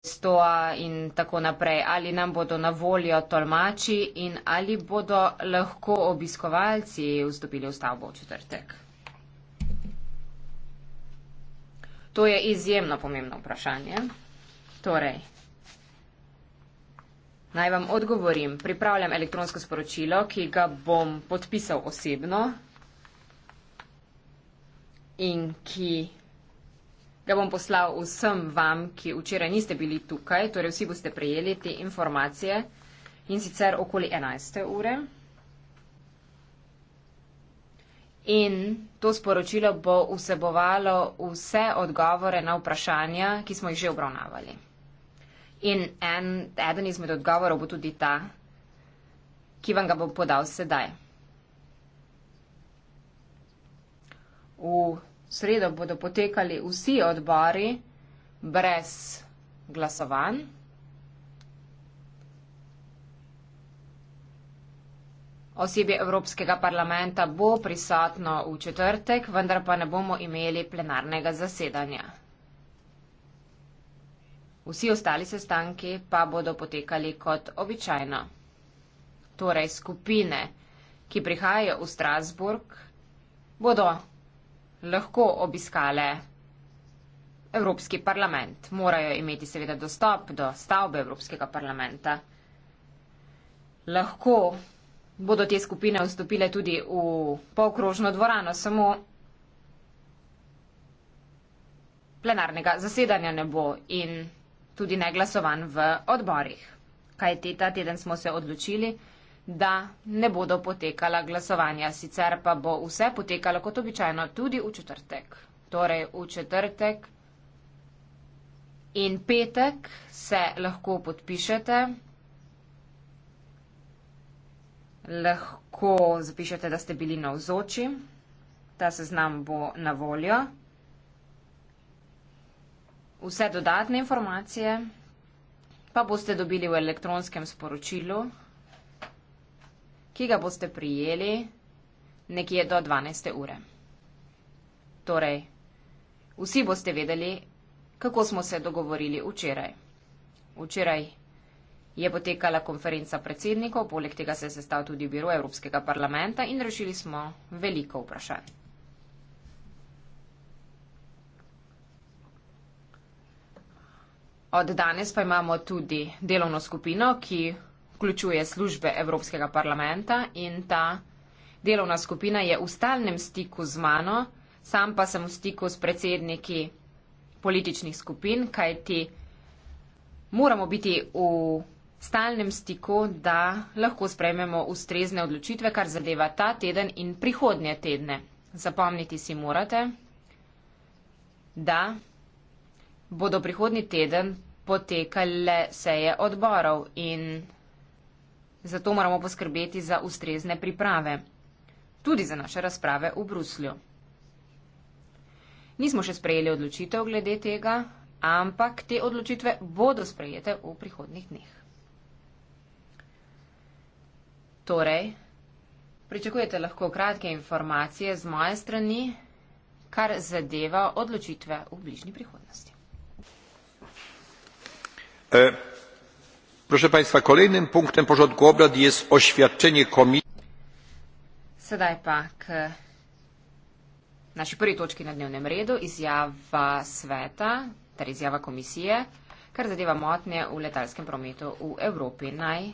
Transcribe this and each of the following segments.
stoa in tako naprej. Ali nam bodo na voljo tolmači in ali bodo lahko obiskovalci vstopili v stavbo v četrtek? To je izjemno pomembno vprašanje. Torej, naj vam odgovorim. Pripravljam elektronsko sporočilo, ki ga bom podpisal osebno in ki ga bom poslal vsem vam, ki včeraj niste bili tukaj, torej vsi boste prejeli te informacije in sicer okoli 11. ure. In to sporočilo bo vsebovalo vse odgovore na vprašanja, ki smo jih že obravnavali. In en, eden izmed odgovorov bo tudi ta, ki vam ga bom podal sedaj. V sredo bodo potekali vsi odbori brez glasovanj. Osebje Evropskega parlamenta bo prisotno v četrtek, vendar pa ne bomo imeli plenarnega zasedanja. Vsi ostali sestanki pa bodo potekali kot običajno. Torej skupine, ki prihajajo v Strasburg, bodo lahko obiskale Evropski parlament. Morajo imeti seveda dostop do stavbe Evropskega parlamenta. Lahko bodo te skupine vstopile tudi v polkrožno dvorano, samo plenarnega zasedanja ne bo in tudi ne glasovan v odborih. Kaj te ta teden smo se odločili? da ne bodo potekala glasovanja. Sicer pa bo vse potekalo kot običajno tudi v četrtek. Torej v četrtek in petek se lahko podpišete. Lahko zapišete, da ste bili na vzoči. Ta seznam bo na voljo. Vse dodatne informacije pa boste dobili v elektronskem sporočilu ki ga boste prijeli nekje do 12. ure. Torej, vsi boste vedeli, kako smo se dogovorili včeraj. Včeraj je potekala konferenca predsednikov, poleg tega se je sestal tudi biro Evropskega parlamenta in rešili smo veliko vprašanj. Od danes pa imamo tudi delovno skupino, ki vključuje službe Evropskega parlamenta in ta delovna skupina je v stalnem stiku z mano, sam pa sem v stiku s predsedniki političnih skupin, kajti moramo biti v stalnem stiku, da lahko sprejmemo ustrezne odločitve, kar zadeva ta teden in prihodnje tedne. Zapomniti si morate, da bodo prihodnji teden potekale seje odborov in Zato moramo poskrbeti za ustrezne priprave. Tudi za naše razprave v Bruslju. Nismo še sprejeli odločitev glede tega, ampak te odločitve bodo sprejete v prihodnih dneh. Torej, pričakujete lahko kratke informacije z moje strani, kar zadeva odločitve v bližnji prihodnosti. E, kolejnym punktem porządku obrad jest oświadczenie komisji sedaj pa k naši prvi točki na dnevnem redu izjava sveta ter izjava komisije kar zadeva motnje v letalskem prometu v Evropi naj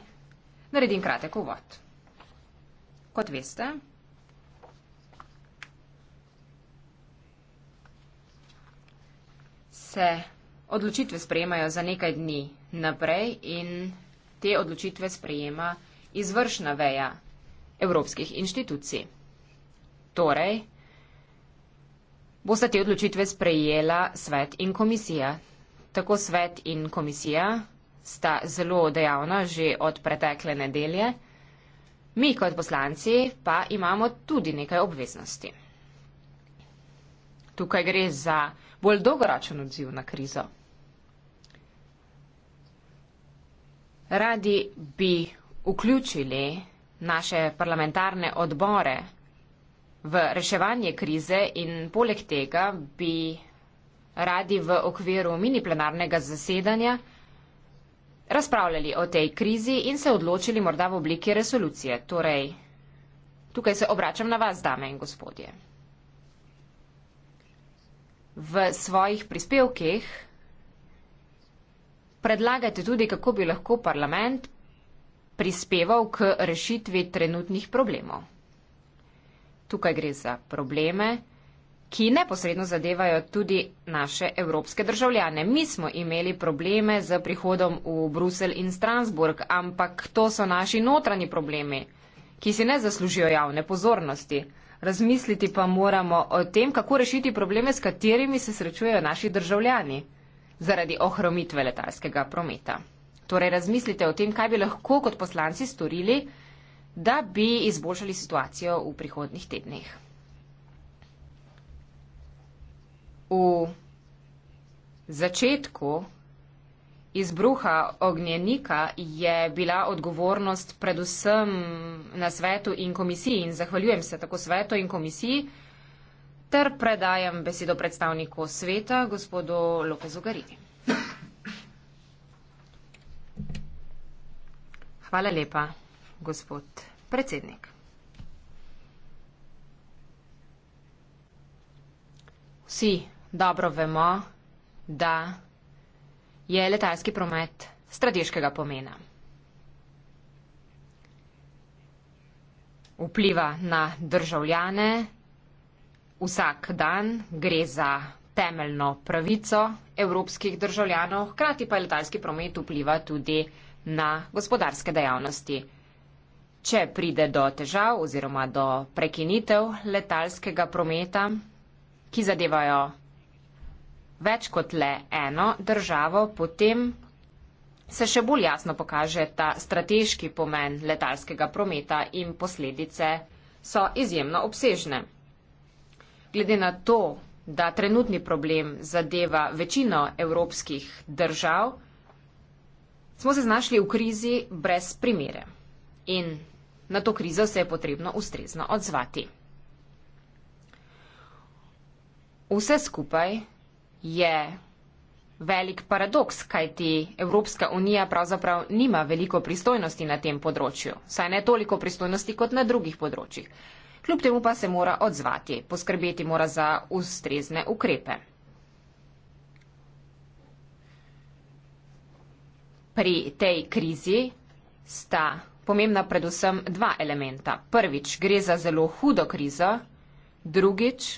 naredim kratek uvod kot veste se odločitve sprejemajo za nekaj dni naprej in te odločitve sprejema izvršna veja evropskih inštitucij. Torej, bosta te odločitve sprejela svet in komisija. Tako svet in komisija sta zelo dejavna že od pretekle nedelje, mi kot poslanci pa imamo tudi nekaj obveznosti. Tukaj gre za bolj dolgoročen odziv na krizo. Radi bi vključili naše parlamentarne odbore v reševanje krize in poleg tega bi radi v okviru mini plenarnega zasedanja razpravljali o tej krizi in se odločili morda v obliki resolucije. Torej, tukaj se obračam na vas, dame in gospodje. V svojih prispevkih predlagate tudi, kako bi lahko parlament prispeval k rešitvi trenutnih problemov. Tukaj gre za probleme, ki neposredno zadevajo tudi naše evropske državljane. Mi smo imeli probleme z prihodom v Brusel in Strasburg, ampak to so naši notranji problemi, ki si ne zaslužijo javne pozornosti. Razmisliti pa moramo o tem, kako rešiti probleme, s katerimi se srečujejo naši državljani zaradi ohromitve letalskega prometa. Torej razmislite o tem, kaj bi lahko kot poslanci storili, da bi izboljšali situacijo v prihodnih tednih. V začetku izbruha ognjenika je bila odgovornost predvsem na svetu in komisiji in zahvaljujem se tako svetu in komisiji, ter predajam besedo predstavniku sveta, gospodu Lopezu Garini. Hvala lepa, gospod predsednik. Vsi dobro vemo, da je letalski promet strateškega pomena. Vpliva na državljane, vsak dan gre za temeljno pravico evropskih državljanov, hkrati pa letalski promet vpliva tudi na gospodarske dejavnosti. Če pride do težav oziroma do prekinitev letalskega prometa, ki zadevajo več kot le eno državo, potem se še bolj jasno pokaže ta strateški pomen letalskega prometa in posledice so izjemno obsežne. Glede na to, da trenutni problem zadeva večino evropskih držav, smo se znašli v krizi brez primere. In na to krizo se je potrebno ustrezno odzvati. Vse skupaj je velik paradoks, kajti Evropska unija pravzaprav nima veliko pristojnosti na tem področju, saj ne toliko pristojnosti kot na drugih področjih kljub temu pa se mora odzvati, poskrbeti mora za ustrezne ukrepe. Pri tej krizi sta pomembna predvsem dva elementa. Prvič gre za zelo hudo krizo, drugič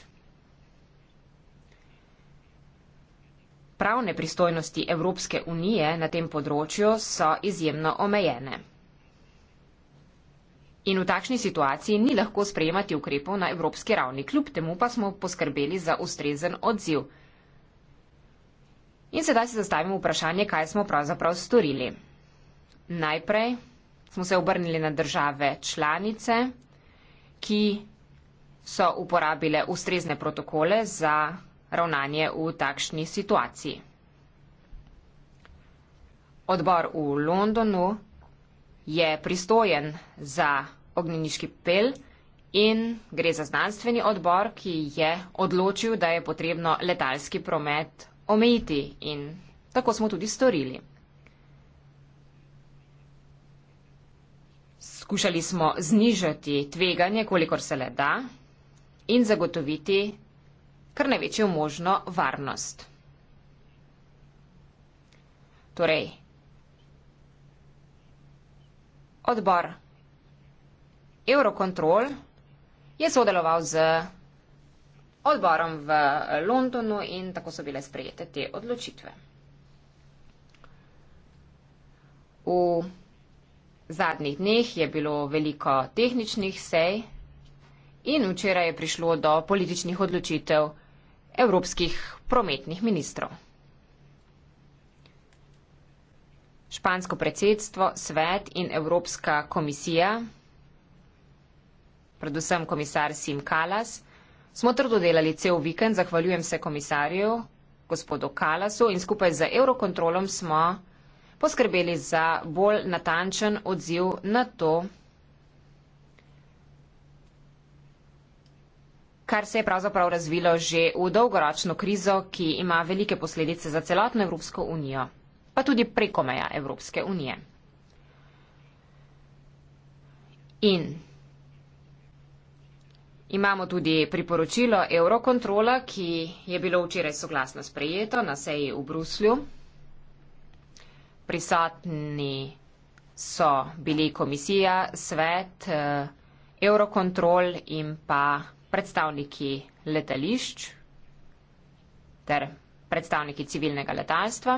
pravne pristojnosti Evropske unije na tem področju so izjemno omejene. In v takšni situaciji ni lahko sprejemati ukrepov na evropski ravni, kljub temu pa smo poskrbeli za ustrezen odziv. In sedaj se zastavimo vprašanje, kaj smo pravzaprav storili. Najprej smo se obrnili na države članice, ki so uporabile ustrezne protokole za ravnanje v takšni situaciji. Odbor v Londonu je pristojen za ognjeniški pel in gre za znanstveni odbor, ki je odločil, da je potrebno letalski promet omejiti in tako smo tudi storili. Skušali smo znižati tveganje, kolikor se le da, in zagotoviti kar največjo možno varnost. Torej, odbor Eurocontrol je sodeloval z odborom v Londonu in tako so bile sprejete te odločitve. V zadnjih dneh je bilo veliko tehničnih sej in včeraj je prišlo do političnih odločitev evropskih prometnih ministrov. Špansko predsedstvo, svet in Evropska komisija predvsem komisar Sim Kalas. Smo trdo delali cel vikend, zahvaljujem se komisarju, gospodu Kalasu in skupaj z Eurokontrolom smo poskrbeli za bolj natančen odziv na to, kar se je pravzaprav razvilo že v dolgoročno krizo, ki ima velike posledice za celotno Evropsko unijo, pa tudi preko meja Evropske unije. In Imamo tudi priporočilo Eurokontrola, ki je bilo včeraj soglasno sprejeto na seji v Bruslju. Prisotni so bili komisija, svet, eh, Eurokontrol in pa predstavniki letališč ter predstavniki civilnega letalstva.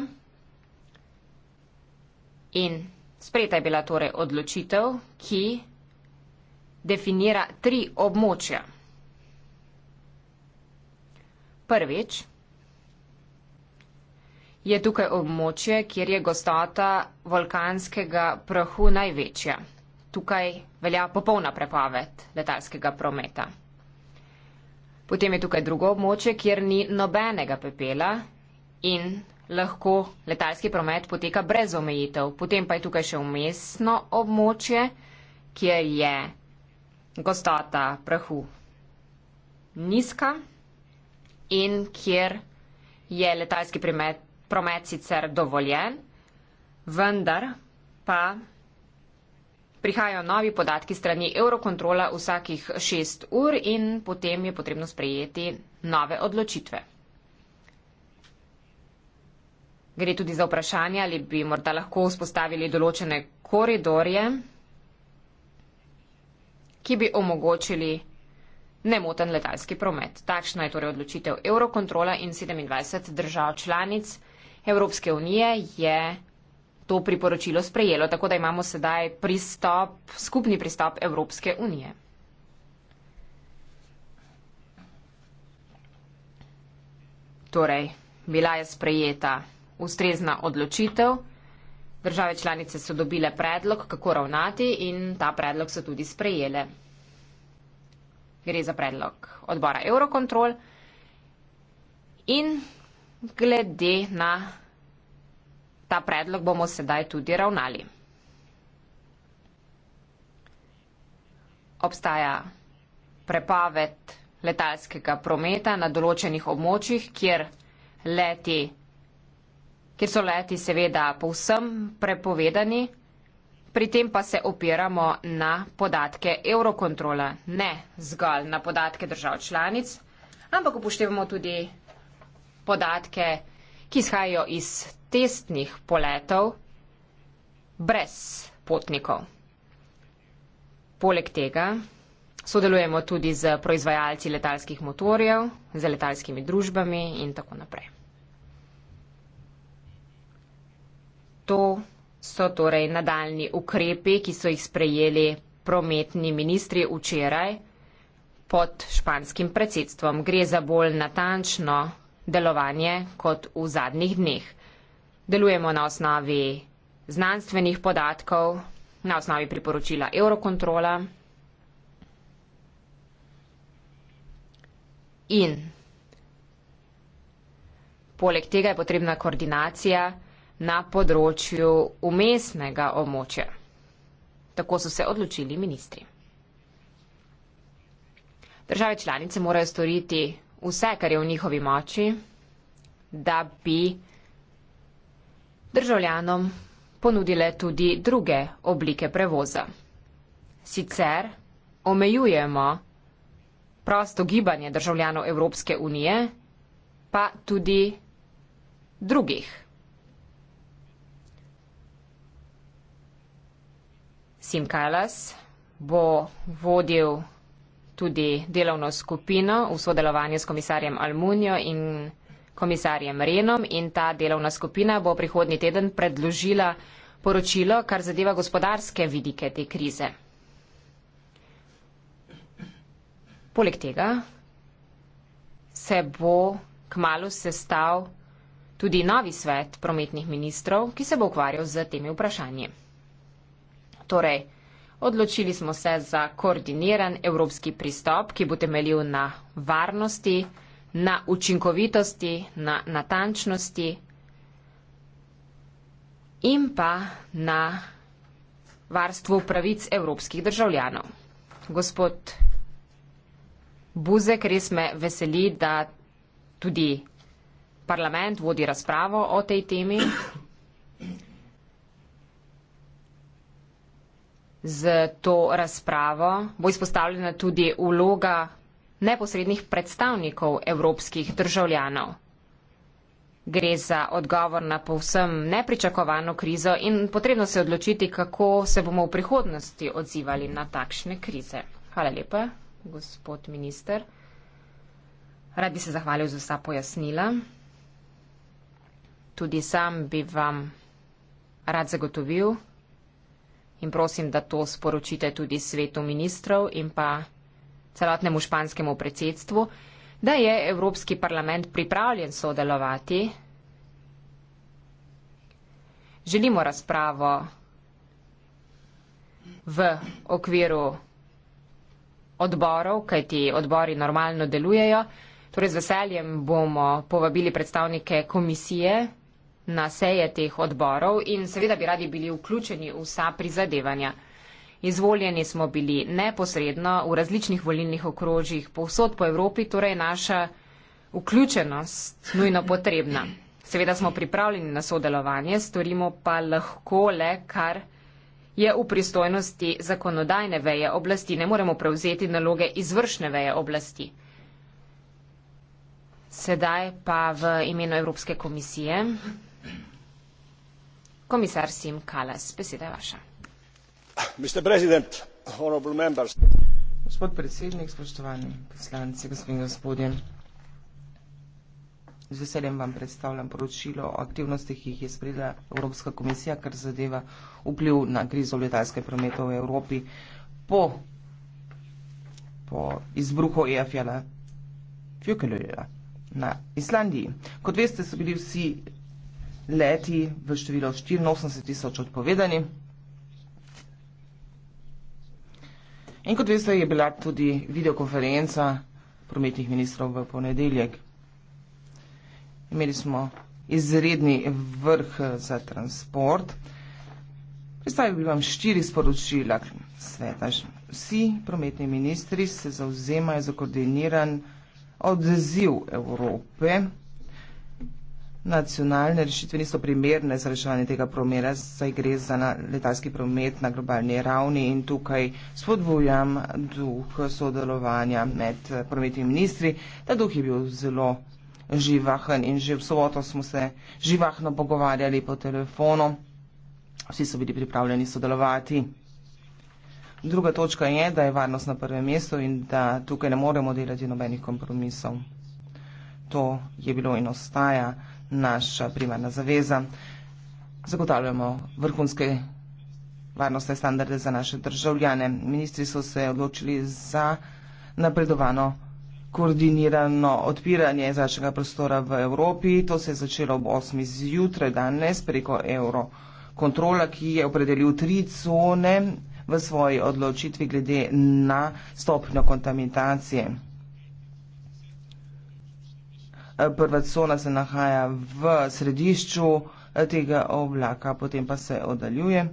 In sprejeta je bila torej odločitev, ki definira tri območja. Prvič je tukaj območje, kjer je gostota vulkanskega prahu največja. Tukaj velja popolna prepoved letalskega prometa. Potem je tukaj drugo območje, kjer ni nobenega pepela in lahko letalski promet poteka brez omejitev. Potem pa je tukaj še umestno območje, kjer je gostota prahu nizka in kjer je letalski primet, promet sicer dovoljen, vendar pa prihajajo novi podatki strani Eurokontrola vsakih šest ur in potem je potrebno sprejeti nove odločitve. Gre tudi za vprašanje, ali bi morda lahko vzpostavili določene koridorje ki bi omogočili nemoten letalski promet. Takšna je torej odločitev Eurokontrola in 27 držav članic Evropske unije je to priporočilo sprejelo, tako da imamo sedaj pristop, skupni pristop Evropske unije. Torej, bila je sprejeta ustrezna odločitev. Države članice so dobile predlog, kako ravnati in ta predlog so tudi sprejele. Gre za predlog odbora Eurocontrol in glede na ta predlog bomo sedaj tudi ravnali. Obstaja prepaved letalskega prometa na določenih območjih, kjer le te predloge kjer so leti seveda povsem prepovedani, pri tem pa se opiramo na podatke Eurokontrola, ne zgolj na podatke držav članic, ampak upoštevamo tudi podatke, ki izhajajo iz testnih poletov brez potnikov. Poleg tega sodelujemo tudi z proizvajalci letalskih motorjev, z letalskimi družbami in tako naprej. to so torej nadaljni ukrepi, ki so jih sprejeli prometni ministri včeraj pod španskim predsedstvom. Gre za bolj natančno delovanje kot v zadnjih dneh. Delujemo na osnovi znanstvenih podatkov, na osnovi priporočila Eurokontrola in poleg tega je potrebna koordinacija na področju umestnega območja. Tako so se odločili ministri. Države članice morajo storiti vse, kar je v njihovi moči, da bi državljanom ponudile tudi druge oblike prevoza. Sicer omejujemo prosto gibanje državljanov Evropske unije, pa tudi drugih Sim Kalas bo vodil tudi delovno skupino v sodelovanju s komisarjem Almunijo in komisarjem Renom in ta delovna skupina bo prihodni teden predložila poročilo, kar zadeva gospodarske vidike te krize. Poleg tega se bo kmalo sestav tudi novi svet prometnih ministrov, ki se bo ukvarjal z temi vprašanji. Torej, odločili smo se za koordiniran evropski pristop, ki bo temeljil na varnosti, na učinkovitosti, na natančnosti in pa na varstvu pravic evropskih državljanov. Gospod Buzek, res me veseli, da tudi parlament vodi razpravo o tej temi. z to razpravo, bo izpostavljena tudi vloga neposrednih predstavnikov evropskih državljanov. Gre za odgovor na povsem nepričakovano krizo in potrebno se odločiti, kako se bomo v prihodnosti odzivali na takšne krize. Hvala lepa, gospod minister. Rad bi se zahvalil za vsa pojasnila. Tudi sam bi vam rad zagotovil, In prosim, da to sporočite tudi svetu ministrov in pa celotnemu španskemu predsedstvu, da je Evropski parlament pripravljen sodelovati. Želimo razpravo v okviru odborov, kajti odbori normalno delujejo. Torej z veseljem bomo povabili predstavnike komisije na seje teh odborov in seveda bi radi bili vključeni v vsa prizadevanja. Izvoljeni smo bili neposredno v različnih volilnih okrožjih povsod po Evropi, torej naša vključenost nujno potrebna. Seveda smo pripravljeni na sodelovanje, storimo pa lahko le, kar je v pristojnosti zakonodajne veje oblasti. Ne moremo prevzeti naloge izvršne veje oblasti. Sedaj pa v imenu Evropske komisije. Komisar Sim Kalas, beseda je vaša. Gospod predsednik, spoštovani poslanci, gospod in gospodje, z veseljem vam predstavljam poročilo o aktivnostih, ki jih je sprejela Evropska komisija, kar zadeva vpliv na krizo letalske prometa v Evropi po, po izbruhu EFL-a Fjokelujela na Islandiji. Kot veste, so bili vsi leti v število 84 tisoč odpovedani. In kot veste, je bila tudi videokonferenca prometnih ministrov v ponedeljek. Imeli smo izredni vrh za transport. Predstavil bi vam štiri sporočila sveta. Vsi prometni ministri se zauzemajo za koordiniran odziv Evrope nacionalne rešitve niso primerne za reševanje tega promera, saj gre za letalski promet na globalni ravni in tukaj spodbujam duh sodelovanja med prometnimi ministri. Ta duh je bil zelo živahen in že v soboto smo se živahno pogovarjali po telefonu. Vsi so bili pripravljeni sodelovati. Druga točka je, da je varnost na prvem mestu in da tukaj ne moremo delati nobenih kompromisov. To je bilo in ostaja naša primarna zaveza. Zagotavljamo vrhunske varnostne standarde za naše državljane. Ministri so se odločili za napredovano koordinirano odpiranje zračnega prostora v Evropi. To se je začelo ob 8. zjutraj danes preko Eurokontrola, ki je opredelil tri cone v svoji odločitvi glede na stopnjo kontaminacije prva cona se nahaja v središču eh, tega oblaka, potem pa se oddaljuje.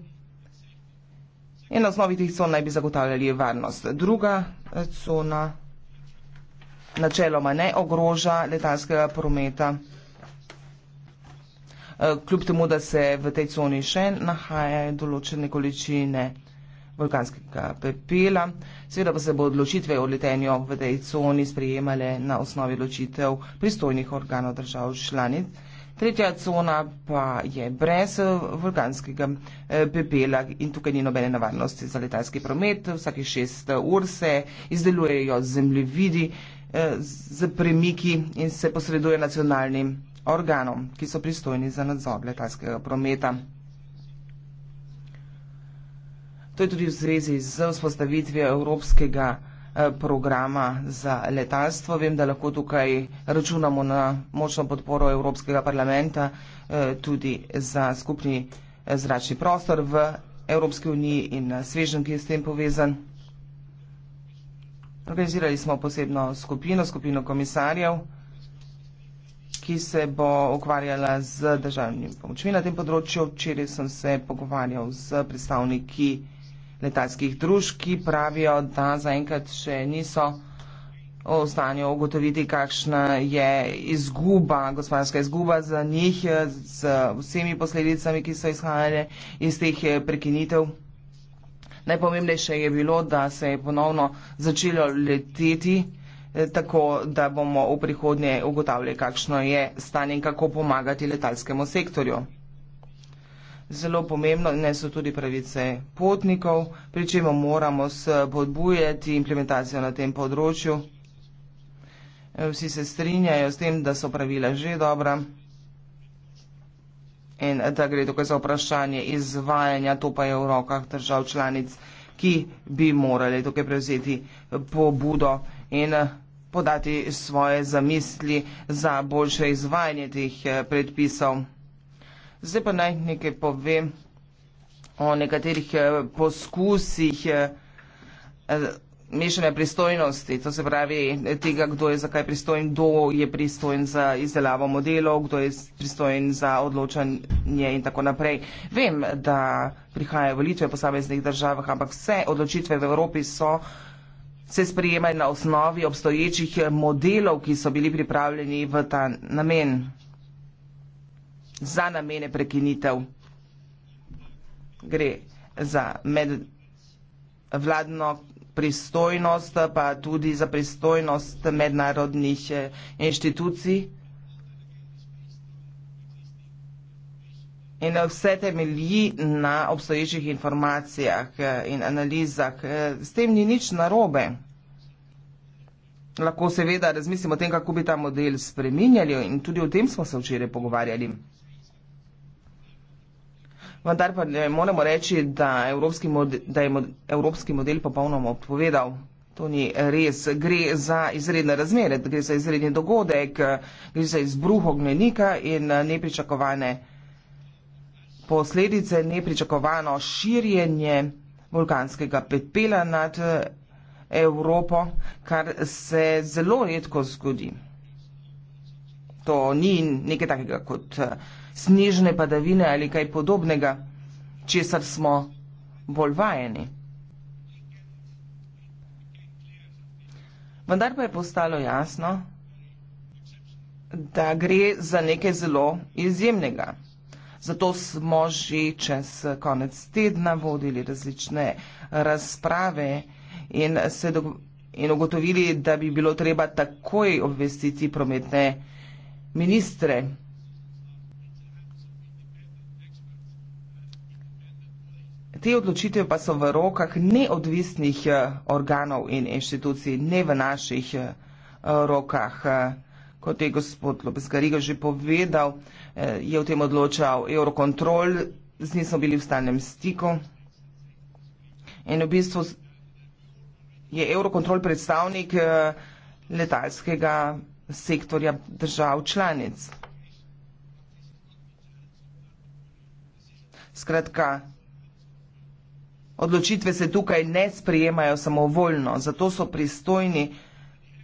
In na osnovi teh con naj bi zagotavljali varnost. Druga eh, cona načeloma ne ogroža letalskega prometa. Eh, kljub temu, da se v tej coni še nahajajo določene količine vulkanskega pepela. Seveda pa se bo odločitve o letenju v tej coni sprejemale na osnovi odločitev pristojnih organov držav članic. Tretja cona pa je brez vulkanskega eh, eh, pepela in tukaj ni nobene navarnosti za letalski promet. Vsake šest eh, ur se izdelujejo zemljevidi z premiki in se posreduje nacionalnim organom, ki so pristojni za nadzor letalskega prometa. To je tudi v zvezi z vzpostavitvijo evropskega eh, programa za letalstvo. Vem, da lahko tukaj računamo na močno podporo Evropskega parlamenta eh, tudi za skupni eh, zračni prostor v Evropski uniji in na svežem, ki je s tem povezan. Organizirali smo posebno skupino, skupino komisarjev, ki se bo ukvarjala z državnimi pomočmi na tem področju. Včeraj sem se pogovarjal z predstavniki letalskih družb, ki pravijo, da zaenkrat še niso v stanju ugotoviti, kakšna je izguba, gospodarska izguba za njih z vsemi posledicami, ki so izhajale iz teh eh, prekinitev. Najpomembnejše je bilo, da se je ponovno začelo leteti, eh, tako da bomo v prihodnje ugotavljali, kakšno je stanje in kako pomagati letalskemu sektorju zelo pomembno, ne so tudi pravice potnikov, pri čemu moramo spodbujati implementacijo na tem področju. Vsi se strinjajo s tem, da so pravila že dobra in da gre tukaj za vprašanje izvajanja, to pa je v rokah držav članic, ki bi morali tukaj prevzeti pobudo in podati svoje zamisli za boljše izvajanje teh predpisov. Zdaj pa naj nekaj povem o nekaterih eh, poskusih eh, eh, mešanja pristojnosti, to se pravi tega, kdo je zakaj pristojen, kdo je pristojen za izdelavo modelov, kdo je pristojen za odločanje in tako naprej. Vem, da prihajajo volitve v posameznih državah, ampak vse odločitve v Evropi so se sprijemaj na osnovi obstoječih modelov, ki so bili pripravljeni v ta namen za namene prekinitev. Gre za medvladno pristojnost, pa tudi za pristojnost mednarodnih eh, inštitucij. In vse temelji na obstoječih informacijah eh, in analizah. Eh, s tem ni nič narobe. Lahko seveda razmislimo o tem, kako bi ta model spreminjali in tudi o tem smo se včeraj pogovarjali vendar pa ne eh, moremo reči, da, mod, da je mod, evropski model popolnoma odpovedal. To ni res. Gre za izredne razmere, gre za izredni dogodek, gre za izbruh ognjenika in eh, nepričakovane posledice, nepričakovano širjenje vulkanskega pepela nad eh, Evropo, kar se zelo redko zgodi. To ni nekaj takega kot uh, snežne padavine ali kaj podobnega, česar smo bolj vajeni. Vendar pa je postalo jasno, da gre za nekaj zelo izjemnega. Zato smo že čez konec tedna vodili različne razprave in, in ugotovili, da bi bilo treba takoj obvestiti prometne ministre. Te odločitve pa so v rokah neodvisnih eh, organov in inštitucij, ne v naših eh, rokah. Eh, kot je gospod Lobesgariga že povedal, je v tem odločal Eurocontrol, z njim smo bili v stalnem stiku. In v bistvu je Eurocontrol predstavnik letalskega sektorja držav članic. Skratka, Odločitve se tukaj ne sprijemajo samovoljno, zato so pristojni,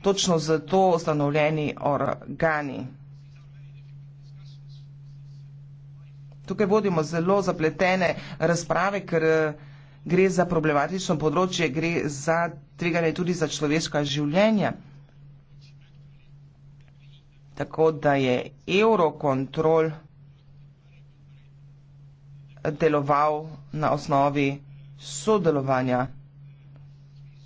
točno zato ustanovljeni organi. Tukaj vodimo zelo zapletene razprave, ker eh, gre za problematično področje, gre za tveganje tudi za človeška življenja. Tako da je eurokontrol deloval na osnovi sodelovanja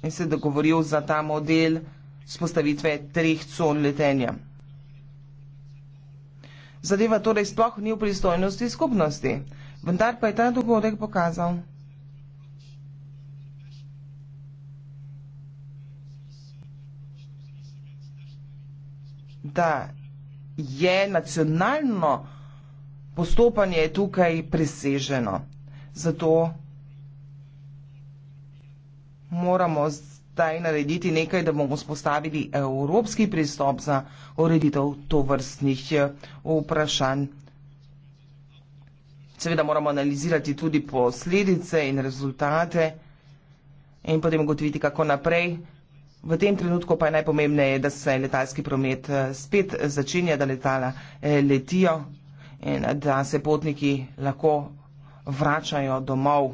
in se dogovoril za ta model spostavitve treh con letenja. Zadeva torej sploh ni v pristojnosti skupnosti, vendar pa je ta dogodek pokazal. da je nacionalno postopanje tukaj preseženo. Zato moramo zdaj narediti nekaj, da bomo spostavili evropski pristop za ureditev to vrstnih eh, vprašanj. Seveda moramo analizirati tudi posledice in rezultate in potem ugotoviti, kako naprej. V tem trenutku pa je najpomembneje, da se letalski promet eh, spet začenja, da letala eh, letijo in da se potniki lahko vračajo domov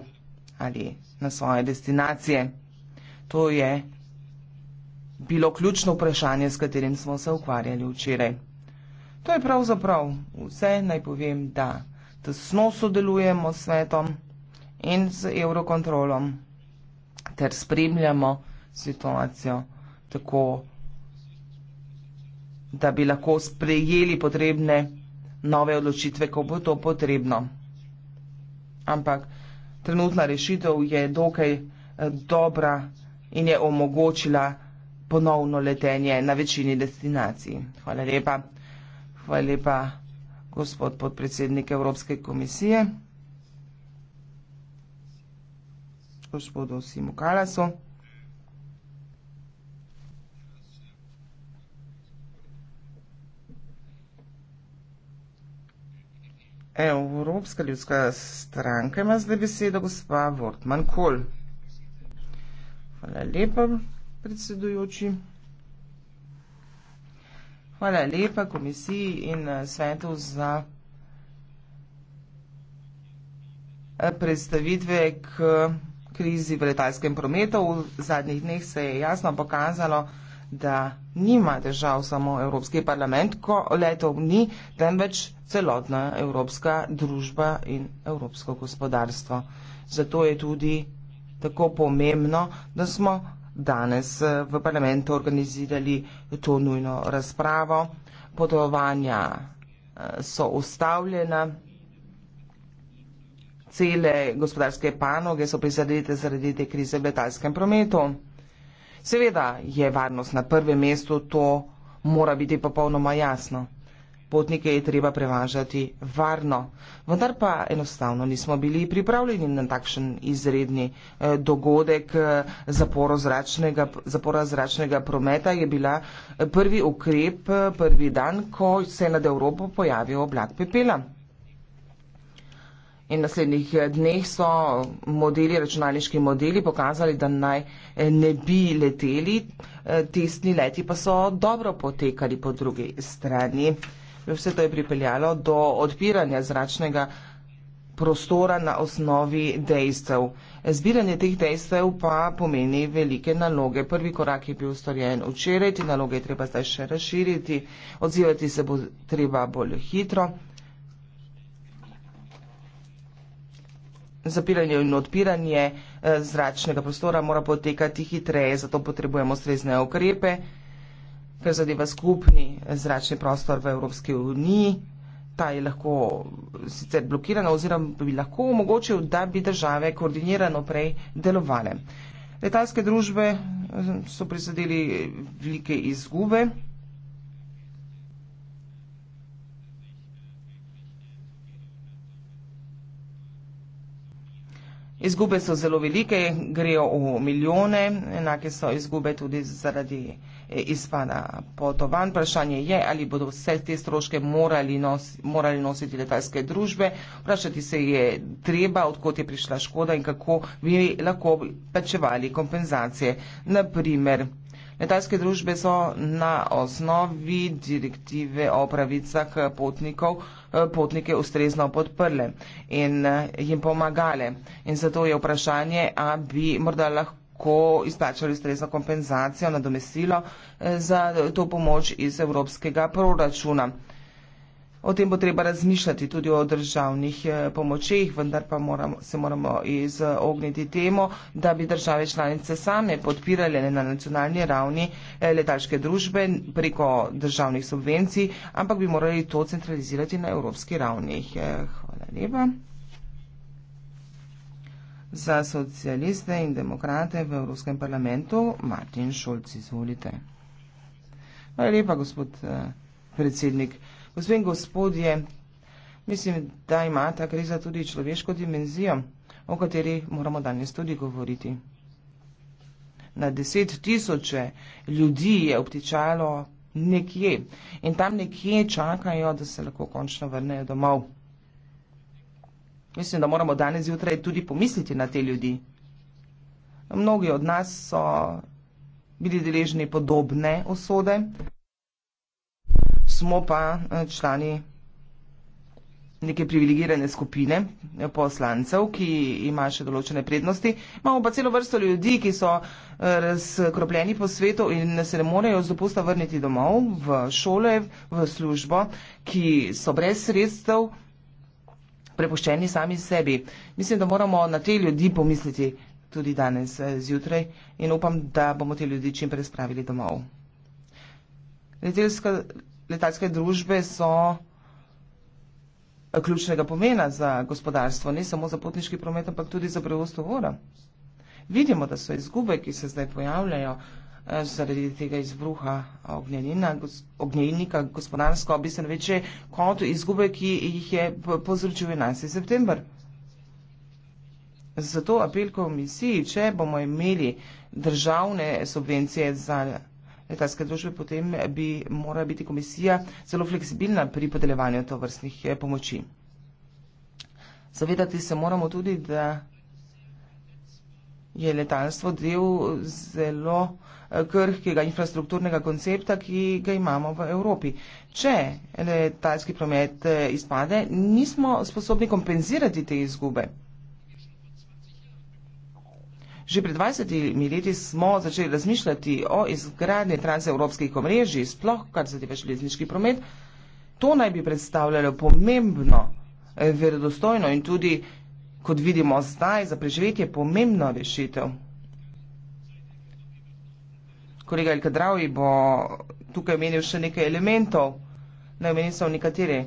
ali na svoje destinacije. To je bilo ključno vprašanje, s katerim smo se ukvarjali včeraj. To je pravzaprav vse, naj povem, da tesno sodelujemo s svetom in z eurokontrolom ter spremljamo situacijo tako, da bi lahko sprejeli potrebne nove odločitve, ko bo to potrebno. Ampak trenutna rešitev je dokaj eh, dobra in je omogočila ponovno letenje na večini destinacij. Hvala lepa. Hvala lepa, gospod podpredsednik Evropske komisije, gospodu Simu Kalasu. Evropska ljudska stranka ima zdaj besedo gospa Wortmann-Kohl. Hvala lepa, predsedujoči. Hvala lepa komisiji in eh, svetu za eh, predstavitve k krizi v letalskem prometu. V zadnjih dneh se je jasno pokazalo, da nima držav samo Evropski parlament, ko letov ni, temveč celotna evropska družba in evropsko gospodarstvo. Zato je tudi tako pomembno, da smo danes eh, v parlamentu organizirali to nujno razpravo. Podovanja eh, so ustavljena, cele gospodarske panoge so prizadete zaradi te krize v letalskem prometu. Seveda je varnost na prvem mestu, to mora biti popolnoma jasno potnike je treba prevažati varno. Vendar pa enostavno nismo bili pripravljeni na takšen izredni eh, dogodek. Eh, zaporo zračnega, zapora zračnega prometa je bila eh, prvi ukrep, prvi dan, ko se je nad Evropo pojavil oblak pepela. In naslednjih dneh so modeli, računalniški modeli pokazali, da naj ne bi leteli, testni leti pa so dobro potekali po drugi strani. Vse to je pripeljalo do odpiranja zračnega prostora na osnovi dejstev. Zbiranje teh dejstev pa pomeni velike naloge. Prvi korak je bil storjen včeraj, te naloge je treba zdaj še razširiti, odzivati se bo treba bolj hitro. Zapiranje in odpiranje eh, zračnega prostora mora potekati hitreje, zato potrebujemo strezne ukrepe kar zadeva skupni zračni prostor v Evropski uniji. Ta je lahko sicer blokirana oziroma bi lahko omogočil, da bi države koordinirano prej delovale. Letalske družbe eh, so prizadeli velike izgube. Izgube so zelo velike, grejo v milijone, enake so izgube tudi zaradi eh, izpada potovanj. Vprašanje je, ali bodo vse te stroške morali, nos, morali nositi letalske družbe. Vprašati se je treba, odkot je prišla škoda in kako bi lahko plačevali kompenzacije. Naprimer, Letalske družbe so na osnovi direktive o pravicah potnikov eh, potnike ustrezno podprle in eh, jim pomagale. In zato je vprašanje, a bi morda lahko ko izplačali ustrezno kompenzacijo, nadomestilo eh, za to pomoč iz evropskega proračuna. O tem bo treba razmišljati tudi o državnih eh, pomočeh, vendar pa moramo, se moramo izogniti temu, da bi države članice same podpirale na nacionalni ravni eh, letalske družbe preko državnih subvencij, ampak bi morali to centralizirati na evropski ravni. Eh, hvala lepa. Za socialiste in demokrate v Evropskem parlamentu Martin Šolc, izvolite. Hvala lepa, gospod predsednik. Gospod in gospodje, mislim, da ima ta kriza tudi človeško dimenzijo, o kateri moramo danes tudi govoriti. Na deset tisoče ljudi je obtičalo nekje in tam nekje čakajo, da se lahko končno vrnejo domov. Mislim, da moramo danes jutraj tudi pomisliti na te ljudi. Mnogi od nas so bili deležni podobne usode smo pa eh, člani neke privilegirane skupine eh, poslancev, ki ima še določene prednosti. Imamo pa celo vrsto ljudi, ki so eh, razkropljeni po svetu in se ne morejo z dopusta vrniti domov, v šole, v službo, ki so brez sredstev prepuščeni sami sebi. Mislim, da moramo na te ljudi pomisliti tudi danes zjutraj in upam, da bomo te ljudi čim prej spravili domov. Letelska letalske družbe so eh, ključnega pomena za gospodarstvo, ne samo za potniški promet, ampak tudi za prevoz tovora. Vidimo, da so izgube, ki se zdaj pojavljajo eh, zaradi tega izbruha ognjenika gospodarsko, bistveno večje kot izgube, ki jih je povzročil 11. september. Zato apel komisiji, če bomo imeli državne subvencije za letalske družbe, potem bi morala biti komisija zelo fleksibilna pri podeljevanju to vrstnih eh, pomoči. Zavedati se moramo tudi, da je letalstvo del zelo eh, krhkega infrastrukturnega koncepta, ki ga imamo v Evropi. Če letalski promet eh, izpade, nismo sposobni kompenzirati te izgube. Že pred 20 leti smo začeli razmišljati o izgradnji transevropskih omrežij, sploh kar se tiče železniški promet. To naj bi predstavljalo pomembno, eh, verodostojno in tudi, kot vidimo zdaj, za preživetje pomembno rešitev. Kolega Elkadravi bo tukaj omenil še nekaj elementov, naj omenim samo nekatere.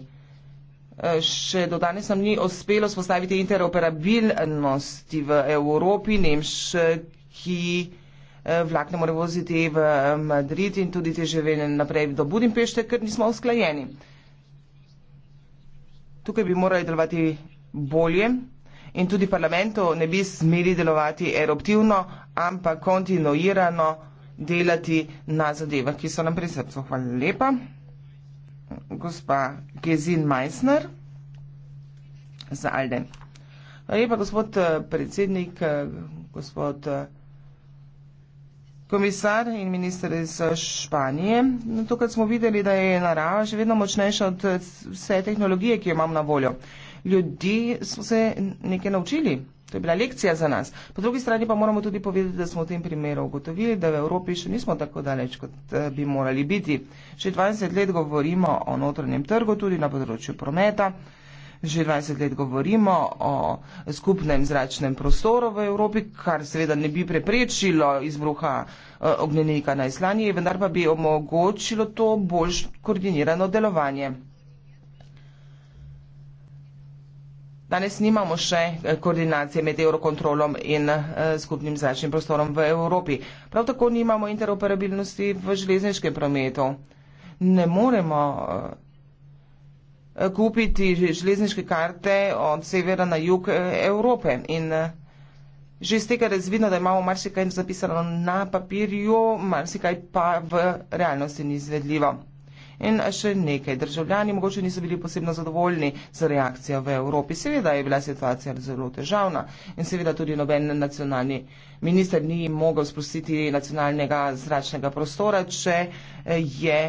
Eh, še do danes nam ni uspelo spostaviti interoperabilnosti v Evropi, nemški eh, vlak ne more voziti v eh, Madrid in tudi te živele naprej do Budimpešte, ker nismo usklajeni. Tukaj bi morali delovati bolje in tudi parlamentu ne bi smeli delovati eruptivno, ampak kontinuirano delati na zadevah, ki so nam pri srcu. Hvala lepa gospa Gezin Meissner z Alde. Lepa gospod eh, predsednik, eh, gospod eh, komisar in minister iz Španije. No, Tukaj smo videli, da je narava še vedno močnejša od vse tehnologije, ki jo imam na voljo. Ljudje so se nekaj naučili je bila lekcija za nas. Po drugi strani pa moramo tudi povedati, da smo v tem primeru ugotovili, da v Evropi še nismo tako daleč, kot eh, bi morali biti. Že 20 let govorimo o notranjem trgu, tudi na področju prometa. Že 20 let govorimo o skupnem zračnem prostoru v Evropi, kar seveda ne bi preprečilo izbruha eh, ognjenika na Islanji, vendar pa bi omogočilo to bolj koordinirano delovanje. Danes nimamo še eh, koordinacije med eurokontrolom in eh, skupnim zračnim prostorom v Evropi. Prav tako nimamo interoperabilnosti v železniškem prometu. Ne moremo eh, kupiti železniške karte od severa na jug Evrope. In že iz tega razvidno, da imamo marsikaj zapisano na papirju, marsikaj pa v realnosti ni izvedljivo in še nekaj državljani mogoče niso bili posebno zadovoljni z reakcijo v Evropi. Seveda je bila situacija zelo težavna in seveda tudi noben nacionalni minister ni mogel sprostiti nacionalnega zračnega prostora, če je.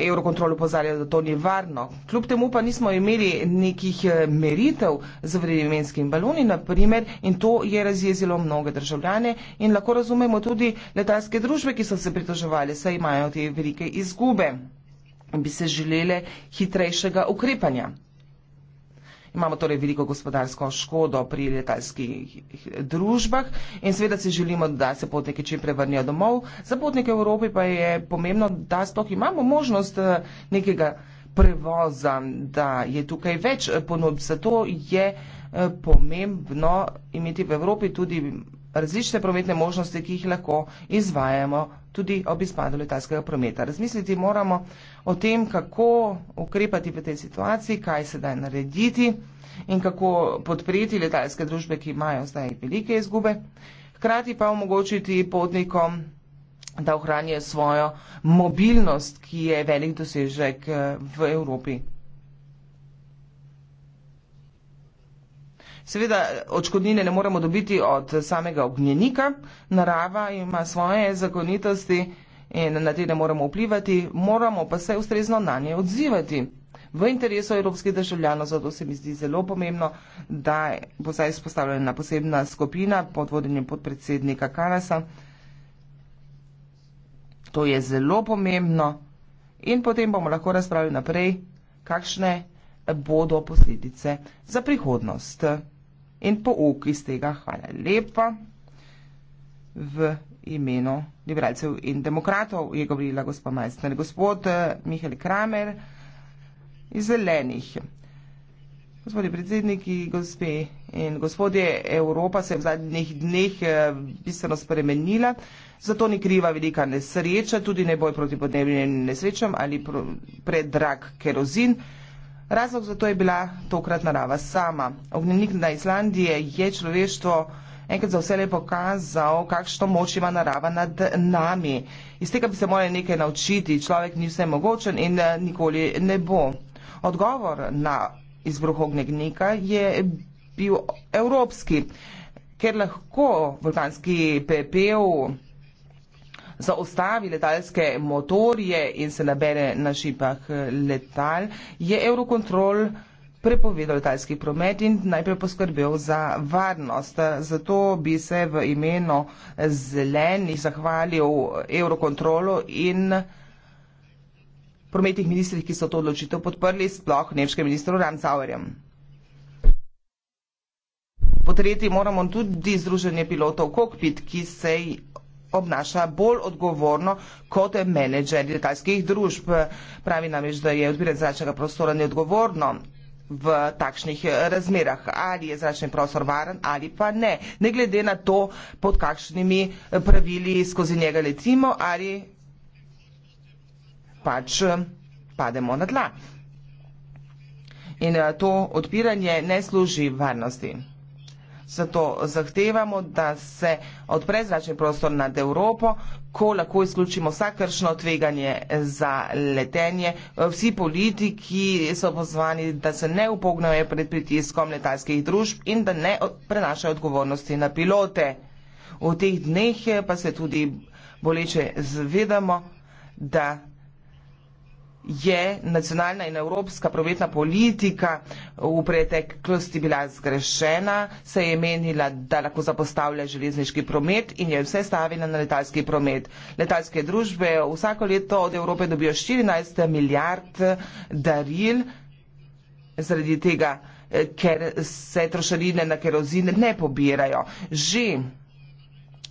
Eurocontrol upozarja, da to ni varno. Kljub temu pa nismo imeli nekih eh, meritev z vremenskimi baloni, naprimer, in to je razjezilo mnoge državljane in lahko razumemo tudi letalske družbe, ki so se pritoževali, saj imajo te velike izgube in bi se želele hitrejšega ukrepanja. Imamo torej veliko gospodarsko škodo pri letalskih družbah in seveda si želimo, da se potniki čim prevrnijo domov. Za potnike v Evropi pa je pomembno, da stok imamo možnost eh, nekega prevoza, da je tukaj več ponudb. Zato je eh, pomembno imeti v Evropi tudi različne prometne možnosti, ki jih lahko izvajamo tudi ob izpadu letalskega prometa. Razmisliti moramo o tem, kako ukrepati v tej situaciji, kaj se da narediti in kako podpreti letalske družbe, ki imajo zdaj velike izgube, hkrati pa omogočiti potnikom, da ohranijo svojo mobilnost, ki je velik dosežek eh, v Evropi Seveda, očkodnine ne moremo dobiti od samega ognjenika, narava ima svoje zakonitosti in na te ne moremo vplivati, moramo pa se ustrezno na nje odzivati. V interesu evropskih državljanov, zato se mi zdi zelo pomembno, da bo zdaj izpostavljena posebna skupina pod vodenjem podpredsednika Kanasa. To je zelo pomembno in potem bomo lahko razpravili naprej, kakšne bodo posledice za prihodnost in pouk iz tega. Hvala lepa. V imenu liberalcev in demokratov je govorila gospod Majstner. Eh, gospod Mihel Kramer iz Zelenih. Gospodje predsedniki, gospe in gospodje, Evropa se je v zadnjih dneh eh, bistveno spremenila, zato ni kriva velika nesreča, tudi ne boj proti podnebnim nesrečam ali pro, predrag kerozin. Razlog za to je bila tokrat narava sama. Ognjenik na Islandiji je človeštvo enkrat za vse le pokazal, kakšno moč ima narava nad nami. Iz tega bi se morali nekaj naučiti. Človek ni vse mogočen in eh, nikoli ne bo. Odgovor na izbruh ognjenika je bil evropski, ker lahko vulkanski pepel zaustavi letalske motorje in se nabere na šipah eh, letal, je Eurocontrol prepovedal letalski promet in najprej poskrbel za varnost. Zato bi se v imenu zelenih zahvalil Eurocontrolu in prometnih ministrih, ki so to odločitev podprli, sploh nemškem ministru Ramcauerjem. Po tretji moramo tudi Združenje pilotov Kokpit, ki se obnaša bolj odgovorno kot menedžerji letalskih družb. Pravi namreč, da je odpiranje zračnega prostora neodgovorno v takšnih razmerah, ali je zračni prostor varen ali pa ne, ne glede na to, pod kakšnimi pravili skozi njega letimo ali pač pademo na tla. In to odpiranje ne služi varnosti. Zato zahtevamo, da se odpre zračni prostor nad Evropo, ko lahko izključimo vsakršno tveganje za letenje. Vsi politiki so pozvani, da se ne upognejo pred pritiskom letalskih družb in da ne prenašajo odgovornosti na pilote. V teh dneh pa se tudi boleče zvedamo, da je nacionalna in evropska prometna politika v preteklosti bila zgrešena, se je menila, da lahko zapostavlja železniški promet in je vse stavila na letalski promet. Letalske družbe vsako leto od Evrope dobijo 14 milijard daril zaradi tega, eh, ker se trošarine na kerozine ne pobirajo. Že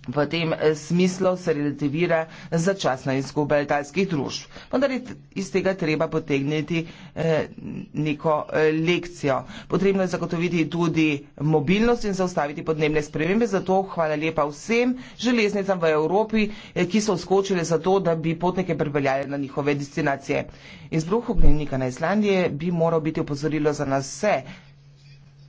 V tem eh, smislu se relativira začasna izguba letalskih družb. Vendar je iz tega treba potegniti eh, neko eh, lekcijo. Potrebno je zagotoviti tudi mobilnost in zaustaviti podnebne spremembe. Zato hvala lepa vsem železnicam v Evropi, ki so skočili za to, da bi potnike prepeljali na njihove destinacije. Izbruh ognjenika na Islandije bi moral biti opozorilo za nas vse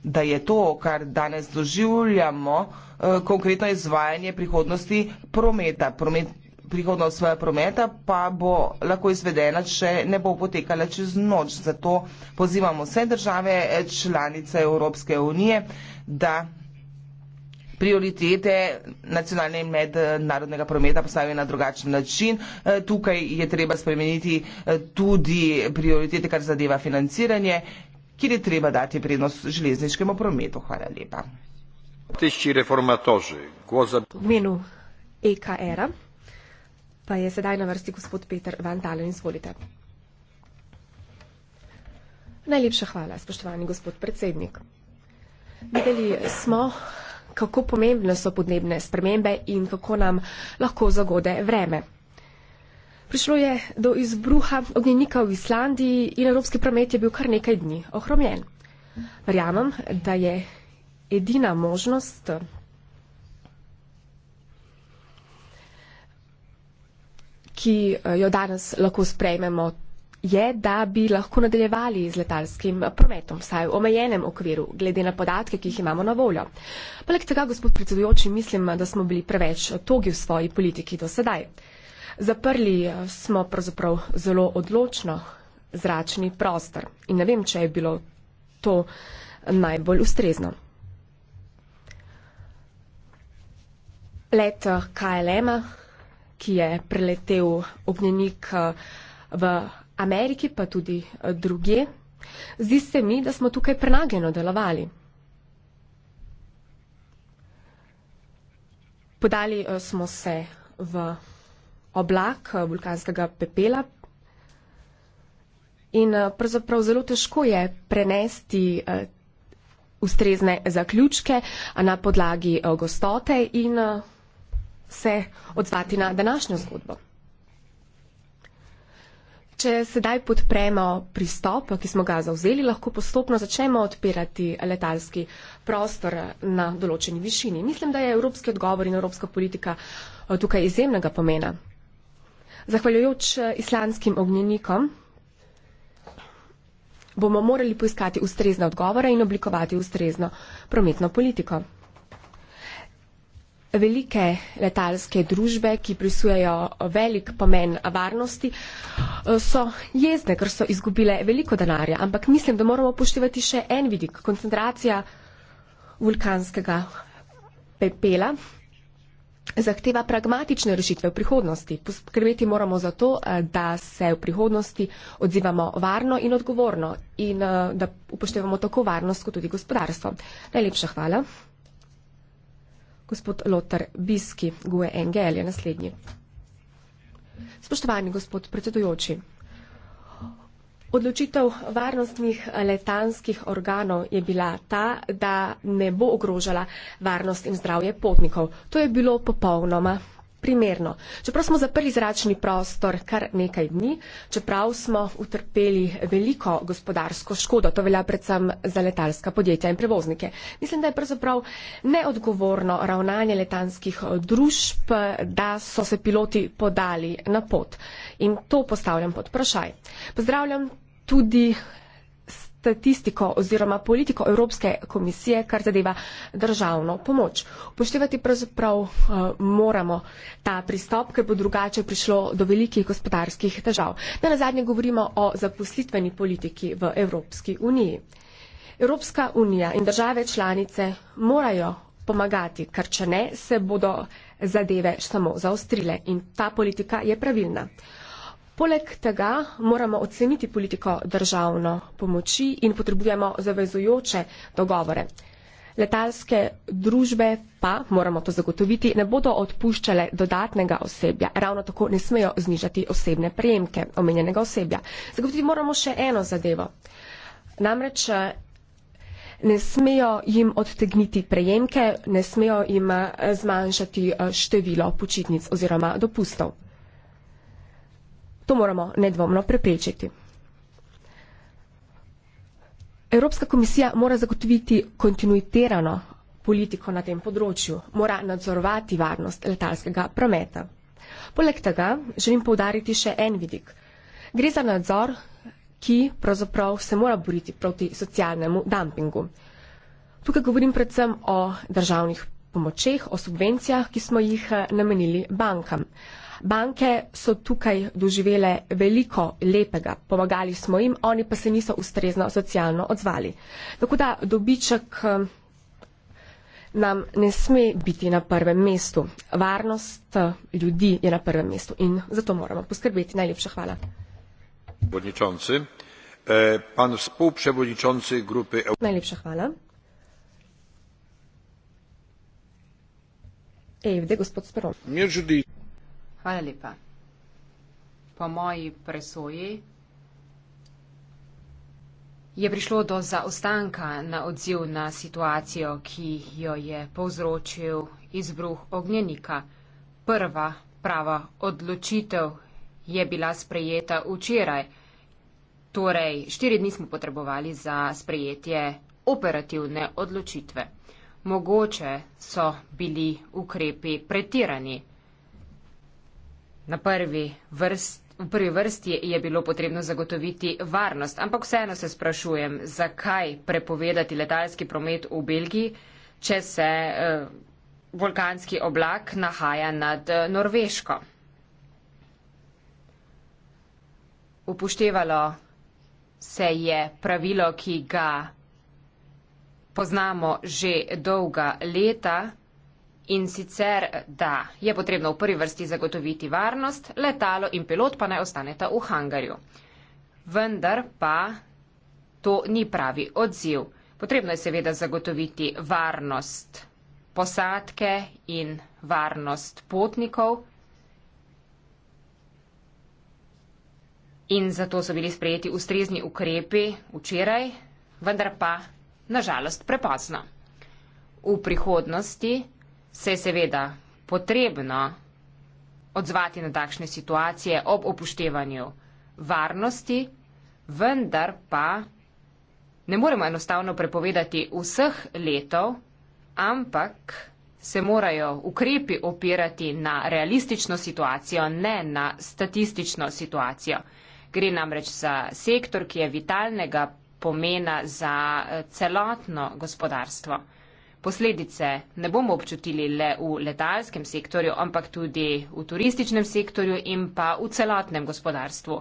da je to, kar danes doživljamo, eh, konkretno izvajanje prihodnosti prometa. Promet prihodnost svoje prometa pa bo lahko izvedena, če ne bo potekala čez noč. Zato pozivamo vse države eh, članice Evropske unije, da prioritete nacionalne in mednarodnega prometa postavijo na drugačen način. Eh, tukaj je treba spremeniti tudi prioritete, kar zadeva financiranje kjer je treba dati prednost železniškemu prometu. Hvala lepa. E pa je sedaj na vrsti gospod Peter Van Talen, izvolite. Najlepša hvala, spoštovani gospod predsednik. Videli smo, kako pomembne so podnebne spremembe in kako nam lahko zagode vreme. Prišlo je do izbruha ognjenika v Islandiji in evropski promet je bil kar nekaj dni ohromljen. Verjamem, da je edina možnost. ki eh, jo danes lahko sprejmemo, je, da bi lahko nadaljevali z letalskim prometom, vsaj v omejenem okviru, glede na podatke, ki jih imamo na voljo. Poleg tega, gospod predsedujoči, mislim, da smo bili preveč togi v svoji politiki do sedaj. Zaprli eh, smo pravzaprav zelo odločno zračni prostor in ne vem, če je bilo to najbolj ustrezno. Let eh, KLM-a, ki je preletel ognjenik eh, v Ameriki, pa tudi druge, zdi se mi, da smo tukaj prenagljeno delovali. Podali smo se v oblak eh, vulkanskega pepela. In eh, pravzaprav zelo težko je prenesti eh, ustrezne zaključke na podlagi gostote in se odzvati na današnjo zgodbo. Če sedaj podpremo pristop, ki smo ga zauzeli, lahko postopno začnemo odpirati letalski prostor na določeni višini. Mislim, da je evropski odgovor in evropska politika tukaj izjemnega pomena. Zahvaljujoč eh, islamskim ognjenikom bomo morali poiskati ustrezne odgovore in oblikovati ustrezno prometno politiko. Velike letalske družbe, ki prisujejo velik pomen varnosti, eh, so jezne, ker so izgubile veliko denarja, ampak mislim, da moramo upoštevati še en vidik, koncentracija vulkanskega pepela zahteva pragmatične rešitve v prihodnosti. Poskrbeti moramo za to, eh, da se v prihodnosti odzivamo varno in odgovorno in eh, da upoštevamo tako varnost kot tudi gospodarstvo. Najlepša hvala. Gospod Lotar Biski, GUE NGL je naslednji. Spoštovani gospod predsedujoči, Odločitev varnostnih letanskih organov je bila ta, da ne bo ogrožala varnost in zdravje potnikov. To je bilo popolnoma primerno. Čeprav smo zaprli zračni prostor kar nekaj dni, čeprav smo utrpeli veliko gospodarsko škodo, to velja predvsem za letalska podjetja in prevoznike. Mislim, da je pravzaprav neodgovorno ravnanje letanskih družb, da so se piloti podali na pot. In to postavljam pod vprašaj. Pozdravljam tudi statistiko oziroma politiko Evropske komisije, kar zadeva državno pomoč. Upoštevati pravzaprav eh, moramo ta pristop, ker bo drugače prišlo do velikih gospodarskih težav. Na nazadnje govorimo o zaposlitveni politiki v Evropski uniji. Evropska unija in države članice morajo pomagati, ker če ne, se bodo zadeve samo zaostrile in ta politika je pravilna. Poleg tega moramo oceniti politiko državno pomoči in potrebujemo zavezujoče dogovore. Letalske družbe pa, moramo to zagotoviti, ne bodo odpuščale dodatnega osebja. Ravno tako ne smejo znižati osebne prejemke omenjenega osebja. Zagotoviti moramo še eno zadevo. Namreč ne smejo jim odtegniti prejemke, ne smejo jim eh, zmanjšati eh, število počitnic oziroma dopustov. To moramo nedvomno preprečiti. Evropska komisija mora zagotoviti kontinuitirano politiko na tem področju, mora nadzorovati varnost letalskega prometa. Poleg tega želim povdariti še en vidik. Gre za nadzor, ki pravzaprav se mora boriti proti socialnemu dumpingu. Tukaj govorim predvsem o državnih pomočeh, o subvencijah, ki smo jih eh, namenili bankam. Banke so tukaj doživele veliko lepega, pomagali smo jim, oni pa se niso ustrezno socialno odzvali. Tako da dobiček eh, nam ne sme biti na prvem mestu. Varnost eh, ljudi je na prvem mestu in zato moramo poskrbeti. Najlepša hvala. Eh, pan spolupševodničonci grupe EU. Najlepša hvala. Evde, gospod Speron. Mir žudi. Hvala lepa. Po moji presoji je prišlo do zaostanka na odziv na situacijo, ki jo je povzročil izbruh ognjenika. Prva prava odločitev je bila sprejeta včeraj. Torej, štiri dni smo potrebovali za sprejetje operativne odločitve. Mogoče so bili ukrepi pretirani. Na prvi vrst, v prvi vrsti je bilo potrebno zagotoviti varnost, ampak vseeno se sprašujem, zakaj prepovedati letalski promet v Belgiji, če se uh, vulkanski oblak nahaja nad uh, Norveško. Upoštevalo se je pravilo, ki ga poznamo že dolga leta. In sicer, da je potrebno v prvi vrsti zagotoviti varnost, letalo in pilot pa naj ostaneta v hangarju. Vendar pa to ni pravi odziv. Potrebno je seveda zagotoviti varnost posadke in varnost potnikov. In zato so bili sprejeti ustrezni ukrepi včeraj, vendar pa nažalost prepozno. V prihodnosti se je seveda potrebno odzvati na takšne situacije ob upoštevanju varnosti, vendar pa ne moremo enostavno prepovedati vseh letov, ampak se morajo ukrepi opirati na realistično situacijo, ne na statistično situacijo. Gre namreč za sektor, ki je vitalnega pomena za eh, celotno gospodarstvo. Posledice ne bomo občutili le v letalskem sektorju, ampak tudi v turističnem sektorju in pa v celotnem gospodarstvu.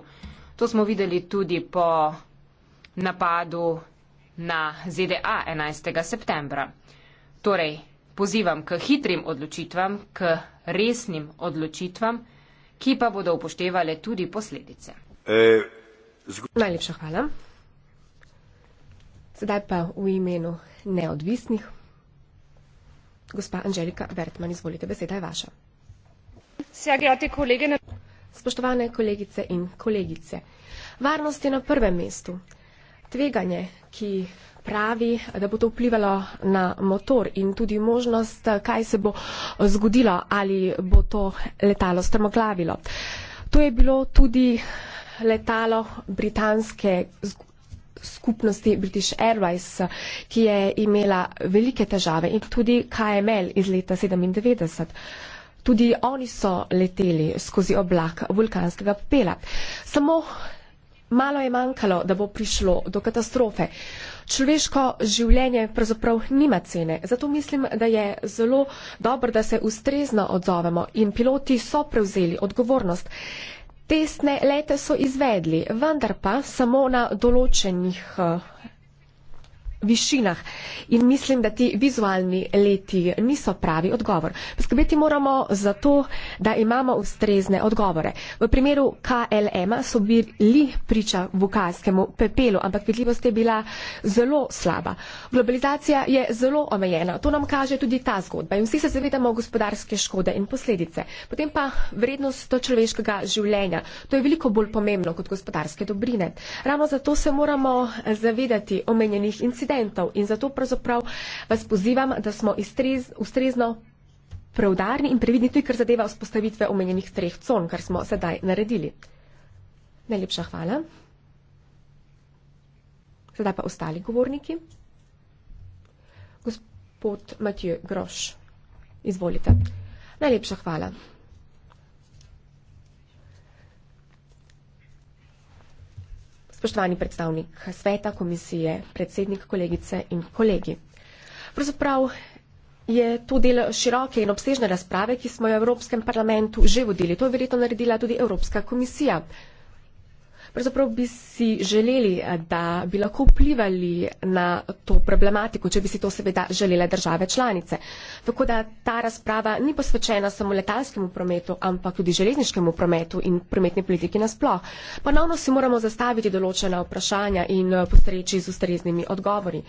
To smo videli tudi po napadu na ZDA 11. septembra. Torej, pozivam k hitrim odločitvam, k resnim odločitvam, ki pa bodo upoštevale tudi posledice. E, zgod... Najlepša hvala. Sedaj pa v imenu neodvisnih Gospa Anželika Bertman, izvolite, beseda je vaša. Spoštovane kolegice in kolegice. Varnost je na prvem mestu. Tveganje, ki pravi, da bo to vplivalo na motor in tudi možnost, kaj se bo zgodilo, ali bo to letalo strmoglavilo. To je bilo tudi letalo britanske skupnosti British Airways, ki je imela velike težave in tudi KML iz leta 97. Tudi oni so leteli skozi oblak vulkanskega pela. Samo malo je manjkalo, da bo prišlo do katastrofe. Človeško življenje pravzaprav nima cene, zato mislim, da je zelo dobro, da se ustrezno odzovemo in piloti so prevzeli odgovornost. Testne lete so izvedli, vendar pa samo na določenih eh, višinah. In mislim, da ti vizualni leti niso pravi odgovor. Poskrbeti moramo za to, da imamo ustrezne odgovore. V primeru KLM-a so bili priča vukarskemu pepelu, ampak vidljivost je bila zelo slaba. Globalizacija je zelo omejena. To nam kaže tudi ta zgodba. In vsi se zavedamo gospodarske škode in posledice. Potem pa vrednost človeškega življenja. To je veliko bolj pomembno kot gospodarske dobrine. Ravno zato se moramo zavedati omenjenih incidentov incidentov. In zato pravzaprav vas pozivam, da smo iztrez, ustrezno preudarni in previdni tudi, kar zadeva vzpostavitve omenjenih treh con, kar smo sedaj naredili. Najlepša hvala. Sedaj pa ostali govorniki. Gospod Matjo Groš, izvolite. Najlepša hvala. spoštovani predstavnik sveta, komisije, predsednik, kolegice in kolegi. Pravzaprav je to del široke in obsežne razprave, ki smo jo v Evropskem parlamentu že vodili. To je verjetno naredila tudi Evropska komisija pravzaprav bi si želeli, eh, da bi lahko vplivali na to problematiko, če bi si to seveda želele države članice. Tako da ta razprava ni posvečena samo letalskemu prometu, ampak tudi železniškemu prometu in prometni politiki nasploh. Ponovno si moramo zastaviti določena vprašanja in eh, postreči z ustreznimi odgovori.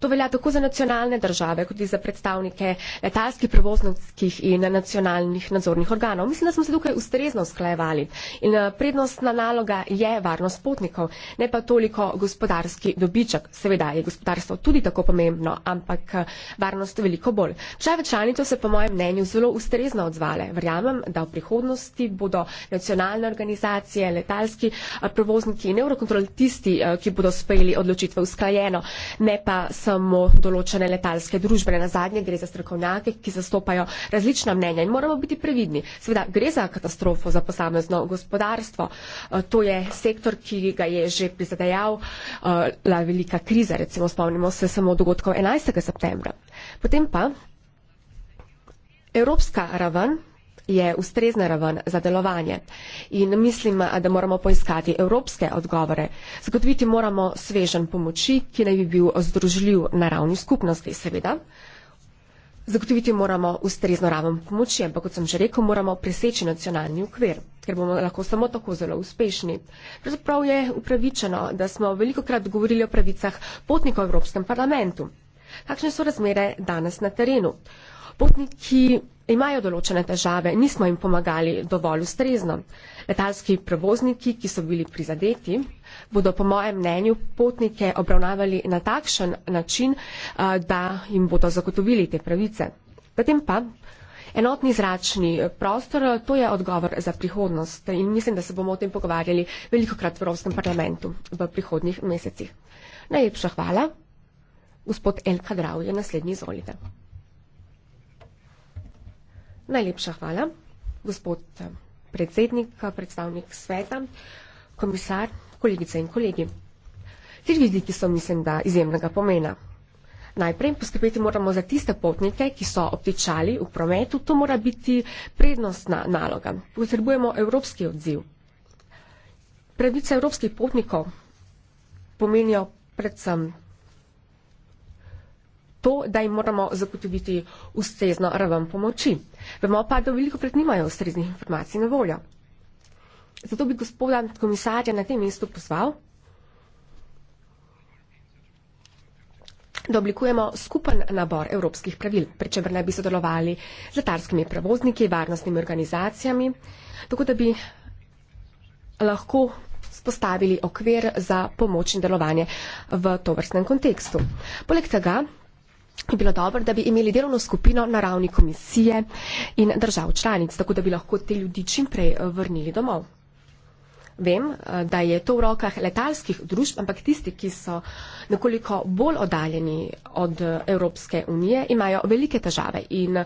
To velja tako za nacionalne države, kot tudi za predstavnike letalskih, prevoznovskih in nacionalnih nadzornih organov. Mislim, da smo se tukaj ustrezno sklajevali. In eh, prednostna naloga je varnost potnikov, ne pa toliko gospodarski dobiček. Seveda je gospodarstvo tudi tako pomembno, ampak eh, varnost veliko bolj. Države članice se po mojem mnenju zelo ustrezno odzvale. Verjamem, da v prihodnosti bodo nacionalne organizacije, letalski eh, provozniki in eurokontrol tisti, eh, ki bodo sprejeli odločitve usklajeno, ne pa samo določene letalske družbe. Na zadnje gre za strokovnjake, ki zastopajo različna mnenja in moramo biti previdni. Seveda gre za katastrofo za posamezno gospodarstvo. To je sektor, ki ga je že prizadejal eh, la velika kriza, recimo spomnimo se samo dogodkov 11. septembra. Potem pa evropska raven je ustrezna raven za delovanje. In mislim, da moramo poiskati evropske odgovore. Zagotoviti moramo svežen pomoči, ki naj bi bil združljiv na ravni skupnosti, seveda. Uh, Zagotoviti moramo ustrezno raven pomoči, ampak kot sem že rekel, moramo preseči nacionalni ukvir, ker bomo lahko samo tako zelo uspešni. Pravzaprav je upravičeno, da smo veliko krat govorili o pravicah potnikov v Evropskem parlamentu. Kakšne so razmere danes na terenu? Potniki imajo določene težave, nismo jim pomagali dovolj ustrezno. Letalski prevozniki, ki so bili prizadeti, bodo po mojem mnenju potnike obravnavali na takšen način, eh, da jim bodo zagotovili te pravice. Potem pa enotni zračni prostor, to je odgovor za prihodnost in mislim, da se bomo o tem pogovarjali veliko krat v Evropskem parlamentu v prihodnjih mesecih. Najlepša hvala. Gospod Elka Drav je naslednji, izvolite. Najlepša hvala. Gospod predsednika, predstavnik sveta, komisar, kolegice in kolegi. Tri vidiki so, mislim, da izjemnega pomena. Najprej poskrbeti moramo za tiste potnike, ki so obtičali v prometu. To mora biti prednostna naloga. Potrebujemo evropski odziv. Pravice evropskih potnikov pomenijo predvsem to, da jim moramo zagotoviti ustrezno raven pomoči. Vemo pa, da veliko krat nimajo ustreznih informacij na voljo. Zato bi gospoda komisarja na tem mestu pozval, da oblikujemo skupen nabor evropskih pravil, pri čemer naj bi sodelovali z letarskimi prevozniki, varnostnimi organizacijami, tako da bi lahko spostavili okvir za pomoč in delovanje v tovrstnem kontekstu. Poleg tega bi bilo dobro, da bi imeli delovno skupino na ravni komisije in držav članic, tako da bi lahko te ljudi čim prej eh, vrnili domov. Vem, eh, da je to v rokah letalskih družb, ampak tisti, ki so nekoliko bolj oddaljeni od eh, Evropske unije, imajo velike težave in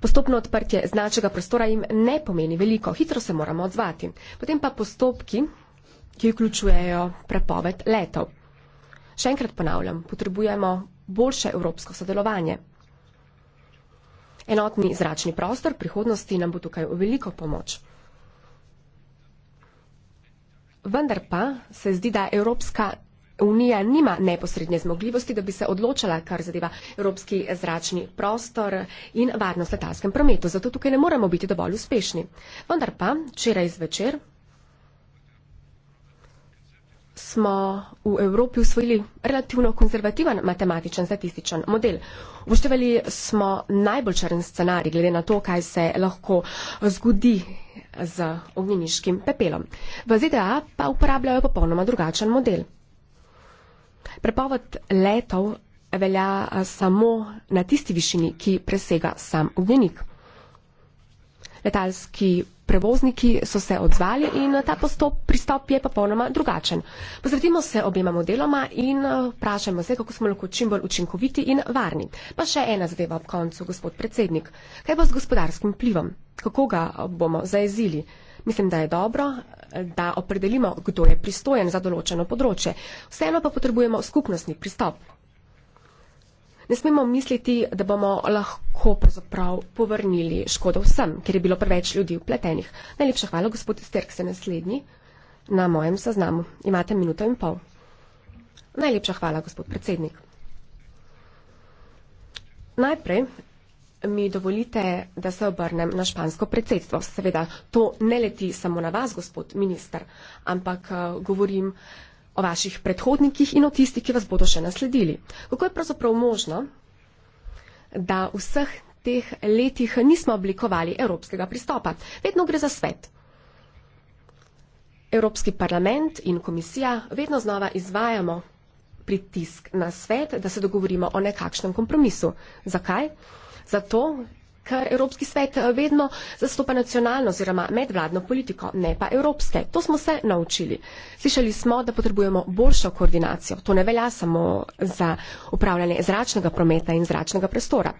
postopno odprtje značega prostora jim ne pomeni veliko. Hitro se moramo odzvati. Potem pa postopki, ki vključujejo prepoved letov. Še enkrat ponavljam, potrebujemo boljše evropsko sodelovanje. Enotni zračni prostor prihodnosti nam bo tukaj v veliko pomoč. Vendar pa se zdi, da Evropska unija nima neposredne zmogljivosti, da bi se odločala, kar zadeva evropski zračni prostor in varnost letalskem prometu. Zato tukaj ne moremo biti dovolj uspešni. Vendar pa včeraj zvečer smo v Evropi usvojili relativno konzervativen matematičen statističen model. Uštevali smo najbolj črn scenarij, glede na to, kaj se lahko zgodi z ognjeniškim pepelom. V ZDA pa uporabljajo popolnoma drugačen model. Prepoved letov velja samo na tisti višini, ki presega sam ognjenik letalski prevozniki so se odzvali in ta postop, pristop je popolnoma drugačen. Posvetimo se obema modeloma in eh, vprašajmo se, kako smo lahko čim bolj učinkoviti in varni. Pa še ena zadeva ob koncu, gospod predsednik. Kaj bo z gospodarskim vplivom? Kako ga bomo zaezili? Mislim, da je dobro, da opredelimo, kdo je pristojen za določeno področje. Vseeno pa potrebujemo skupnostni pristop. Ne smemo misliti, da bomo lahko pravzaprav povrnili škodo vsem, ker je bilo preveč ljudi vpletenih. Najlepša hvala, gospod Sterk, se naslednji na mojem seznamu. Imate minuto in pol. Najlepša hvala, gospod predsednik. Najprej mi dovolite, da se obrnem na špansko predsedstvo. Seveda, to ne leti samo na vas, gospod minister, ampak eh, govorim o vaših predhodnikih in o tistih, ki vas bodo še nasledili. Kako je pravzaprav možno, da vseh teh letih nismo oblikovali evropskega pristopa? Vedno gre za svet. Evropski parlament in komisija vedno znova izvajamo pritisk na svet, da se dogovorimo o nekakšnem kompromisu. Zakaj? Zato, ker Evropski svet eh, vedno zastopa nacionalno oziroma medvladno politiko, ne pa evropske. To smo se naučili. Slišali smo, da potrebujemo boljšo koordinacijo. To ne velja samo za upravljanje zračnega prometa in zračnega prostora.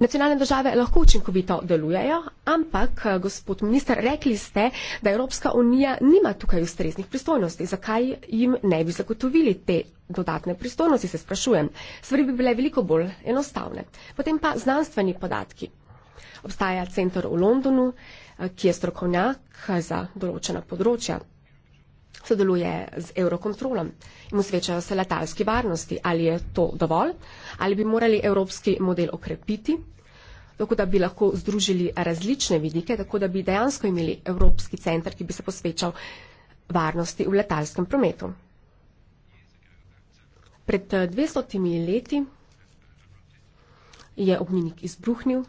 Nacionalne države lahko učinkovito delujejo, ampak, eh, gospod minister, rekli ste, da Evropska unija nima tukaj ustreznih pristojnosti. Zakaj jim ne bi zagotovili te dodatne pristojnosti, se sprašujem. Stvari bi bile veliko bolj enostavne. Potem pa znanstveni podatki. Obstaja center v Londonu, eh, ki je strokovnjak eh, za določena področja sodeluje z Eurocontrolom in osvečajo se letalski varnosti. Ali je to dovolj? Ali bi morali evropski model okrepiti, tako da bi lahko združili različne vidike, tako da bi dejansko imeli evropski center, ki bi se posvečal varnosti v letalskem prometu? Pred 200 eh, leti je ognjenik izbruhnil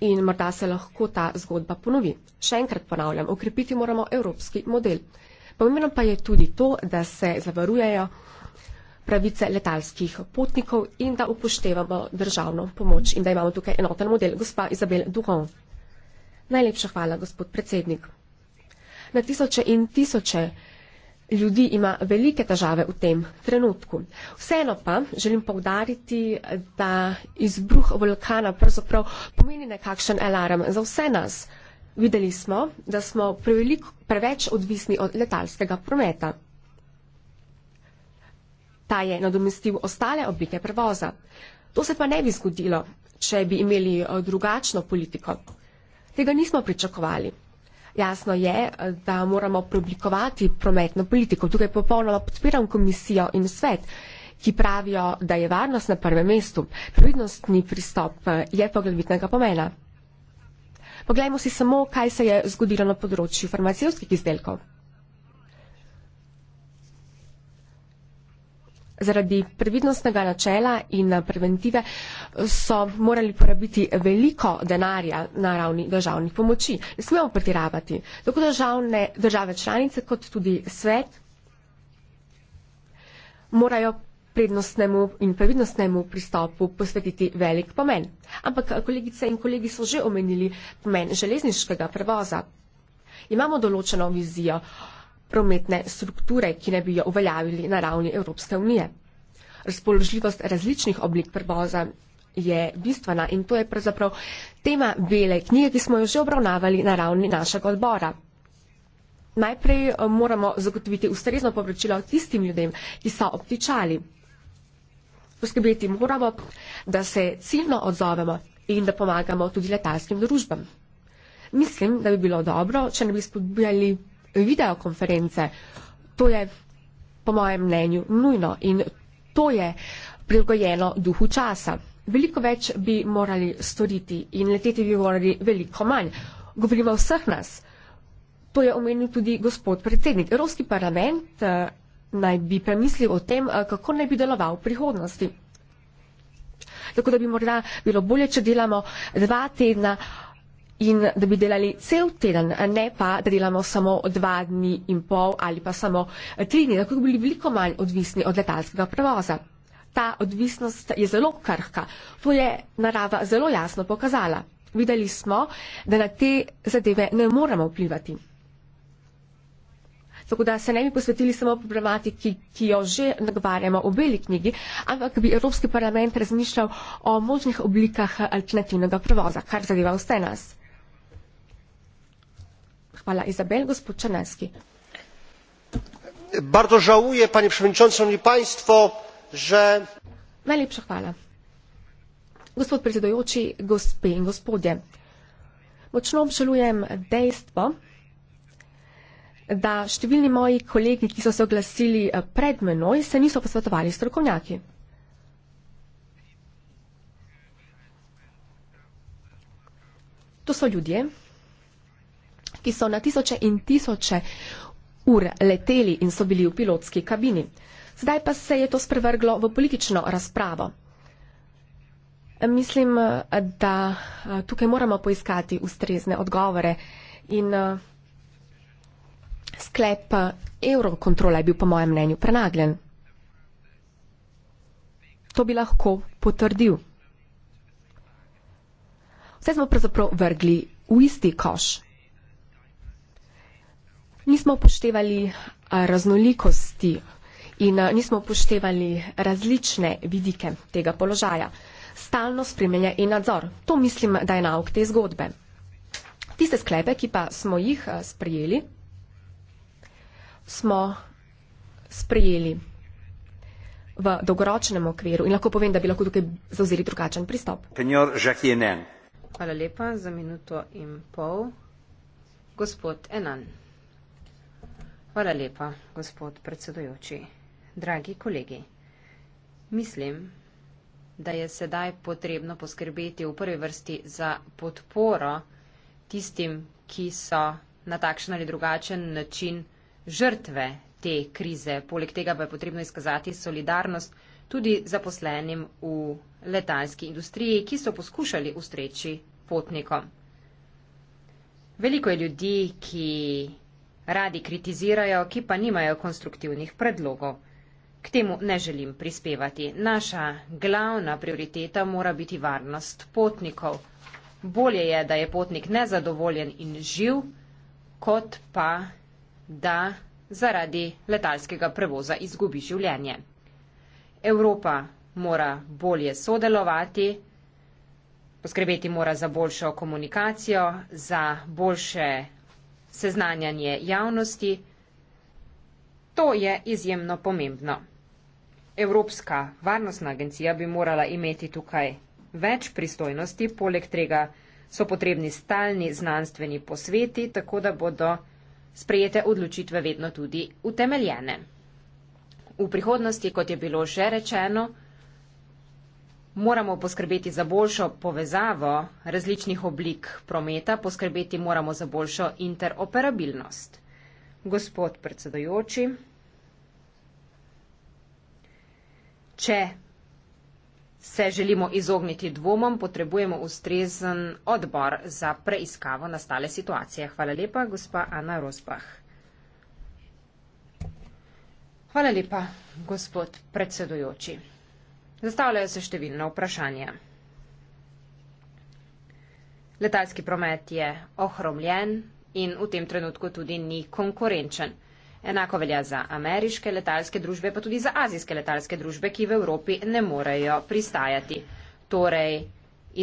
in morda se lahko ta zgodba ponovi. Še enkrat ponavljam, okrepiti moramo evropski model. Pomembno pa je tudi to, da se zavarujejo pravice letalskih potnikov in da upoštevamo državno pomoč in da imamo tukaj enoten model. Gospa Izabel Duhon. Najlepša hvala, gospod predsednik. Na tisoče in tisoče ljudi ima velike težave v tem trenutku. Vseeno pa želim povdariti, da izbruh vulkana pravzaprav pomeni nekakšen alarm za vse nas. Videli smo, da smo prevelik, preveč odvisni od letalskega prometa. Ta je nadomestil ostale oblike prevoza. To se pa ne bi zgodilo, če bi imeli eh, drugačno politiko. Tega nismo pričakovali. Jasno je, eh, da moramo preoblikovati prometno politiko. Tukaj popolnoma podpiram komisijo in svet, ki pravijo, da je varnost na prvem mestu. Pridnostni pristop eh, je poglavitnega pomena. Poglejmo si samo, kaj se je zgodilo na področju farmacijskih izdelkov. Zaradi previdnostnega načela in eh, preventive eh, so morali porabiti veliko denarja na ravni državnih pomoči. Ne smemo pretiravati. Tako državne, države članice kot tudi svet morajo prednostnemu in previdnostnemu pristopu posvetiti velik pomen. Ampak kolegice in kolegi so že omenili pomen železniškega prevoza. Imamo določeno vizijo prometne strukture, ki ne bi jo uveljavili na ravni Evropske unije. Razpoložljivost različnih oblik prevoza je bistvena in to je pravzaprav tema bele knjige, ki smo jo že obravnavali na ravni našega odbora. Najprej eh, moramo zagotoviti ustrezno povračilo tistim ljudem, ki so obtičali. Poskrbeti moramo, da se ciljno odzovemo in da pomagamo tudi letalskim družbam. Mislim, da bi bilo dobro, če ne bi spodbujali videokonference. To je po mojem mnenju nujno in to je prilagojeno duhu časa. Veliko več bi morali storiti in leteti bi morali veliko manj. Govorimo o vseh nas. To je omenil tudi gospod predsednik. Evropski parlament eh, naj bi premislil o tem, eh, kako naj bi deloval v prihodnosti. Tako da bi morda bilo bolje, če delamo dva tedna in da bi delali cel teden, ne pa, da delamo samo dva dni in pol ali pa samo eh, tri dni, tako bi bili veliko manj odvisni od letalskega prevoza. Ta odvisnost je zelo krhka. To je narava zelo jasno pokazala. Videli smo, da na te zadeve ne moremo vplivati tako da se ne bi posvetili samo problematiki, ki jo že nagovarjamo v beli knjigi, ampak bi Evropski parlament razmišljal o možnih oblikah alternativnega prevoza, kar zadeva vse nas. Hvala, Izabel, gospod Črnenski. Bardzo žaluje, pani przewodnicząca, i państwo, że. Najlepsza chwała. Gospod przewodniczący, gospodzie i gospodzie. Mocno przeluję dejstwo, da številni moji kolegi, ki so se oglasili eh, pred menoj, se niso posvetovali strokovnjaki. To so ljudje, ki so na tisoče in tisoče ur leteli in so bili v pilotski kabini. Zdaj pa se je to sprevrglo v politično razpravo. Mislim, eh, da eh, tukaj moramo poiskati ustrezne odgovore in Sklep eh, Eurokontrola je bil po mojem mnenju prenagljen. To bi lahko potrdil. Vse smo pravzaprav vrgli v isti koš. Nismo upoštevali eh, raznolikosti in eh, nismo upoštevali različne vidike tega položaja. Stalno spremljanje in nadzor. To mislim, da je nauk te zgodbe. Tiste sklepe, ki pa smo jih sprejeli, smo sprejeli v dolgoročnem okviru in lahko povem, da bi lahko tukaj zauzeli drugačen pristop. Hvala lepa za minuto in pol. Gospod Enan. Hvala lepa, gospod predsedujoči. Dragi kolegi, mislim, da je sedaj potrebno poskrbeti v prvi vrsti za podporo tistim, ki so na takšen ali drugačen način žrtve te krize. Poleg tega pa je potrebno izkazati solidarnost tudi zaposlenim v letalski industriji, ki so poskušali ustreči potnikom. Veliko je ljudi, ki radi kritizirajo, ki pa nimajo konstruktivnih predlogov. K temu ne želim prispevati. Naša glavna prioriteta mora biti varnost potnikov. Bolje je, da je potnik nezadovoljen in živ, kot pa da zaradi letalskega prevoza izgubi življenje. Evropa mora bolje sodelovati, poskrbeti mora za boljšo komunikacijo, za boljše seznanjanje javnosti. To je izjemno pomembno. Evropska varnostna agencija bi morala imeti tukaj več pristojnosti, poleg tega so potrebni stalni znanstveni posveti, tako da bodo sprejete odločitve vedno tudi utemeljene. V prihodnosti, kot je bilo že rečeno, moramo poskrbeti za boljšo povezavo različnih oblik prometa, poskrbeti moramo za boljšo interoperabilnost. Gospod predsedojoči, če Se želimo izogniti dvomom, potrebujemo ustrezen odbor za preiskavo nastale situacije. Hvala lepa, gospa Ana Rozbah. Hvala lepa, gospod predsedujoči. Zastavljajo se številna vprašanja. Letalski promet je ohromljen in v tem trenutku tudi ni konkurenčen. Enako velja za ameriške letalske družbe, pa tudi za azijske letalske družbe, ki v Evropi ne morejo pristajati. Torej,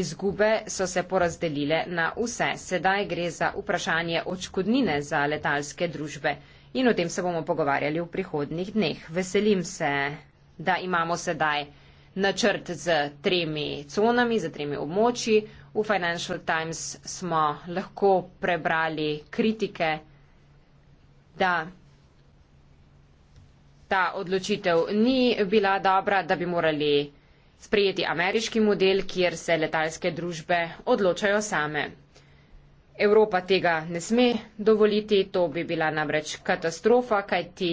izgube so se porazdelile na vse. Sedaj gre za vprašanje odškodnine za letalske družbe in o tem se bomo pogovarjali v prihodnih dneh. Veselim se, da imamo sedaj načrt z tremi conami, z tremi območji. V Financial Times smo lahko prebrali kritike, da ta odločitev ni bila dobra, da bi morali sprejeti ameriški model, kjer se letalske družbe odločajo same. Evropa tega ne sme dovoliti, to bi bila namreč katastrofa, kajti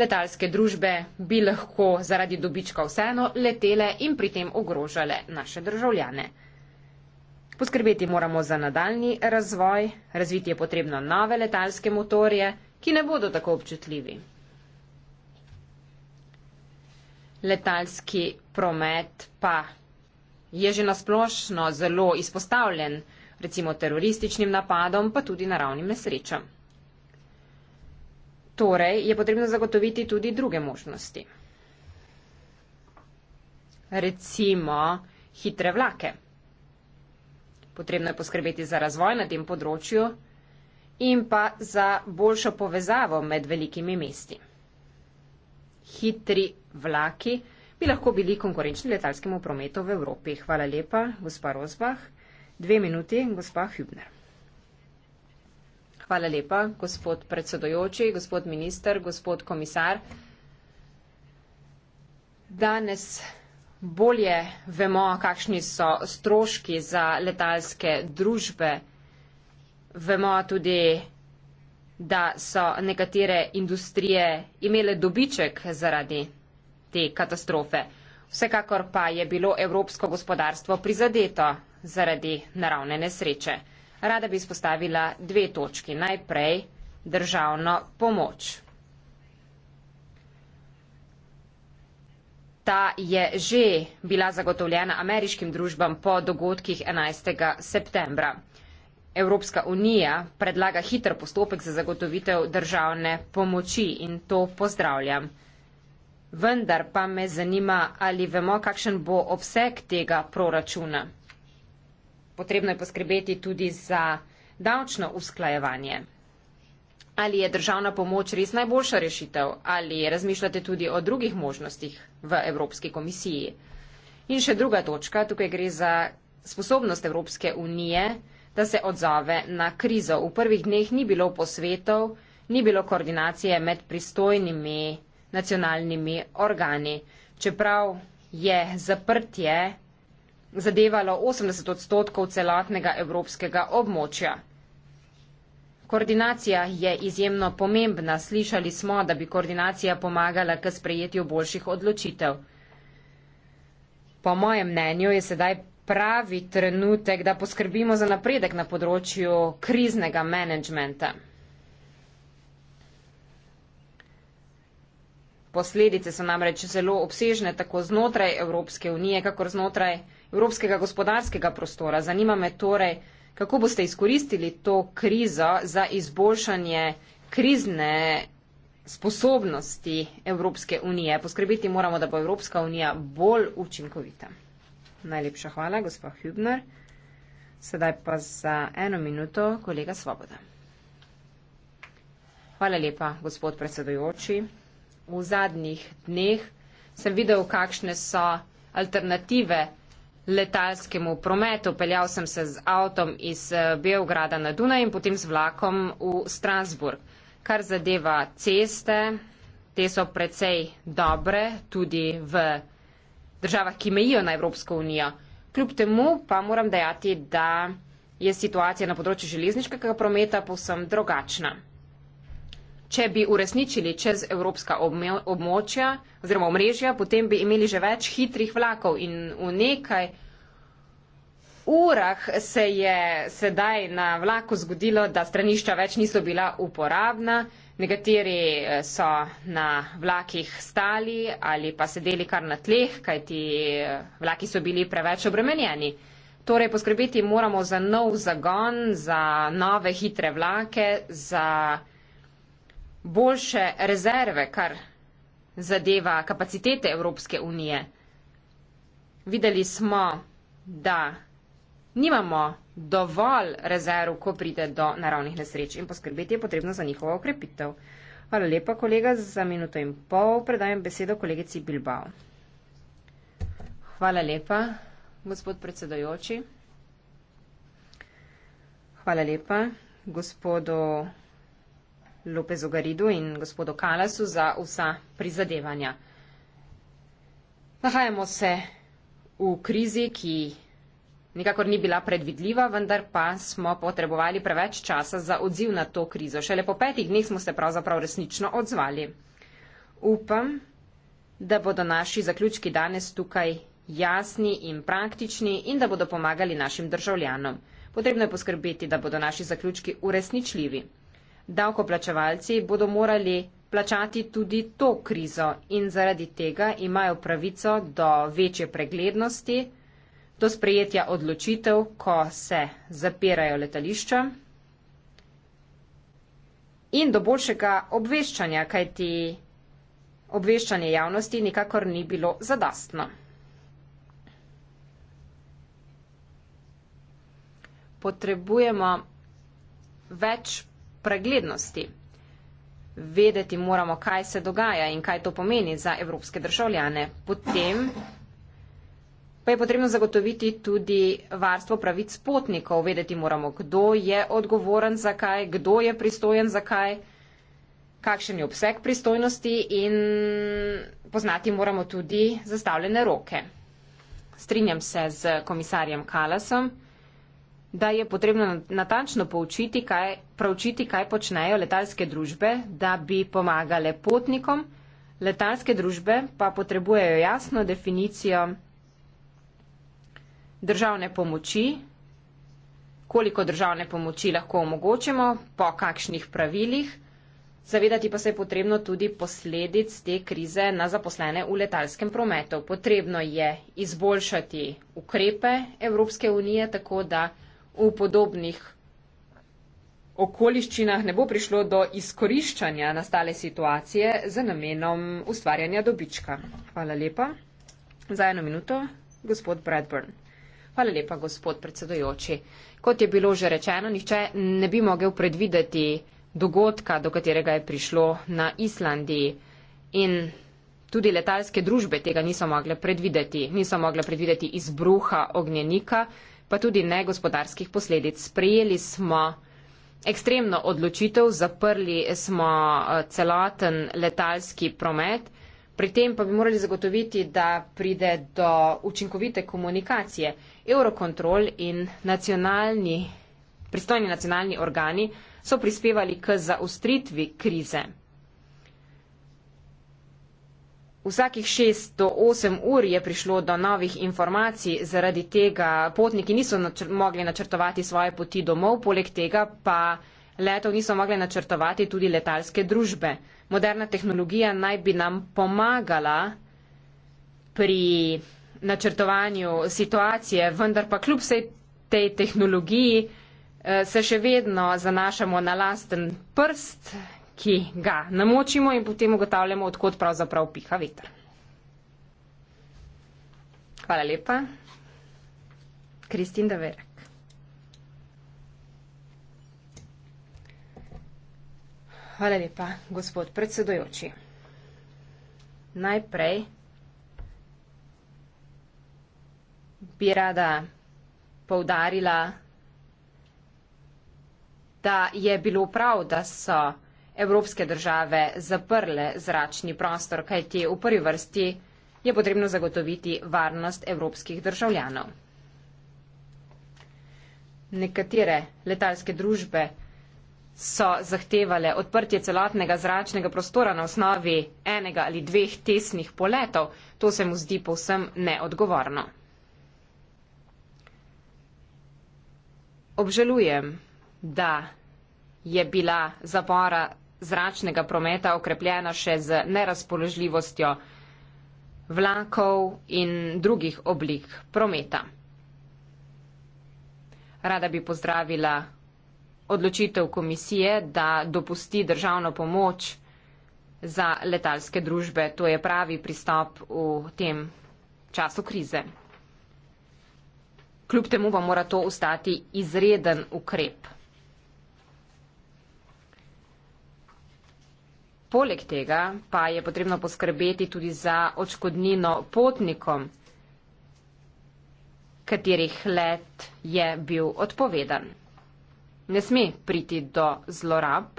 letalske družbe bi lahko zaradi dobička vseeno letele in pri tem ogrožale naše državljane. Poskrbeti moramo za nadaljni razvoj, razviti je potrebno nove letalske motorje, ki ne bodo tako občutljivi. letalski promet pa je že nasplošno zelo izpostavljen recimo terorističnim napadom, pa tudi naravnim nesrečam. Torej je potrebno zagotoviti tudi druge možnosti. Recimo hitre vlake. Potrebno je poskrbeti za razvoj na tem področju in pa za boljšo povezavo med velikimi mestimi hitri vlaki bi lahko bili konkurenčni letalskemu prometu v Evropi. Hvala lepa, gospa Rozbah. Dve minuti, gospa Hübner. Hvala lepa, gospod predsedojoči, gospod minister, gospod komisar. Danes bolje vemo, kakšni so stroški za letalske družbe. Vemo tudi, da so nekatere industrije imele dobiček zaradi te katastrofe. Vsekakor pa je bilo evropsko gospodarstvo prizadeto zaradi naravne nesreče. Rada bi izpostavila dve točki. Najprej državno pomoč. Ta je že bila zagotovljena ameriškim družbam po dogodkih 11. septembra. Evropska unija predlaga hiter postopek za zagotovitev državne pomoči in to pozdravljam. Vendar pa me zanima, ali vemo, kakšen bo obseg tega proračuna. Potrebno je poskrbeti tudi za davčno usklajevanje. Ali je državna pomoč res najboljša rešitev ali razmišljate tudi o drugih možnostih v Evropski komisiji? In še druga točka, tukaj gre za sposobnost Evropske unije da se odzove na krizo. V prvih dneh ni bilo posvetov, ni bilo koordinacije med pristojnimi nacionalnimi organi. Čeprav je zaprtje zadevalo 80 odstotkov celotnega evropskega območja. Koordinacija je izjemno pomembna. Slišali smo, da bi koordinacija pomagala k sprejetju boljših odločitev. Po mojem mnenju je sedaj pravi trenutek, da poskrbimo za napredek na področju kriznega menedžmenta. Posledice so namreč zelo obsežne tako znotraj Evropske unije, kakor znotraj Evropskega gospodarskega prostora. Zanima me torej, kako boste izkoristili to krizo za izboljšanje krizne sposobnosti Evropske unije. Poskrbiti moramo, da bo Evropska unija bolj učinkovita. Najlepša hvala, gospod Hübner. Sedaj pa za eno minuto kolega Svoboda. Hvala lepa, gospod predsedujoči. V zadnjih dneh sem videl, kakšne so alternative letalskemu prometu. Peljal sem se z avtom iz eh, Beograda na Dunaj in potem z vlakom v Strasburg. Kar zadeva ceste, te so precej dobre, tudi v državah, ki mejijo na Evropsko unijo. Kljub temu pa moram dejati, da je situacija na področju železniškega prometa povsem drugačna. Če bi uresničili čez evropska območja oziroma omrežja, potem bi imeli že več hitrih vlakov in v nekaj urah se je sedaj na vlaku zgodilo, da stranišča več niso bila uporabna. Nekateri eh, so na vlakih stali ali pa sedeli kar na tleh, kajti eh, vlaki so bili preveč obremenjeni. Torej, poskrbeti moramo za nov zagon, za nove hitre vlake, za boljše rezerve, kar zadeva kapacitete Evropske unije. Videli smo, da nimamo dovolj rezerv, ko pride do naravnih nesreč in poskrbeti je potrebno za njihovo okrepitev. Hvala lepa, kolega, za minuto in pol predajem besedo kolegici Bilbao. Hvala lepa, gospod predsedojoči. Hvala lepa gospodu Lopezu Garidu in gospodu Kalasu za vsa prizadevanja. Nahajamo se v krizi, ki Nikakor ni bila predvidljiva, vendar pa smo potrebovali preveč časa za odziv na to krizo. Šele po petih dneh smo se pravzaprav resnično odzvali. Upam, da bodo naši zaključki danes tukaj jasni in praktični in da bodo pomagali našim državljanom. Potrebno je poskrbeti, da bodo naši zaključki uresničljivi. Davkoplačevalci bodo morali plačati tudi to krizo in zaradi tega imajo pravico do večje preglednosti do sprejetja odločitev, ko se zapirajo letališča in do boljšega obveščanja, kajti obveščanje javnosti nikakor ni bilo zadastno. Potrebujemo več preglednosti. Vedeti moramo, kaj se dogaja in kaj to pomeni za evropske državljane. Potem pa je potrebno zagotoviti tudi varstvo pravic potnikov. Vedeti moramo, kdo je odgovoren za kaj, kdo je pristojen za kaj, kakšen je obseg pristojnosti in poznati moramo tudi zastavljene roke. Strinjam se z komisarjem Kalasom, da je potrebno natančno poučiti, kaj, pravčiti, kaj počnejo letalske družbe, da bi pomagale potnikom. Letalske družbe pa potrebujejo jasno definicijo državne pomoči, koliko državne pomoči lahko omogočimo, po kakšnih pravilih. Zavedati pa se je potrebno tudi posledic te krize na zaposlene v letalskem prometu. Potrebno je izboljšati ukrepe Evropske unije, tako da v podobnih okoliščinah ne bo prišlo do izkoriščanja nastale situacije z namenom ustvarjanja dobička. Hvala lepa. Za eno minuto, gospod Bradburn. Hvala lepa, gospod predsedujoči. Kot je bilo že rečeno, nihče ne bi mogel predvideti dogodka, do katerega je prišlo na Islandiji. In tudi letalske družbe tega niso mogle predvideti. Niso mogle predvideti izbruha ognjenika, pa tudi ne gospodarskih posledic. Sprejeli smo ekstremno odločitev, zaprli smo eh, celoten letalski promet. Pri tem pa bi morali zagotoviti, da pride do učinkovite komunikacije. Eurokontrol in nacionalni, pristojni nacionalni organi so prispevali k zaustritvi krize. Vsakih 6 do 8 ur je prišlo do novih informacij, zaradi tega potniki niso načr mogli načrtovati svoje poti domov, poleg tega pa letov niso mogle načrtovati tudi letalske družbe. Moderna tehnologija naj bi nam pomagala pri načrtovanju situacije, vendar pa kljub vsej tej tehnologiji eh, se še vedno zanašamo na lasten prst, ki ga namočimo in potem ugotavljamo, odkot pravzaprav piha veter. Hvala lepa. Kristin Daverek. Hvala lepa, gospod predsedojoči. Najprej bi rada povdarila, da je bilo prav, da so evropske države zaprle zračni prostor, kajti v prvi vrsti je potrebno zagotoviti varnost evropskih državljanov. Nekatere letalske družbe so zahtevale odprtje celotnega zračnega prostora na osnovi enega ali dveh tesnih poletov. To se mu zdi povsem neodgovorno. Obžalujem, da je bila zapora zračnega prometa okrepljena še z nerazpoložljivostjo vlakov in drugih oblik prometa. Rada bi pozdravila odločitev komisije, da dopusti državno pomoč za letalske družbe. To je pravi pristop v tem času krize. Kljub temu pa mora to ostati izreden ukrep. Poleg tega pa je potrebno poskrbeti tudi za očkodnino potnikom, katerih let je bil odpovedan ne sme priti do zlorab.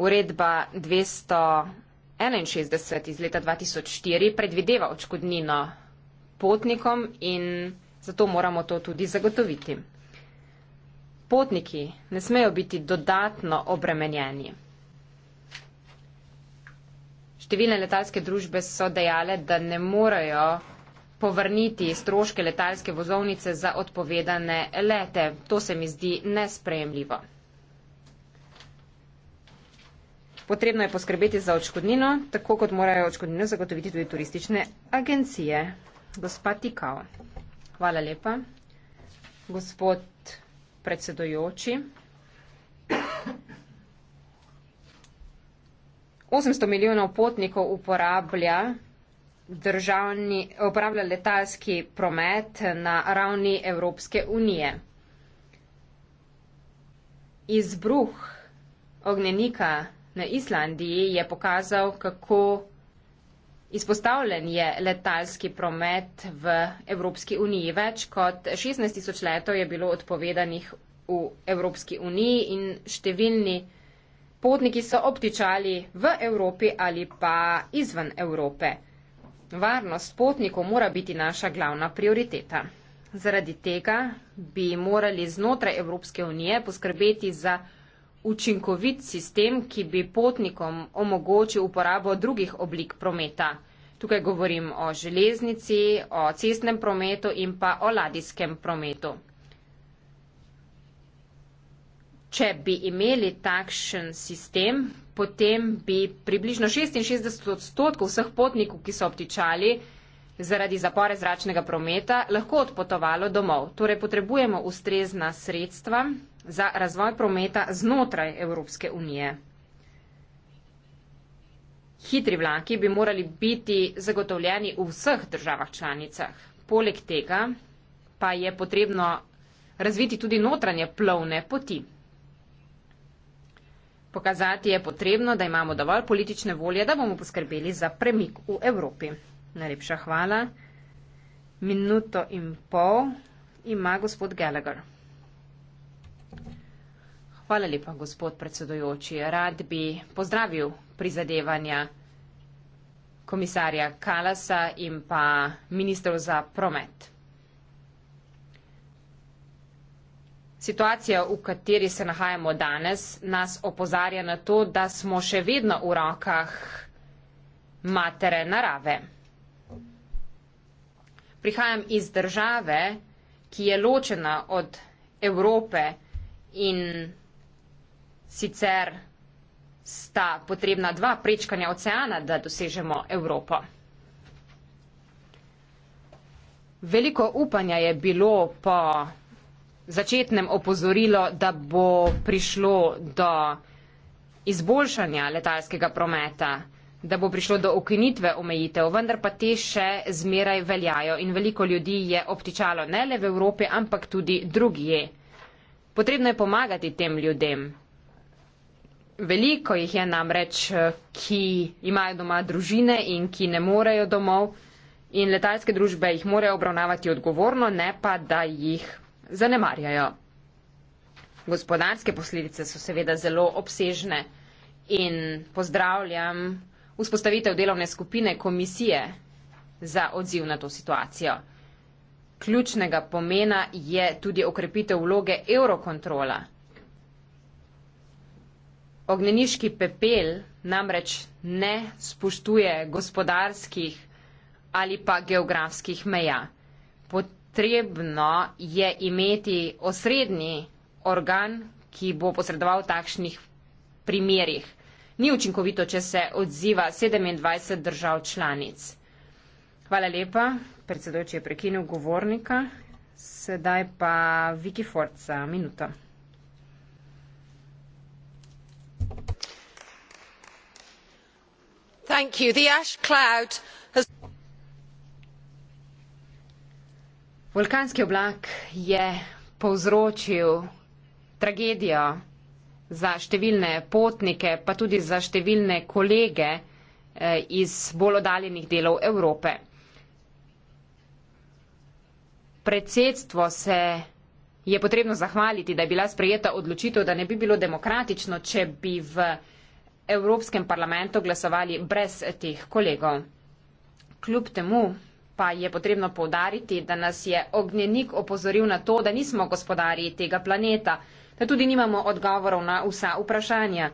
Uredba 261 iz leta 2004 predvideva očkodnino potnikom in zato moramo to tudi zagotoviti. Potniki ne smejo biti dodatno obremenjeni. Številne letalske družbe so dejale, da ne morejo povrniti stroške letalske vozovnice za odpovedane lete. To se mi zdi nesprejemljivo. Potrebno je poskrbeti za očkodnino, tako kot morajo očkodnino zagotoviti tudi turistične agencije. Gospa Tikao. Hvala lepa. Gospod predsedojoči. 800 milijonov potnikov uporablja državni, upravlja letalski promet na ravni Evropske unije. Izbruh ognjenika na Islandiji je pokazal, kako izpostavljen je letalski promet v Evropski uniji. Več kot 16 tisoč letov je bilo odpovedanih v Evropski uniji in številni potniki so obtičali v Evropi ali pa izven Evrope. Varnost potnikov mora biti naša glavna prioriteta. Zaradi tega bi morali znotraj Evropske unije poskrbeti za učinkovit sistem, ki bi potnikom omogočil uporabo drugih oblik prometa. Tukaj govorim o železnici, o cestnem prometu in pa o ladijskem prometu. Če bi imeli takšen sistem, potem bi približno 66 odstotkov vseh potnikov, ki so obtičali zaradi zapore zračnega prometa, lahko odpotovalo domov. Torej potrebujemo ustrezna sredstva za razvoj prometa znotraj Evropske unije. Hitri vlaki bi morali biti zagotovljeni v vseh državah članicah. Poleg tega pa je potrebno razviti tudi notranje plovne poti. Pokazati je potrebno, da imamo dovolj politične volje, da bomo poskrbeli za premik v Evropi. Najlepša hvala. Minuto in pol ima gospod Gallagher. Hvala lepa, gospod predsedujoči. Rad bi pozdravil prizadevanja komisarja Kalasa in pa ministrov za promet. Situacija, v kateri se nahajamo danes, nas opozarja na to, da smo še vedno v rokah matere narave. Prihajam iz države, ki je ločena od Evrope in sicer sta potrebna dva prečkanja oceana, da dosežemo Evropo. Veliko upanja je bilo po začetnem opozorilo, da bo prišlo do izboljšanja letalskega prometa, da bo prišlo do ukinitve omejitev, vendar pa te še zmeraj veljajo in veliko ljudi je obtičalo ne le v Evropi, ampak tudi drugje. Potrebno je pomagati tem ljudem. Veliko jih je namreč, ki imajo doma družine in ki ne morejo domov in letalske družbe jih morajo obravnavati odgovorno, ne pa da jih zanemarjajo. Gospodarske posledice so seveda zelo obsežne in pozdravljam vzpostavitev delovne skupine komisije za odziv na to situacijo. Ključnega pomena je tudi okrepitev vloge Eurokontrola. Ogneniški pepel namreč ne spoštuje gospodarskih ali pa geografskih meja potrebno je imeti osrednji organ, ki bo posredoval v takšnih primerjih. Ni učinkovito, če se odziva 27 držav članic. Hvala lepa, predsedojoči je prekinil govornika. Sedaj pa Viki Forca, minuto. Thank you. The ash cloud has... Vulkanski oblak je povzročil tragedijo za številne potnike, pa tudi za številne kolege eh, iz bolj odaljenih delov Evrope. Predsedstvo se je potrebno zahvaliti, da je bila sprejeta odločitev, da ne bi bilo demokratično, če bi v Evropskem parlamentu glasovali brez teh kolegov. Kljub temu, pa je potrebno povdariti, da nas je ognjenik opozoril na to, da nismo gospodari tega planeta, da tudi nimamo odgovorov na vsa vprašanja.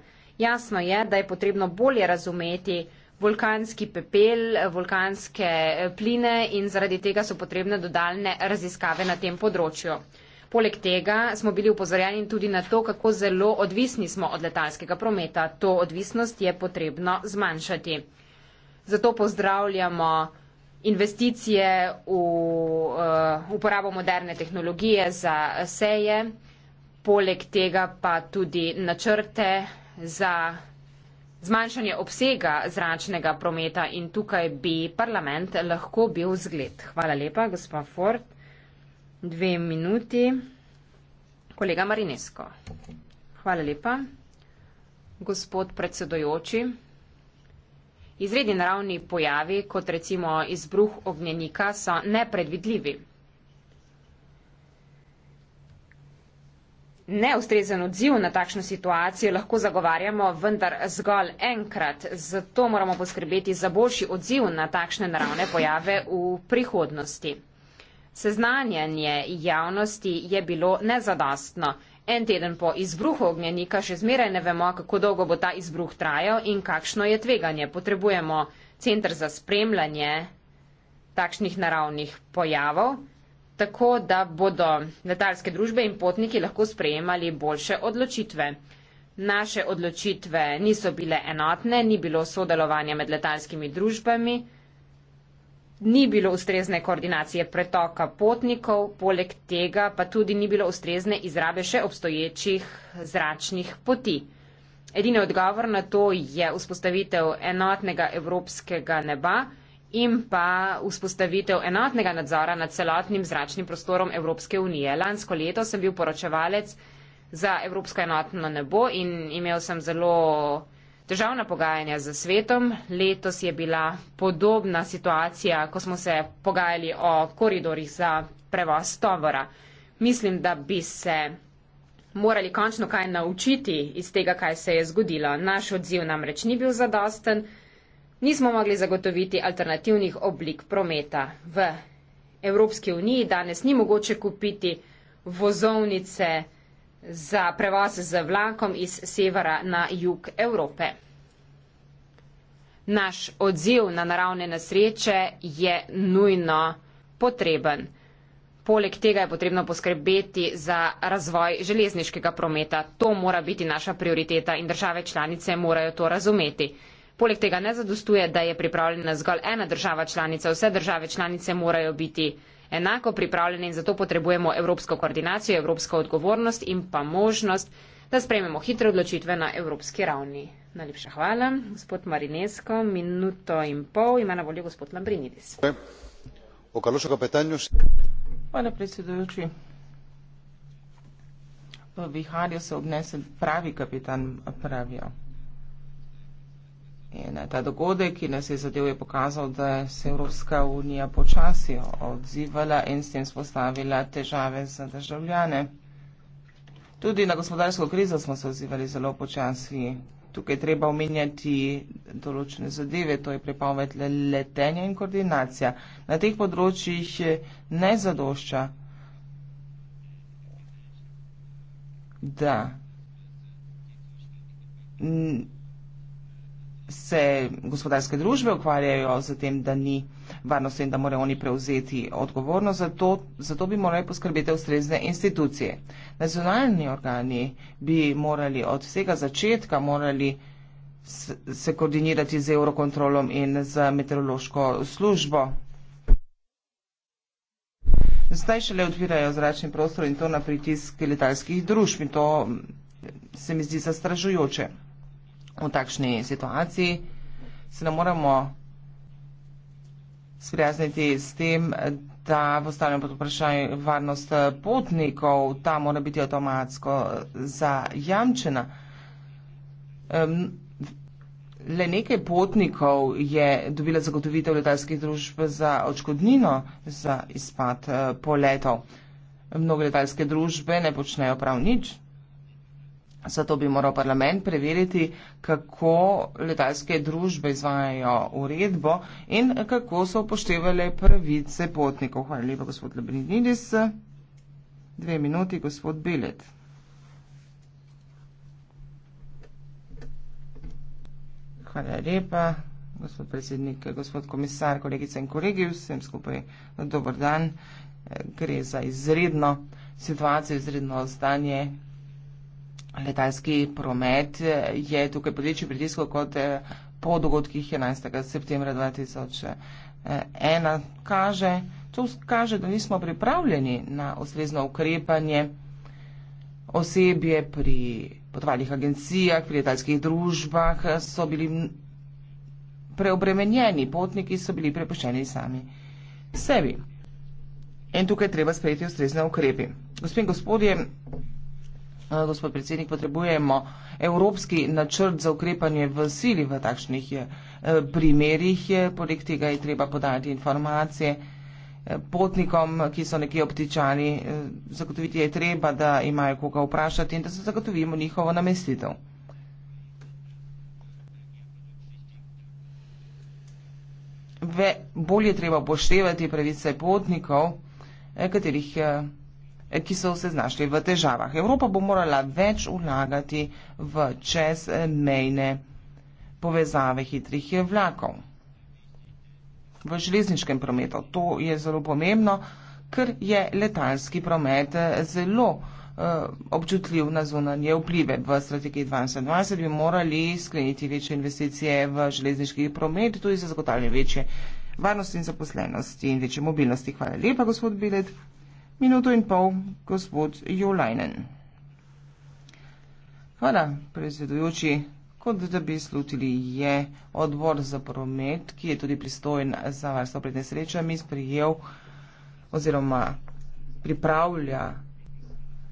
Jasno je, da je potrebno bolje razumeti vulkanski pepel, vulkanske eh, pline in zaradi tega so potrebne dodaljne raziskave na tem področju. Poleg tega smo bili upozorjeni tudi na to, kako zelo odvisni smo od letalskega prometa. To odvisnost je potrebno zmanjšati. Zato pozdravljamo investicije v uh, uporabo moderne tehnologije za seje, poleg tega pa tudi načrte za zmanjšanje obsega zračnega prometa in tukaj bi parlament lahko bil zgled. Hvala lepa, gospod Ford. Dve minuti. Kolega Marinesko. Hvala lepa. Gospod predsedojoči. Izredni naravni pojavi, kot recimo izbruh ognjenika, so nepredvidljivi. Neustrezen odziv na takšno situacijo lahko zagovarjamo vendar zgolj enkrat, zato moramo poskrbeti za boljši odziv na takšne naravne pojave v prihodnosti. Seznanjanje javnosti je bilo nezadostno, En teden po izbruhu ognjenika še zmeraj ne vemo, kako dolgo bo ta izbruh trajal in kakšno je tveganje. Potrebujemo centr za spremljanje takšnih naravnih pojavov, tako da bodo letalske družbe in potniki lahko sprejemali boljše odločitve. Naše odločitve niso bile enotne, ni bilo sodelovanja med letalskimi družbami ni bilo ustrezne koordinacije pretoka potnikov, poleg tega pa tudi ni bilo ustrezne izrabe še obstoječih zračnih poti. Edini odgovor na to je vzpostavitev enotnega evropskega neba in pa vzpostavitev enotnega nadzora nad celotnim zračnim prostorom Evropske unije. Lansko leto sem bil poročevalec za Evropsko enotno nebo in imel sem zelo Državna pogajanja za svetom. Letos je bila podobna situacija, ko smo se pogajali o koridorjih za prevoz tovora. Mislim, da bi se morali končno kaj naučiti iz tega, kaj se je zgodilo. Naš odziv namreč ni bil zadosten. Nismo mogli zagotoviti alternativnih oblik prometa. V Evropski uniji danes ni mogoče kupiti vozovnice za prevoz z vlakom iz severa na jug Evrope. Naš odziv na naravne nesreče je nujno potreben. Poleg tega je potrebno poskrbeti za razvoj železniškega prometa. To mora biti naša prioriteta in države članice morajo to razumeti. Poleg tega ne zadostuje, da je pripravljena zgolj ena država članica. Vse države članice morajo biti enako pripravljeni in zato potrebujemo evropsko koordinacijo, evropsko odgovornost in pa možnost, da sprejmemo hitre odločitve na evropski ravni. Najlepša hvala. Gospod Marinesko, minuto in pol ima na voljo gospod Lambrinidis. Hvala predsedujoči. V viharju se obnese pravi kapitan, pravijo. In eh, ta dogodek, ki nas je zadev, je pokazal, da se je Evropska unija počasi odzivala in s tem spostavila težave za državljane. Tudi na gospodarsko krizo smo se odzivali zelo počasi. Tukaj treba omenjati določene zadeve, to je prepoved letenja in koordinacija. Na teh področjih ne zadošča, da se gospodarske družbe ukvarjajo z tem, da ni varnosti in da morajo oni prevzeti odgovornost, zato, zato bi morali poskrbeti ustrezne institucije. Nacionalni organi bi morali od vsega začetka morali se koordinirati z eurokontrolom in z meteorološko službo. Zdaj šele odpirajo zračni prostor in to na pritisk letalskih družb in to mm, se mi zdi zastražujoče v takšni situaciji, se ne moramo sprijazniti s tem, da postavljamo pod vprašanje varnost potnikov, ta mora biti avtomatsko zajamčena. Um, le nekaj potnikov je dobila zagotovitev letalskih družb za očkodnino za izpad uh, poletov. Mnoge letalske družbe ne počnejo prav nič. Zato bi moral parlament preveriti, kako letalske družbe izvajajo uredbo in kako so upoštevali pravice potnikov. Hvala lepa, gospod Lebrinidis. Dve minuti, gospod Bilet. Hvala lepa, gospod predsednik, gospod komisar, kolegice in kolegi, vsem skupaj dober dan. Gre za izredno situacijo, izredno stanje letalski promet je tukaj pod večjim pritiskom kot eh, po dogodkih 11. septembra 2001. Eh, kaže, to kaže, da nismo pripravljeni na ustrezno ukrepanje osebje pri potovalnih agencijah, pri letalskih družbah eh, so bili preobremenjeni, potniki so bili prepuščeni sami sebi. In tukaj treba sprejeti ustrezne ukrepe. Gospod in gospodje, Eh, gospod predsednik, potrebujemo evropski načrt za ukrepanje v sili v takšnih eh, primerih. Poleg tega je treba podati informacije eh, potnikom, ki so nekje obtičani. Zagotoviti je treba, da imajo koga vprašati in da se zagotovimo njihovo namestitev. Ve, bolje treba poštevati pravice potnikov, katerih Eh, ki so se znašli v težavah. Evropa bo morala več vlagati v čezmejne povezave hitrih vlakov. V železniškem prometu to je zelo pomembno, ker je letalski promet eh, zelo eh, občutljiv na zunanje vplive. V strategiji 2020 bi morali skleniti večje investicije v železniški promet, tudi za zagotavljanje večje varnosti in zaposlenosti in večje mobilnosti. Hvala lepa, gospod Bilet minuto in pol gospod Jolajnen. Hvala, predsedujoči. Kot da bi slutili, je odbor za promet, ki je tudi pristojen za varstvo pred nesrečami, sprijel oziroma pripravlja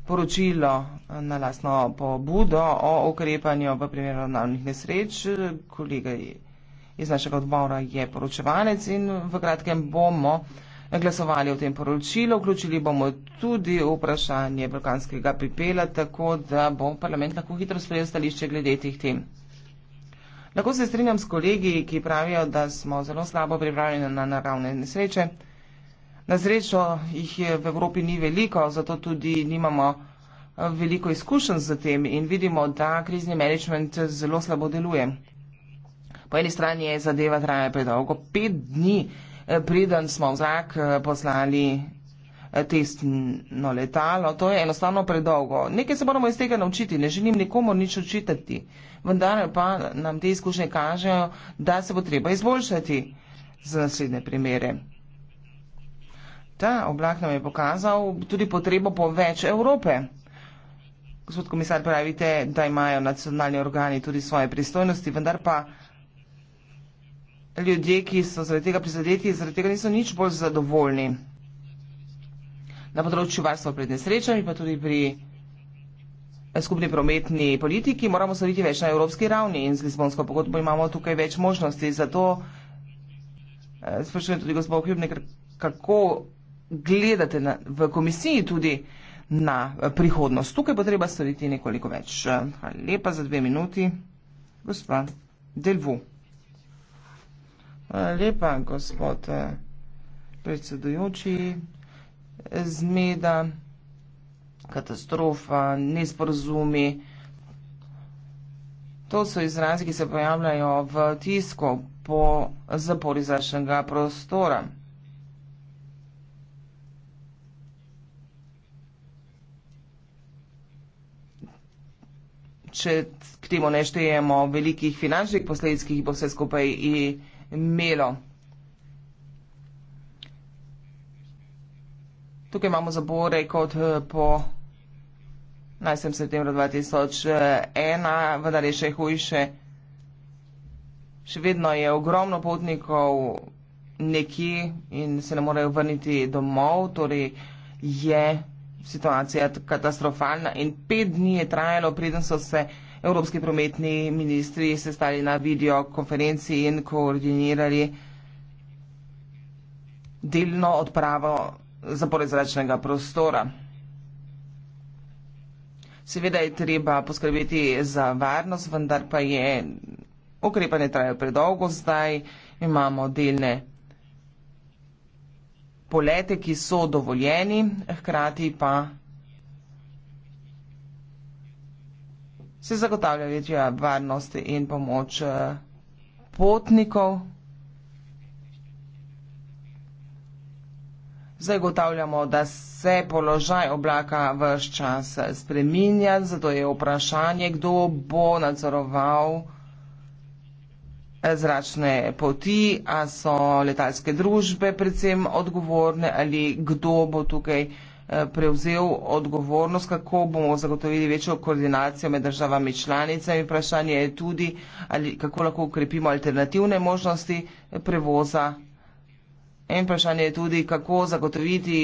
poročilo na lastno pobudo o ukrepanju v primeru naravnih nesreč. Kolega iz našega odbora je poročevanec in v kratkem bomo glasovali o tem poročilu. Vključili bomo tudi vprašanje balkanskega pripela, tako da bo parlament lahko hitro sprejel stališče glede teh tem. Lahko se strinjam s kolegi, ki pravijo, da smo zelo slabo pripravljeni na naravne nesreče. Na srečo jih je v Evropi ni veliko, zato tudi nimamo eh, veliko izkušenj z tem in vidimo, da krizni management zelo slabo deluje. Po eni strani je zadeva traja predolgo, pet dni Eh, preden smo v zrak eh, poslali eh, testno letalo. To je enostavno predolgo. Nekaj se moramo iz tega naučiti, ne želim nikomu nič učitati, vendar pa nam te izkušnje kažejo, da se bo treba izboljšati za naslednje primere. Ta oblak nam je pokazal tudi potrebo po več Evrope. Gospod komisar, pravite, da imajo nacionalni organi tudi svoje pristojnosti, vendar pa ljudje, ki so zaradi tega prizadeti, zaradi tega niso nič bolj zadovoljni. Na področju varstva pred nesrečami, pa tudi pri eh, skupni prometni politiki, moramo slediti več na evropski ravni in z Lisbonsko pogodbo imamo tukaj več možnosti. Zato eh, sprašujem tudi gospod Hübner, kako gledate na, v komisiji tudi na eh, prihodnost. Tukaj bo treba slediti nekoliko več. Hvala lepa za dve minuti. Gospod Delvu. Hvala lepa, gospod eh, predsedujoči. Zmeda, katastrofa, nesporazumi. To so izrazi, ki se pojavljajo v tisku po zapori zračnega prostora. Če k temu ne štejemo velikih finančnih posledic, ki jih bo vse skupaj in imelo. Tukaj imamo zabore kot eh, po 19. septembru 2001, eh, vendar je še hujše. Še vedno je ogromno potnikov nekje in se ne morejo vrniti domov, torej je situacija katastrofalna in pet dni je trajalo, preden so se evropski prometni ministri sestali na videokonferenci in koordinirali delno odpravo zapore zračnega prostora. Seveda je treba poskrbeti za varnost, vendar pa je ukrepanje trajalo predolgo. Zdaj imamo delne polete, ki so dovoljeni, hkrati pa se zagotavlja večja varnost in pomoč eh, potnikov. Zagotavljamo, da se položaj oblaka vse čas spreminja, zato je vprašanje, kdo bo nadzoroval eh, zračne poti, a so letalske družbe predvsem odgovorne ali kdo bo tukaj uh, Eh, prevzel odgovornost, kako bomo zagotovili večjo koordinacijo med državami članicami. Vprašanje je tudi, ali, kako lahko ukrepimo alternativne možnosti prevoza. In vprašanje je tudi, kako zagotoviti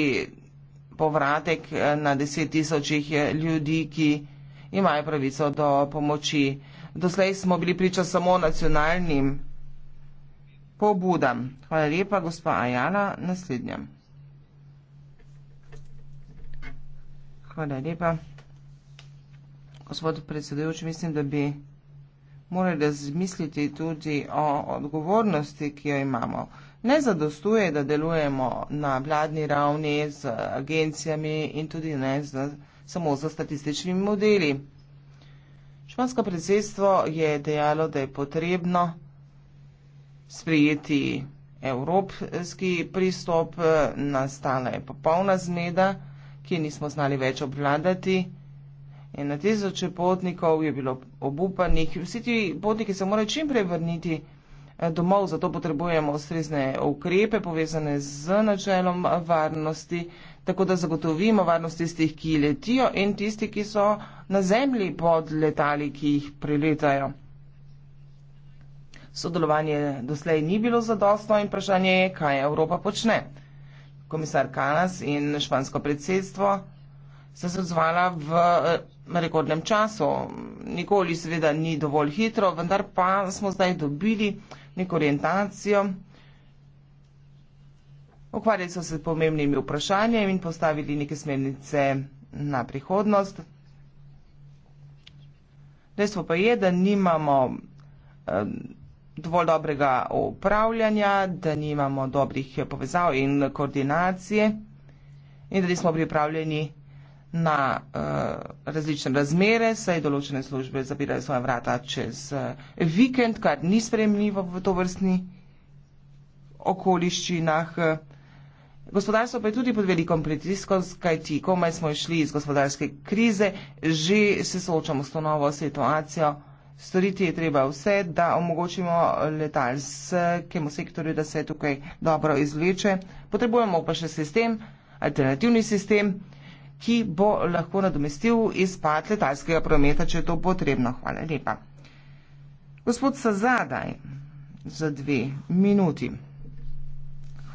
povratek eh, na deset tisočih eh, ljudi, ki imajo pravico do pomoči. Doslej smo bili priča samo nacionalnim pobudam. Hvala lepa, gospa Ajala. Naslednja. Hvala lepa. Gospod predsedujoč, mislim, da bi morali razmisliti tudi o odgovornosti, ki jo imamo. Ne zadostuje, da delujemo na vladni ravni z agencijami in tudi ne z, samo z statističnimi modeli. Špansko predsedstvo je dejalo, da je potrebno sprijeti evropski pristop, nastala je popolna zmeda ki nismo znali več obvladati. In na tisoče potnikov je bilo obupanih. Vsi ti potniki se morajo čim prej vrniti eh, domov, zato potrebujemo ustrezne ukrepe povezane z načelom varnosti, tako da zagotovimo varnost tistih, ki letijo in tisti, ki so na zemlji pod letali, ki jih priletajo. Sodelovanje doslej ni bilo zadostno in vprašanje je, kaj Evropa počne komisar Kalas in špansko predsedstvo sta se odzvala v eh, rekordnem času. Nikoli seveda ni dovolj hitro, vendar pa smo zdaj dobili neko orientacijo. Ukvarjali so se s pomembnimi vprašanji in postavili neke smernice na prihodnost. Dejstvo pa je, da nimamo eh, dovolj dobrega upravljanja, da nimamo dobrih povezav in koordinacije in da nismo pripravljeni na uh, različne razmere, saj določene službe zapirajo svoje vrata čez uh, vikend, kar ni spremljivo v tovrstni okoliščinah. Gospodarstvo pa je tudi pod velikom pritiskom, kajti komaj smo išli iz gospodarske krize, že se soočamo s to novo situacijo. Storiti je treba vse, da omogočimo letalskemu sektorju, da se tukaj dobro izvleče. Potrebujemo pa še sistem, alternativni sistem, ki bo lahko nadomestil izpad letalskega prometa, če je to potrebno. Hvala lepa. Gospod Sazadaj, za dve minuti.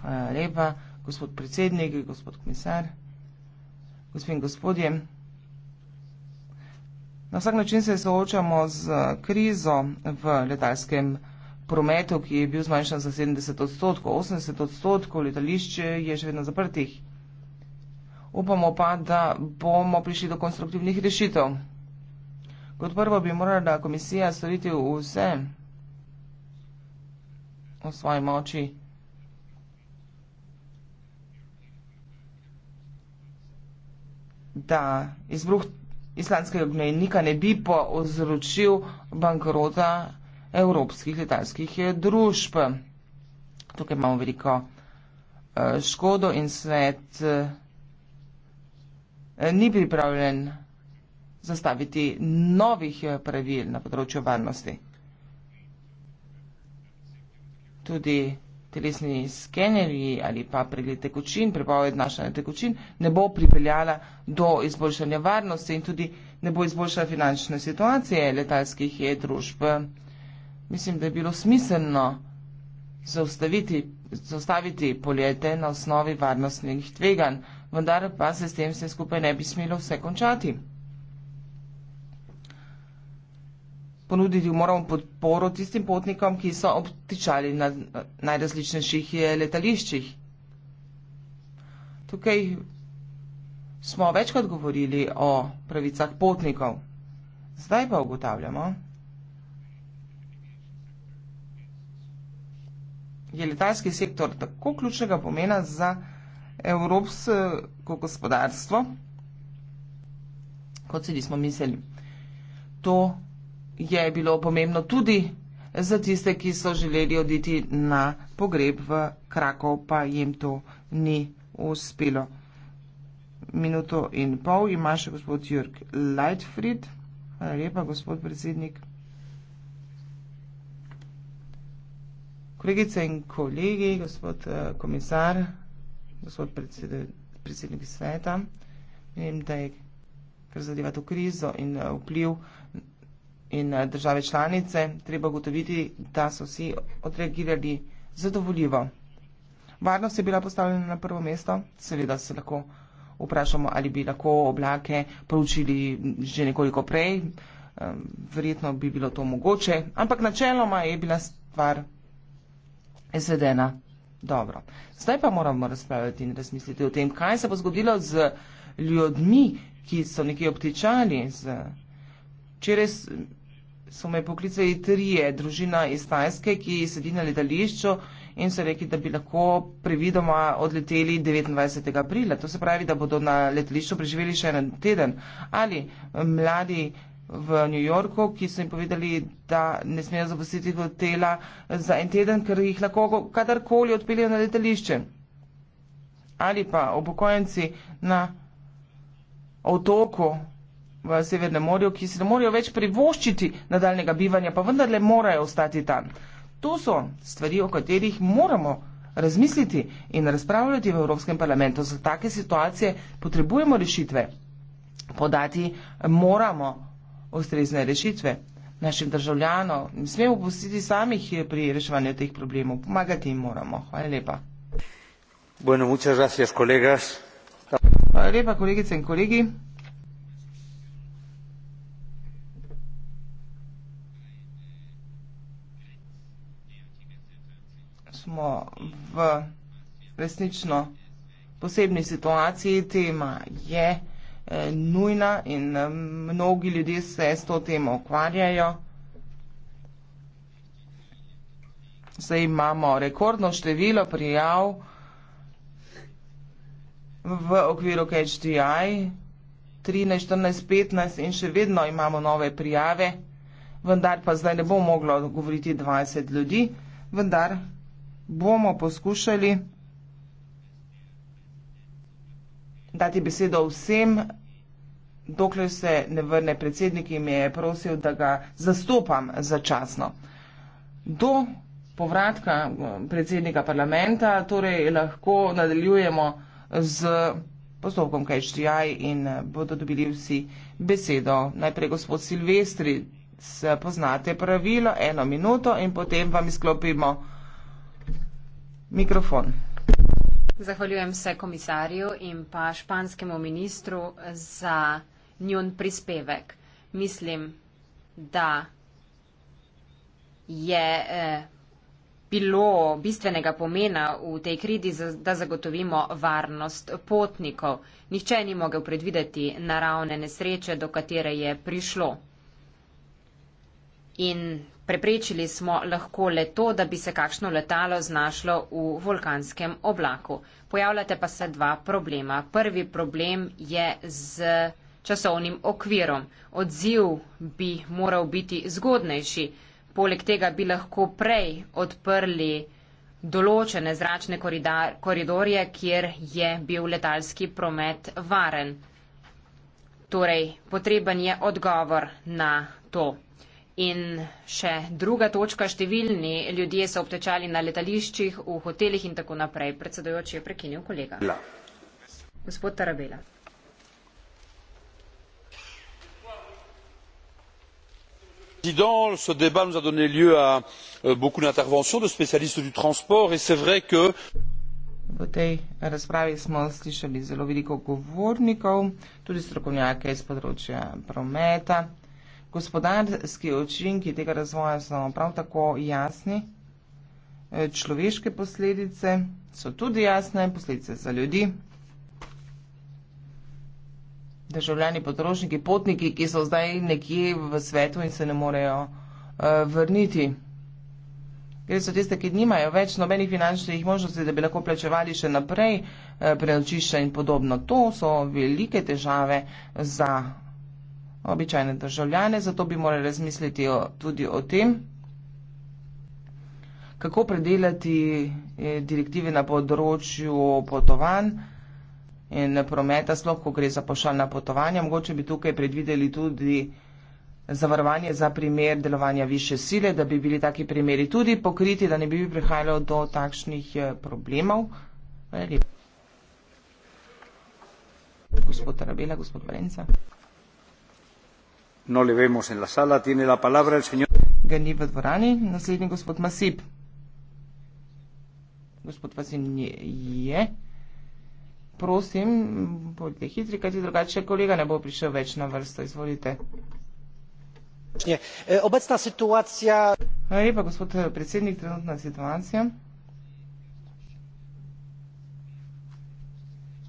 Hvala lepa, gospod predsednik, gospod komisar, gospod in gospodje. Na vsak način se soočamo z krizo v letalskem prometu, ki je bil zmanjšan za 70 odstotkov. 80 odstotkov letališče je še vedno zaprtih. Upamo pa, da bomo prišli do konstruktivnih rešitev. Kot prvo bi morala komisija storiti vse v svoji moči. da izbruh islamskega gnojnika ne bi povzročil bankrota evropskih letalskih eh, družb. Tukaj imamo veliko eh, škodo in svet eh, ni pripravljen zastaviti novih pravil na področju varnosti. Tudi telesni skenerji ali pa pregled tekočin, prepoved našanja tekočin, ne bo pripeljala do izboljšanja varnosti in tudi ne bo izboljšala finančne situacije letalskih družb. Mislim, da je bilo smiselno zaustaviti, zaustaviti poljete na osnovi varnostnih tveganj, vendar pa se s tem vse skupaj ne bi smelo vse končati. ponuditi moramo podporo tistim potnikom, ki so obtičali na najrazličnejših letališčih. Tukaj smo večkrat govorili o pravicah potnikov. Zdaj pa ugotavljamo, je letalski sektor tako ključnega pomena za evropsko gospodarstvo, kot se nismo mislili. To je bilo pomembno tudi za tiste, ki so želeli oditi na pogreb v Krakov, pa jim to ni uspelo. Minuto in pol ima še gospod Jurg Leitfried. Hvala lepa, gospod predsednik. Kolegice in kolegi, gospod eh, komisar, gospod predsednik, predsednik sveta, menim, da je, kar zadeva to krizo in eh, vpliv in eh, države članice, treba gotoviti, da so vsi odreagirali zadovoljivo. Varnost je bila postavljena na prvo mesto, seveda se lahko vprašamo, ali bi lahko oblake proučili že nekoliko prej, verjetno bi bilo to mogoče, ampak načeloma je bila stvar izvedena dobro. Zdaj pa moramo razpravljati in razmisliti o tem, kaj se bo zgodilo z ljudmi, ki so nekje obtičali. Z... Včeraj so me poklicali trije, družina iz Tajske, ki sedi na letališču in so rekli, da bi lahko previdoma odleteli 29. aprila. To se pravi, da bodo na letališču preživeli še en teden. Ali mladi v New Yorku, ki so jim povedali, da ne smejo zapustiti hotela za en teden, ker jih lahko kadarkoli odpeljejo na letališče. Ali pa obokojenci na otoku v Severnem morju, ki si ne morejo več privoščiti nadaljnega bivanja, pa vendarle morajo ostati tam. To so stvari, o katerih moramo razmisliti in razpravljati v Evropskem parlamentu. Za take situacije potrebujemo rešitve. Podati moramo ustrezne rešitve našim državljanom. Ne smemo pustiti samih pri reševanju teh problemov. Pomagati jim moramo. Hvala lepa. Bueno, muchas gracias, kolegas. Hvala lepa, kolegice in kolegi. smo v resnično posebni situaciji. Tema je eh, nujna in eh, mnogi ljudje se s to temo ukvarjajo. Zdaj imamo rekordno število prijav v okviru KHDI. 13, 14, 15 in še vedno imamo nove prijave, vendar pa zdaj ne bo moglo govoriti 20 ljudi, vendar bomo poskušali dati besedo vsem, dokler se ne vrne predsednik in je prosil, da ga zastopam začasno. Do povratka eh, predsednika parlamenta torej lahko nadaljujemo z postopkom KHDI in eh, bodo dobili vsi besedo. Najprej gospod Silvestri, poznate pravilo, eno minuto in potem vam izklopimo mikrofon. Zahvaljujem se komisarju in pa španskemu ministru za njun prispevek. Mislim, da je eh, bilo bistvenega pomena v tej kridi, da zagotovimo varnost potnikov. Nihče ni mogel predvideti naravne nesreče, do katere je prišlo. In Preprečili smo lahko le to, da bi se kakšno letalo znašlo v vulkanskem oblaku. Pojavljate pa se dva problema. Prvi problem je z časovnim okvirom. Odziv bi moral biti zgodnejši. Poleg tega bi lahko prej odprli določene zračne koridar, koridorje, kjer je bil letalski promet varen. Torej, potreben je odgovor na to. In še druga točka, številni ljudje so obtečali na letališčih, v hotelih in tako naprej. Predsedojoči je prekinil kolega. La. Gospod Tarabela. Ce débat nous a donné lieu à euh, beaucoup d'interventions de spécialistes du transport et c'est vrai que. V tej razpravi smo slišali zelo veliko govornikov, tudi strokovnjake iz področja prometa. Gospodarski učinki tega razvoja so prav tako jasni. E, človeške posledice so tudi jasne, posledice za ljudi. Državljani, potrošniki, potniki, ki so zdaj nekje v svetu in se ne morejo uh, vrniti. Gre so tiste, ki nimajo več nobenih finančnih možnosti, da bi lahko plačevali še naprej uh, e, prenočišče in podobno. To so velike težave za običajne državljane, zato bi morali razmisliti o, tudi o tem, kako predelati eh, direktive na področju potovanj in prometa, sploh ko gre za pošaljna potovanja. Mogoče bi tukaj predvideli tudi zavarovanje za primer delovanja više sile, da bi bili taki primeri tudi pokriti, da ne bi prihajalo do takšnih eh, problemov. Gospod Rabela, gospod Valenca. No le vemos en la sala. Tiene la palabra el señor. Gani v dvorani, naslednji gospod Masip. Gospod Vasin je. Prosim, bodite hitri, kajti drugače kolega ne bo prišel več na vrsto. Izvolite. Obecna situacija. Hvala lepa, gospod eh, predsednik, trenutna situacija.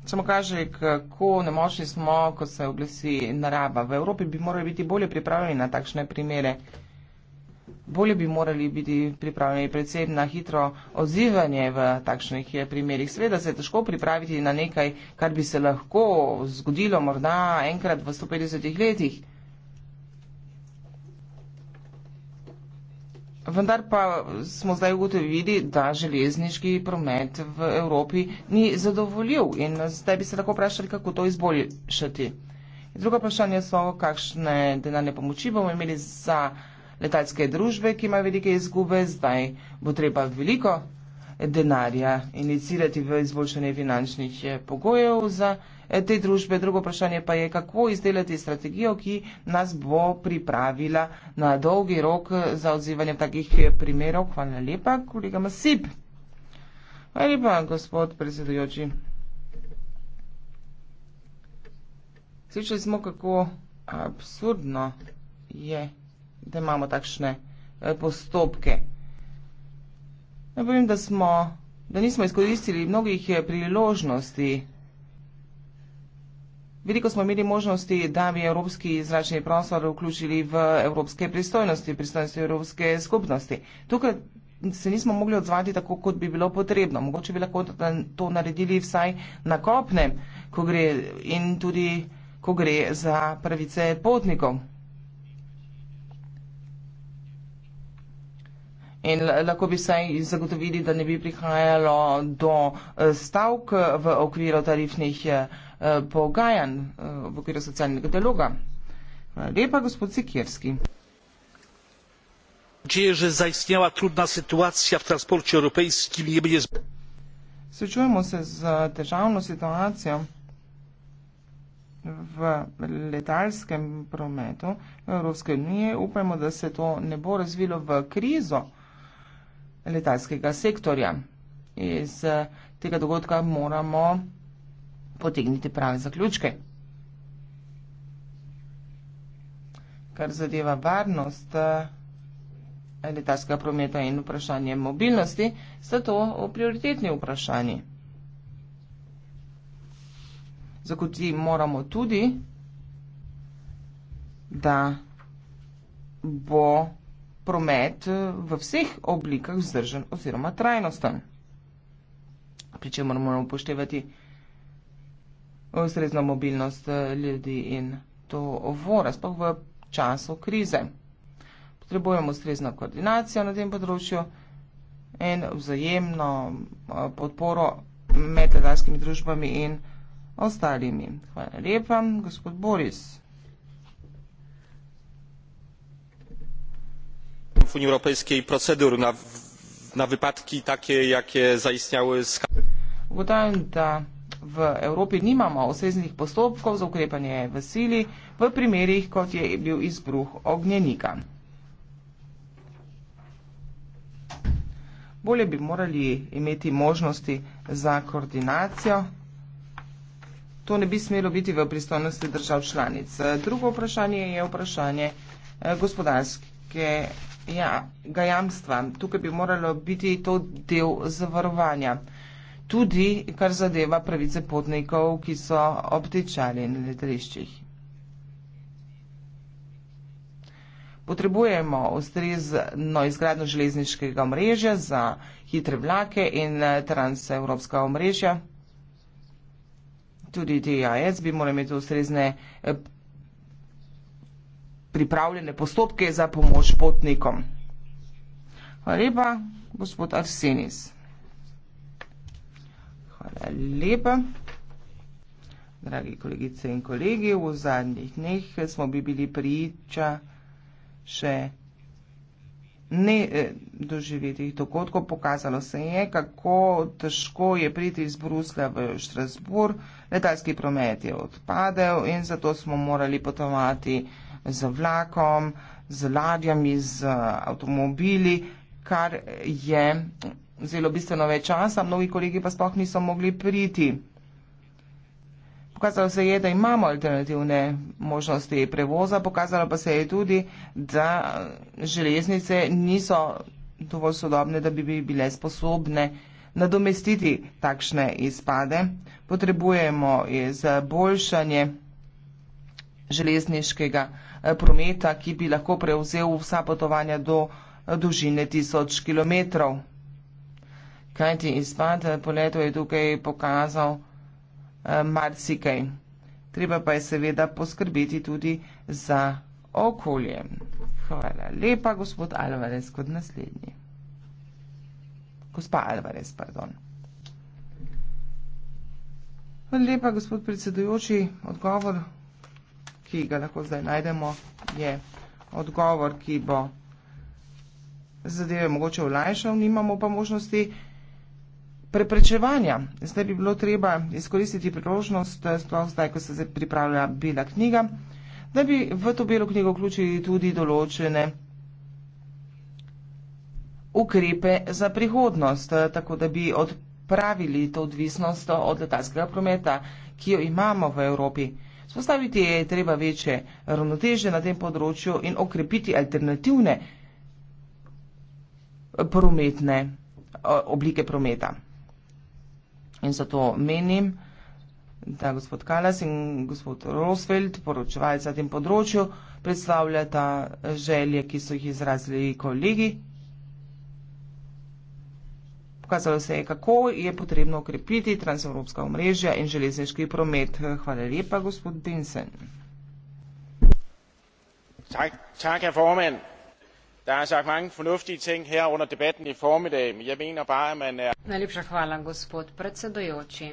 Samo kaže, kako nemočni smo, ko se oglasi narava. V Evropi bi morali biti bolje pripravljeni na takšne primere. Bolje bi morali biti pripravljeni predvsem na hitro odzivanje v takšnih eh, primerjih. Sveda se je težko pripraviti na nekaj, kar bi se lahko zgodilo morda enkrat v 150 letih. Vendar pa smo zdaj ugotovili, da železniški promet v Evropi ni zadovoljiv in zdaj bi se lahko vprašali, kako to izboljšati. Druga vprašanja so, kakšne denarne pomoči bomo imeli za letalske družbe, ki imajo velike izgube, zdaj bo treba veliko denarja inicirati v izboljšanje finančnih pogojev za. Eh, te družbe. Drugo vprašanje pa je, kako izdelati strategijo, ki nas bo pripravila na dolgi rok eh, za odzivanje takih eh, primerov. Hvala lepa, kolega Masip. Hvala lepa, gospod predsedujoči. Slišali smo, kako absurdno je, da imamo takšne postopke. Ne povem, da, smo, da nismo izkoristili mnogih priložnosti Veliko smo imeli možnosti, da bi evropski zračni prostor vključili v evropske pristojnosti, pristojnosti evropske skupnosti. Tukaj se nismo mogli odzvati tako, kot bi bilo potrebno. Mogoče bi lahko to naredili vsaj na kopne, ko gre in tudi, ko gre za pravice potnikov. In lahko bi vsaj zagotovili, da ne bi prihajalo do eh, stavk v okviru tarifnih. Eh, Eh, pogajanj eh, v okviru socialnega dialoga. Hvala lepa, gospod Sikirski. Nadeje, že zaistnjava trudna situacija v transporcu evropejskim je bilo. Srečujemo se z težavno situacijo v letalskem prometu v Evropske unije. Upajmo, da se to ne bo razvilo v krizo letalskega sektorja. Iz tega dogodka moramo potegnite prave zaključke. Kar zadeva varnost eh, letalskega prometa in vprašanje mobilnosti, sta to prioritetni vprašanji. Zakoti moramo tudi, da bo promet eh, v vseh oblikah vzdržen oziroma trajnosten. Pričemer moramo upoštevati vprašanje, ustrezno mobilnost eh, ljudi in to ovora, sploh v času krize. Potrebujemo ustrezno koordinacijo na tem področju in vzajemno eh, podporo med letalskimi družbami in ostalimi. Hvala lepa, gospod Boris. V Unii Europejskiej procedur na, na wypadki takie, jakie zaistniały z... Udałem, da v Evropi nimamo osreznih postopkov za ukrepanje v sili v primerih, kot je bil izbruh ognjenika. Bolje bi morali imeti možnosti za koordinacijo. To ne bi smelo biti v pristojnosti držav članic. Drugo vprašanje je vprašanje eh, gospodarske ja, gajamstva. Tukaj bi moralo biti to del zavarovanja tudi kar zadeva pravice potnikov, ki so obtečali na letališčih. Potrebujemo ustrezno izgradno železniškega mreža za hitre vlake in eh, transevropska mreža. Tudi DIAS bi morali imeti ustrezne eh, pripravljene postopke za pomoč potnikom. Hvala lepa, gospod Arsenis. Hvala lepa. Dragi kolegice in kolegi, v zadnjih dneh smo bi bili priča še ne eh, doživetih dogodkov. Pokazalo se je, kako težko je priti iz Brusla v Štrasbur. Letalski promet je odpadel in zato smo morali potovati z vlakom, z ladjami, z avtomobili, kar je vzelo bistveno več časa, mnogi kolegi pa sploh niso mogli priti. Pokazalo se je, da imamo alternativne možnosti prevoza, pokazalo pa se je tudi, da železnice niso dovolj sodobne, da bi bile sposobne nadomestiti takšne izpade. Potrebujemo izboljšanje železniškega eh, prometa, ki bi lahko prevzel vsa potovanja do eh, dolžine tisoč kilometrov. Kajti izpad eh, poletov je tukaj pokazal eh, marsikaj. Treba pa je seveda poskrbeti tudi za okolje. Hvala lepa, gospod Alvarez, kot naslednji. Gospa Alvarez, pardon. Hvala lepa, gospod predsedujoči. Odgovor, ki ga lahko zdaj najdemo, je odgovor, ki bo zadeve mogoče olajšal, nimamo pa možnosti preprečevanja. Zdaj bi bilo treba izkoristiti priložnost, eh, sploh zdaj, ko se pripravlja bela knjiga, da bi v to belo knjigo vključili tudi določene ukrepe za prihodnost, eh, tako da bi odpravili to odvisnost od letalskega prometa, ki jo imamo v Evropi. Spostaviti je treba večje ravnoteže na tem področju in okrepiti alternativne prometne eh, oblike prometa. In zato menim, da gospod Kalas in gospod Rosfeld, poročevalca tem področju, predstavljata želje, ki so jih izrazili kolegi. Pokazalo se je, kako je potrebno ukrepiti transevropska omrežja in železniški promet. Hvala lepa, gospod Binsen. Tak, tak, Der er sagt mange fornuftige ting her under debatten i formiddag, men jeg mener bare, at man er... Najlepša hvala, gospod predsedujoči.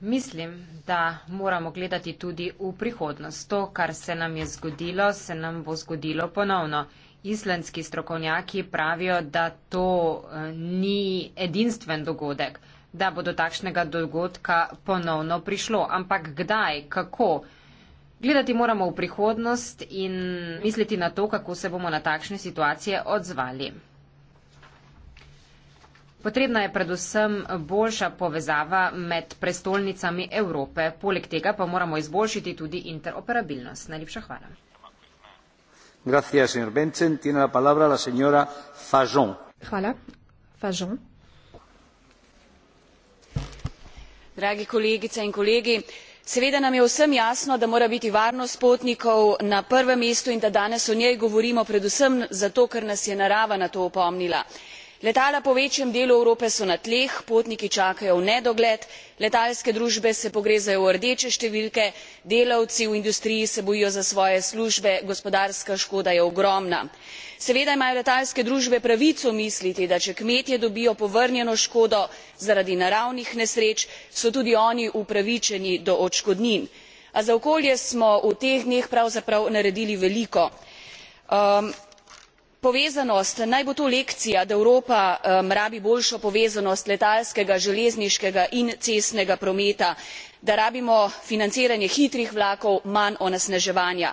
Mislim, da moramo gledati tudi v prihodnost. To, kar se nam je zgodilo, se nam bo zgodilo ponovno. Islandski strokovnjaki pravijo, da to eh, ni edinstven dogodek, da bo do takšnega dogodka ponovno prišlo. Ampak kdaj, kako? Gledati moramo v prihodnost in misliti na to, kako se bomo na takšne situacije odzvali. Potrebna je predvsem boljša povezava med prestolnicami Evrope. Poleg tega pa moramo izboljšiti tudi interoperabilnost. Najlepša hvala. Hvala. Fajon. Dragi kolegice in kolegi, seveda nam je vsem jasno da mora biti varnost potnikov na prvem mestu in da danes o njej govorimo predvsem zato ker nas je narava na to opomnila. letala po večjem delu evrope so na tleh potniki čakajo v nedogled letalske družbe se pogrezajo v rdeče številke delavci v industriji se bojijo za svoje službe gospodarska škoda je ogromna seveda imajo letalske družbe pravico misliti da če kmetje dobijo povrnjeno škodo zaradi naravnih nesreč so tudi oni upravičeni do odškodnin a za okolje smo v teh dneh pravzaprav naredili veliko. Ehm, povezanost naj bo to lekcija da evropa ehm, rabi boljšo povezanost letalskega železniškega in cestnega prometa da rabimo financiranje hitrih vlakov manj onesnaževanja.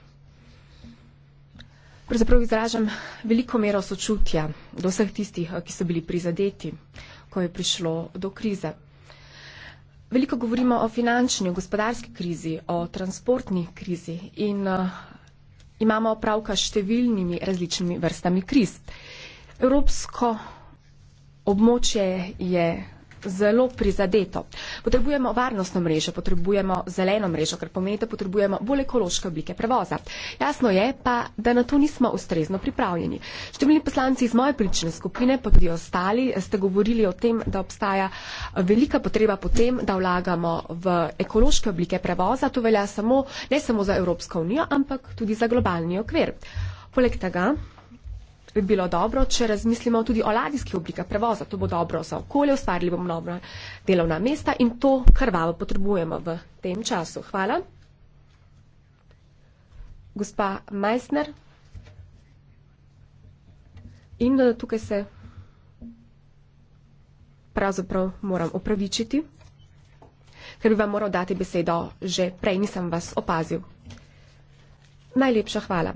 Pravzaprav izražam veliko mero sočutja do vseh tistih, eh, ki so bili prizadeti, ko je prišlo do krize. Veliko govorimo o finančni, o gospodarski krizi, o transportni krizi in uh, imamo opravka s številnimi različnimi vrstami kriz. Evropsko območje je zelo prizadeto. Potrebujemo varnostno mrežo, potrebujemo zeleno mrežo, kar pomeni, da potrebujemo bolj ekološke oblike prevoza. Jasno je pa, da na to nismo ustrezno pripravljeni. Številni poslanci iz moje prične skupine, pa tudi ostali, ste govorili o tem, da obstaja velika potreba po tem, da vlagamo v ekološke oblike prevoza. To velja samo, ne samo za Evropsko unijo, ampak tudi za globalni okvir. Poleg tega bi bilo dobro, če razmislimo tudi o ladijskih oblikah prevoza. To bo dobro za okolje, ustvarili bomo nova delovna mesta in to krvavo potrebujemo v tem času. Hvala. Gospa Meissner. In eh, tukaj se pravzaprav moram opravičiti, ker bi vam moral dati besedo že prej, nisem vas opazil. Najlepša hvala.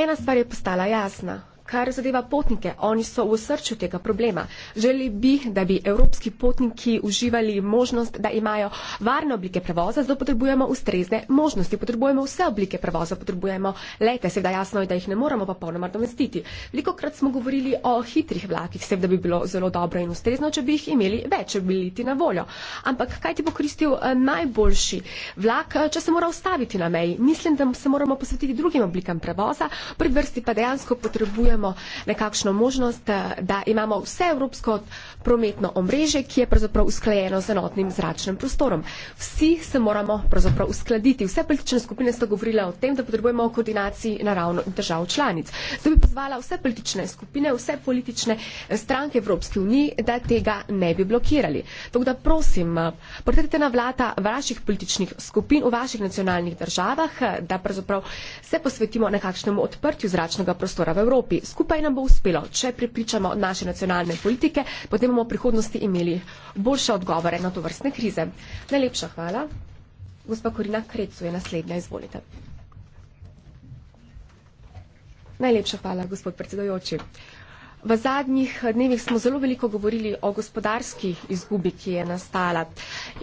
Ena stvar je postala jasna kar zadeva potnike. Oni so v srcu tega problema. Želi bi, da bi evropski potniki uživali možnost, da imajo varne oblike prevoza, zato potrebujemo ustrezne možnosti. Potrebujemo vse oblike prevoza, potrebujemo lete, seveda jasno je, da jih ne moremo popolnoma domestiti. Veliko krat smo govorili o hitrih vlakih, seveda bi bilo zelo dobro in ustrezno, če bi jih imeli več, bi bili ti na voljo. Ampak kaj ti bo koristil eh, najboljši vlak, eh, če se mora ustaviti na meji? Mislim, da se moramo posvetiti drugim oblikam prevoza, pri vrsti pa dejansko potrebujemo imamo nekakšno možnost, eh, da imamo vse evropsko prometno omrežje, ki je pravzaprav usklajeno z enotnim zračnim prostorom. Vsi se moramo pravzaprav uskladiti. Vse politične skupine so govorile o tem, da potrebujemo koordinaciji na ravno držav članic. Zdaj bi pozvala vse politične skupine, vse politične eh, stranke Evropske unije, da tega ne bi blokirali. Tako da prosim, eh, pretekajte na vlata vaših političnih skupin v vaših nacionalnih državah, da pravzaprav se posvetimo nekakšnemu odprtju zračnega prostora v Evropi skupaj nam bo uspelo. Če prepričamo naše nacionalne politike, potem bomo v prihodnosti imeli boljše odgovore na to vrstne krize. Najlepša hvala. Gospa Korina Krecu je naslednja, izvolite. Najlepša hvala, gospod predsedojoči. V zadnjih dnevih smo zelo veliko govorili o gospodarski izgubi, ki je nastala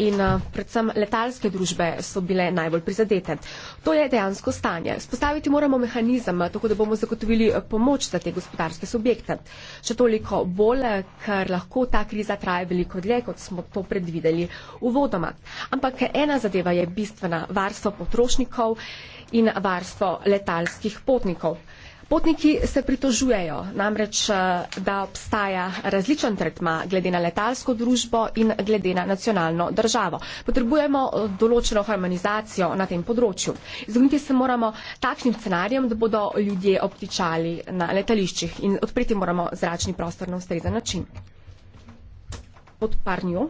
in eh, predvsem letalske družbe so bile najbolj prizadete. To je dejansko stanje. Spostaviti moramo mehanizem, eh, tako da bomo zagotovili eh, pomoč za te gospodarske subjekte. Še toliko bolj, ker lahko ta kriza traje veliko dlje, kot smo to predvideli uvodoma. Ampak ena zadeva je bistvena, varstvo potrošnikov in varstvo letalskih potnikov. Potniki se pritožujejo namreč, eh, da obstaja različen tretma glede na letalsko družbo in glede na nacionalno državo. Potrebujemo eh, določeno harmonizacijo na tem področju. Izogniti se moramo takšnim scenarijem, da bodo ljudje obtičali na letališčih in odpreti moramo zračni prostor na ustrezen način. Pod parnjo.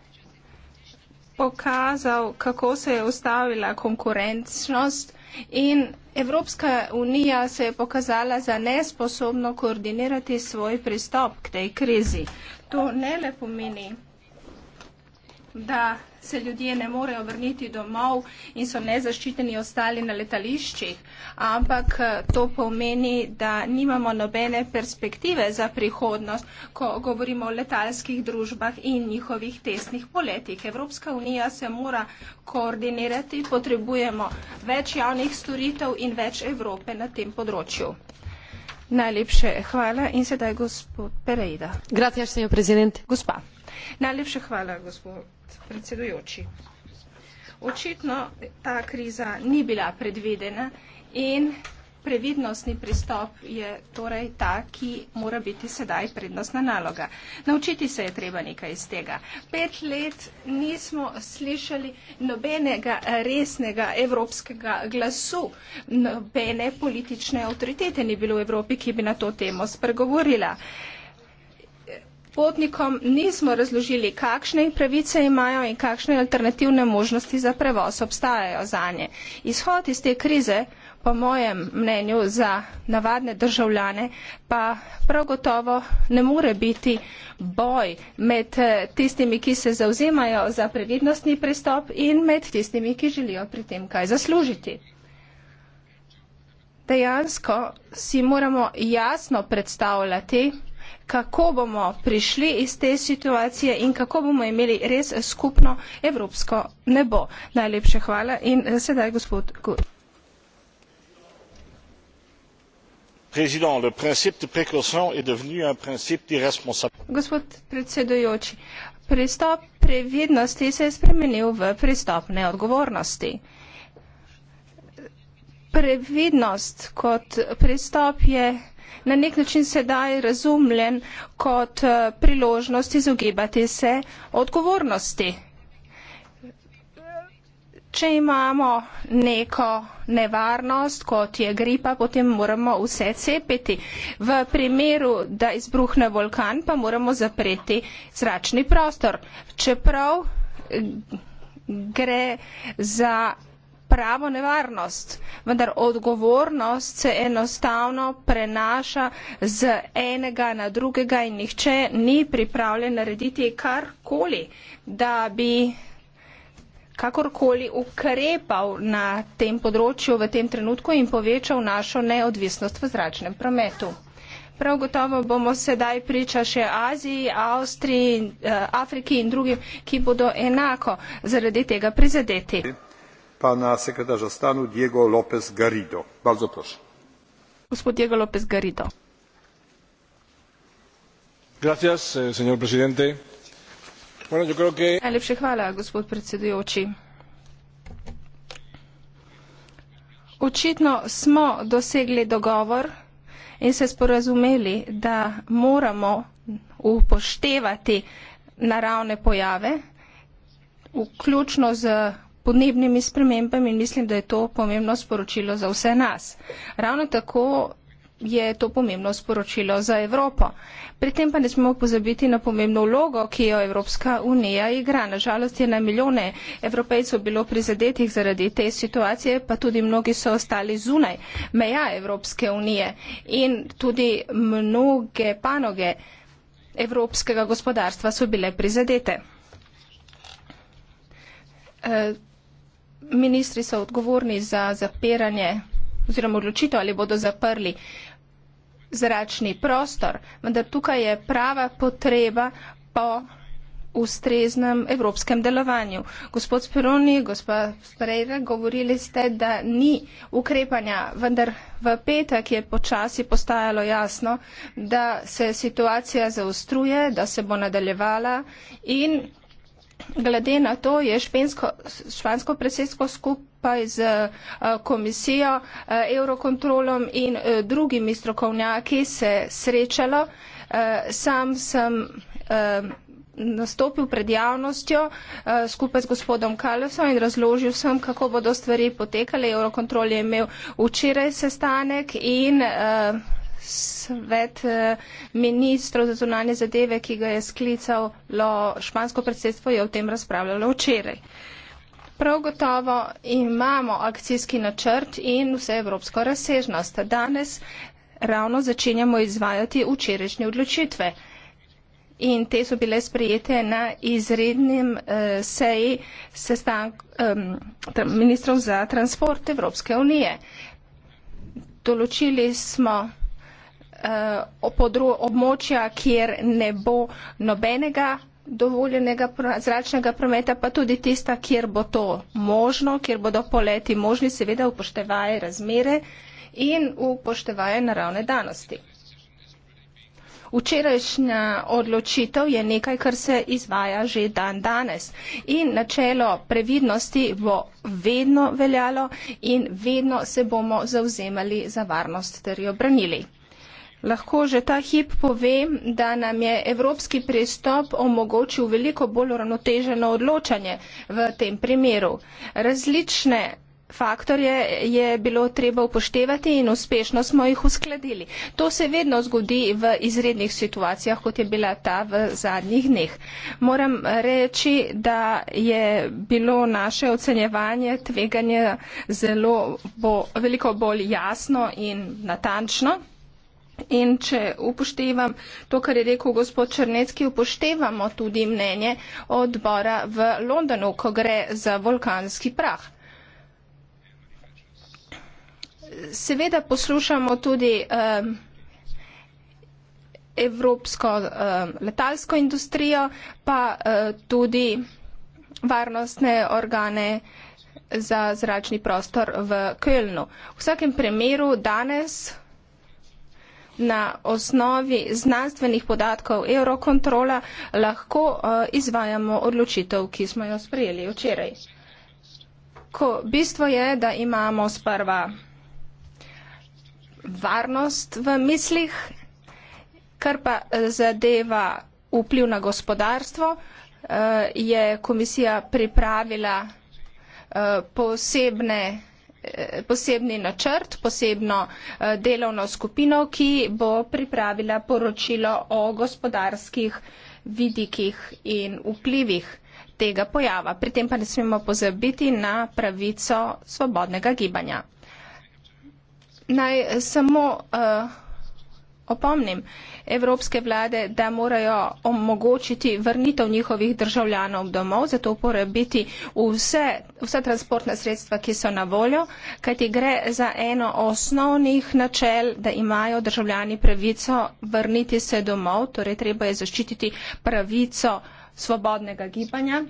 pokazal, kako se je ustavila konkurenčnost in Evropska unija se je pokazala za nesposobno koordinirati svoj pristop k tej krizi. To ne le pomeni, da se ljudje ne morejo vrniti domov in so nezaščiteni ostali na letališčih, ampak eh, to pomeni, da nimamo nobene perspektive za prihodnost, ko govorimo o letalskih družbah in njihovih tesnih poletih. Evropska unija se mora koordinirati, potrebujemo več javnih storitev in več Evrope na tem področju. Najlepše hvala in sedaj gospod Pereida. Gracias, señor presidente. Gospa. Najlepše hvala, gospod predsedujoči. Očitno ta kriza ni bila predvedena in previdnostni pristop je torej ta, ki mora biti sedaj prednostna naloga. Naučiti se je treba nekaj iz tega. Pet let nismo slišali nobenega resnega evropskega glasu, nobene politične avtoritete ni bilo v Evropi, ki bi na to temo spregovorila. Potnikom nismo razložili, kakšne pravice imajo in kakšne alternativne možnosti za prevoz obstajajo za nje. Izhod iz te krize, po mojem mnenju, za navadne državljane pa prav gotovo ne more biti boj med eh, tistimi, ki se zauzemajo za previdnostni pristop in med tistimi, ki želijo pri tem kaj zaslužiti. Dejansko si moramo jasno predstavljati, kako bomo prišli iz te situacije in kako bomo imeli res skupno evropsko nebo. Najlepše hvala in eh, sedaj gospod Gut. Président, le principe de précaution est devenu un principe d'irresponsabilité. Gospod predsedujoči, pristop previdnosti se je spremenil v pristop neodgovornosti. Previdnost kot pristop je na nek način sedaj razumljen kot eh, priložnost izogibati se odgovornosti. Če imamo neko nevarnost, kot je gripa, potem moramo vse cepiti. V primeru, da izbruhne vulkan, pa moramo zapreti zračni prostor. Čeprav eh, gre za pravo nevarnost. Vendar odgovornost se enostavno prenaša z enega na drugega in nihče ni pripravljen narediti karkoli, da bi kakorkoli ukrepal na tem področju v tem trenutku in povečal našo neodvisnost v zračnem prometu. Prav gotovo bomo sedaj priča še Aziji, Avstriji, eh, Afriki in drugim, ki bodo enako zaradi tega prizadeti. Okay. Eh, señor presidente bueno yo creo que. najlepša hvala gospod predsedujoči očitno smo dosegli dogovor in se sporazumeli da moramo upoštevati naravne pojave vključno z podnebnimi spremembami in mislim, da je to pomembno sporočilo za vse nas. Ravno tako je to pomembno sporočilo za Evropo. Pri tem pa ne smemo pozabiti na pomembno vlogo, ki jo Evropska unija igra. Nažalost je na milijone evropejcev bilo prizadetih zaradi te situacije, pa tudi mnogi so ostali zunaj meja Evropske unije in tudi mnoge panoge evropskega gospodarstva so bile prizadete. E ministri so odgovorni za zapiranje oziroma odločitev, ali bodo zaprli zračni prostor, vendar tukaj je prava potreba po ustreznem evropskem delovanju. Gospod Speroni, gospa Sprejra, govorili ste, da ni ukrepanja, vendar v petek je počasi postajalo jasno, da se situacija zaostruje, da se bo nadaljevala in Glede na to je špensko, špansko predsedstvo skupaj z eh, komisijo, eh, eurokontrolom in eh, drugimi strokovnjaki se srečalo. Sam sem nastopil pred javnostjo skupaj z gospodom Kalosom in razložil sem, kako bodo stvari potekale. Eurokontrol je imel včeraj sestanek in uh, svet eh, ministrov za zunanje zadeve, ki ga je sklicalo špansko predsedstvo, je o tem razpravljalo včeraj. Prav gotovo imamo akcijski načrt in vse evropsko razsežnost. Danes ravno začenjamo izvajati včerajšnje odločitve. In te so bile sprejete na izrednem eh, seji sestank eh, ministrov za transport Evropske unije. Določili smo uh, območja, kjer ne bo nobenega dovoljenega zračnega prometa, pa tudi tista, kjer bo to možno, kjer bodo poleti možni, seveda upoštevaje razmere in upoštevaje naravne danosti. Včerajšnja odločitev je nekaj, kar se izvaja že dan danes. In načelo previdnosti bo vedno veljalo in vedno se bomo zauzemali za varnost ter jo branili. Lahko že ta hip povem, da nam je evropski pristop omogočil veliko bolj uravnoteženo odločanje v tem primeru. Različne faktorje je bilo treba upoštevati in uspešno smo jih uskladili. To se vedno zgodi v izrednih situacijah, kot je bila ta v zadnjih dneh. Moram reči, da je bilo naše ocenjevanje tveganja zelo bo, veliko bolj jasno in natančno. In če upoštevam to, kar je rekel gospod Črnecki, upoštevamo tudi mnenje odbora v Londonu, ko gre za vulkanski prah. Seveda poslušamo tudi um, evropsko um, letalsko industrijo, pa um, tudi varnostne organe za zračni prostor v Kölnu. V vsakem primeru danes na osnovi znanstvenih podatkov Eurokontrola lahko eh, izvajamo odločitev, ki smo jo sprejeli včeraj. Ko bistvo je, da imamo sprva varnost v mislih, kar pa eh, zadeva vpliv na gospodarstvo, eh, je komisija pripravila posebne posebni načrt, posebno eh, delovno skupino, ki bo pripravila poročilo o gospodarskih vidikih in vplivih tega pojava. Pri tem pa ne smemo pozabiti na pravico svobodnega gibanja. Naj samo uh, opomnim evropske vlade, da morajo omogočiti vrnitev njihovih državljanov domov, zato uporabiti vse, vse transportne sredstva, ki so na voljo, kajti gre za eno osnovnih načel, da imajo državljani pravico vrniti se domov, torej treba je zaščititi pravico svobodnega gibanja.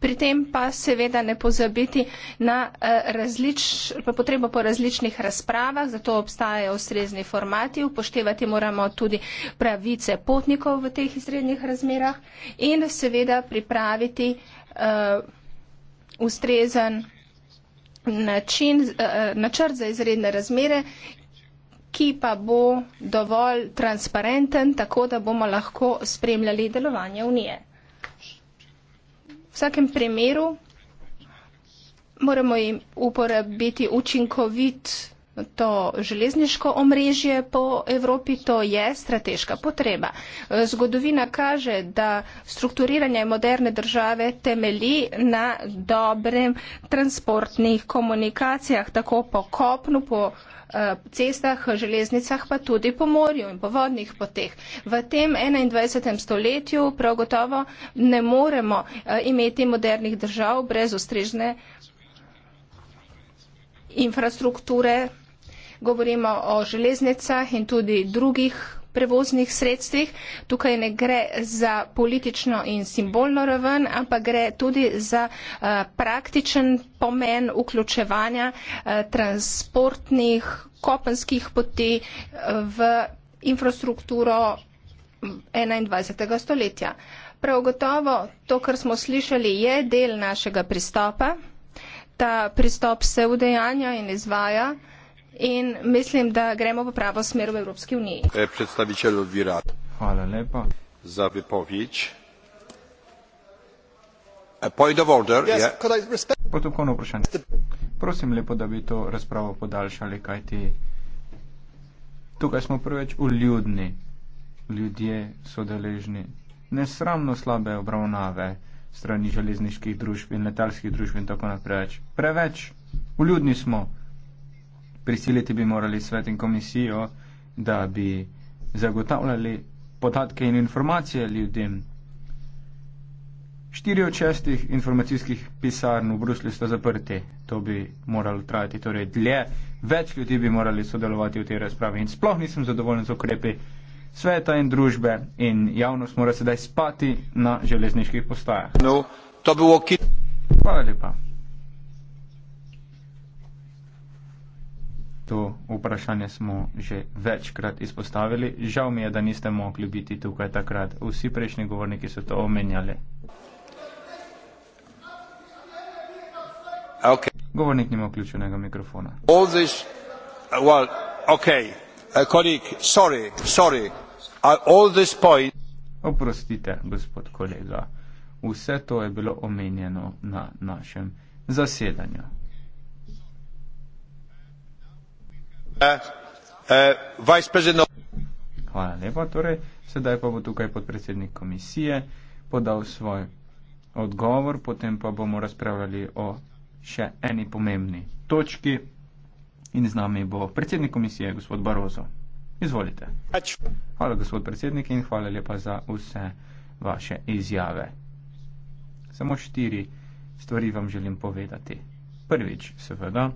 Pri tem pa seveda ne pozabiti na eh, različ, pa potrebo po različnih razpravah, zato obstajajo ustrezni formati, upoštevati moramo tudi pravice potnikov v teh izrednih razmerah in seveda pripraviti uh, ustrezen način, uh, načrt za izredne razmere, ki pa bo dovolj transparenten, tako da bomo lahko spremljali delovanje Unije. V vsakem primeru moramo jim uporabiti učinkovit to železniško omrežje po Evropi, to je strateška potreba. Zgodovina kaže, da strukturiranje moderne države temeli na dobrem transportnih komunikacijah, tako po kopnu, po Eh, cestah, železnicah, pa tudi po morju in po vodnih poteh. V tem 21. stoletju prav gotovo ne moremo eh, imeti modernih držav brez ustrežne infrastrukture. Govorimo o železnicah in tudi drugih prevoznih sredstvih. Tukaj ne gre za politično in simbolno raven, ampak gre tudi za eh, praktičen pomen vključevanja eh, transportnih kopenskih poti eh, v infrastrukturo 21. stoletja. Prav gotovo to, kar smo slišali, je del našega pristopa. Ta pristop se udejanja in izvaja in mislim, da gremo v pravo smer v Evropski uniji. E, predstavitelj od Vira. Hvala lepa. Za vypovič. Point of order, yes, je. Potokovno vprašanje. Prosim lepo, da bi to razpravo podaljšali, kajti tukaj smo preveč uljudni. Ljudje so deležni nesramno slabe obravnave strani železniških družb in letalskih družb in tako naprej. Preveč. Uljudni smo prisiliti bi morali svet in komisijo, da bi zagotavljali podatke in informacije ljudem. Štiri od šestih informacijskih pisarn v Bruslju sta zaprti. To bi moralo trajati torej dlje. Več ljudi bi morali sodelovati v tej razpravi in sploh nisem zadovoljen z okrepi sveta in družbe in javnost mora sedaj spati na železniških postajah. No, to bi bilo ok. Hvala lepa. to vprašanje smo že večkrat izpostavili. Žal mi je, da niste mogli biti tukaj takrat. Vsi prejšnji govorniki so to omenjali. Okay. Govornik nima vključenega mikrofona. Uh, uh, uh, Oprostite, gospod kolega. Vse to je bilo omenjeno na našem zasedanju. Hvala lepa. Torej, sedaj pa bo tukaj podpredsednik komisije podal svoj odgovor, potem pa bomo razpravljali o še eni pomembni točki in z nami bo predsednik komisije, gospod Barozo. Izvolite. Hvala, gospod predsednik, in hvala lepa za vse vaše izjave. Samo štiri stvari vam želim povedati. Prvič, seveda,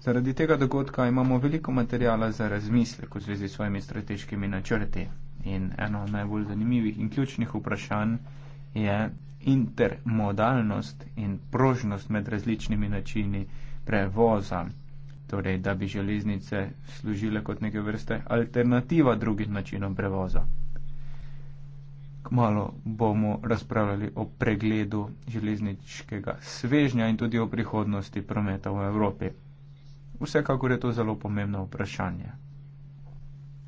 Zaradi tega dogodka imamo veliko materijala za razmislek v zvezi s svojimi strateškimi načrti. In eno najbolj zanimivih in ključnih vprašanj je intermodalnost in prožnost med različnimi načini prevoza. Torej, da bi železnice služile kot neke vrste alternativa drugim načinom prevoza. Kmalo bomo razpravljali o pregledu železniškega svežnja in tudi o prihodnosti prometa v Evropi. Vsekakor je to zelo pomembno vprašanje.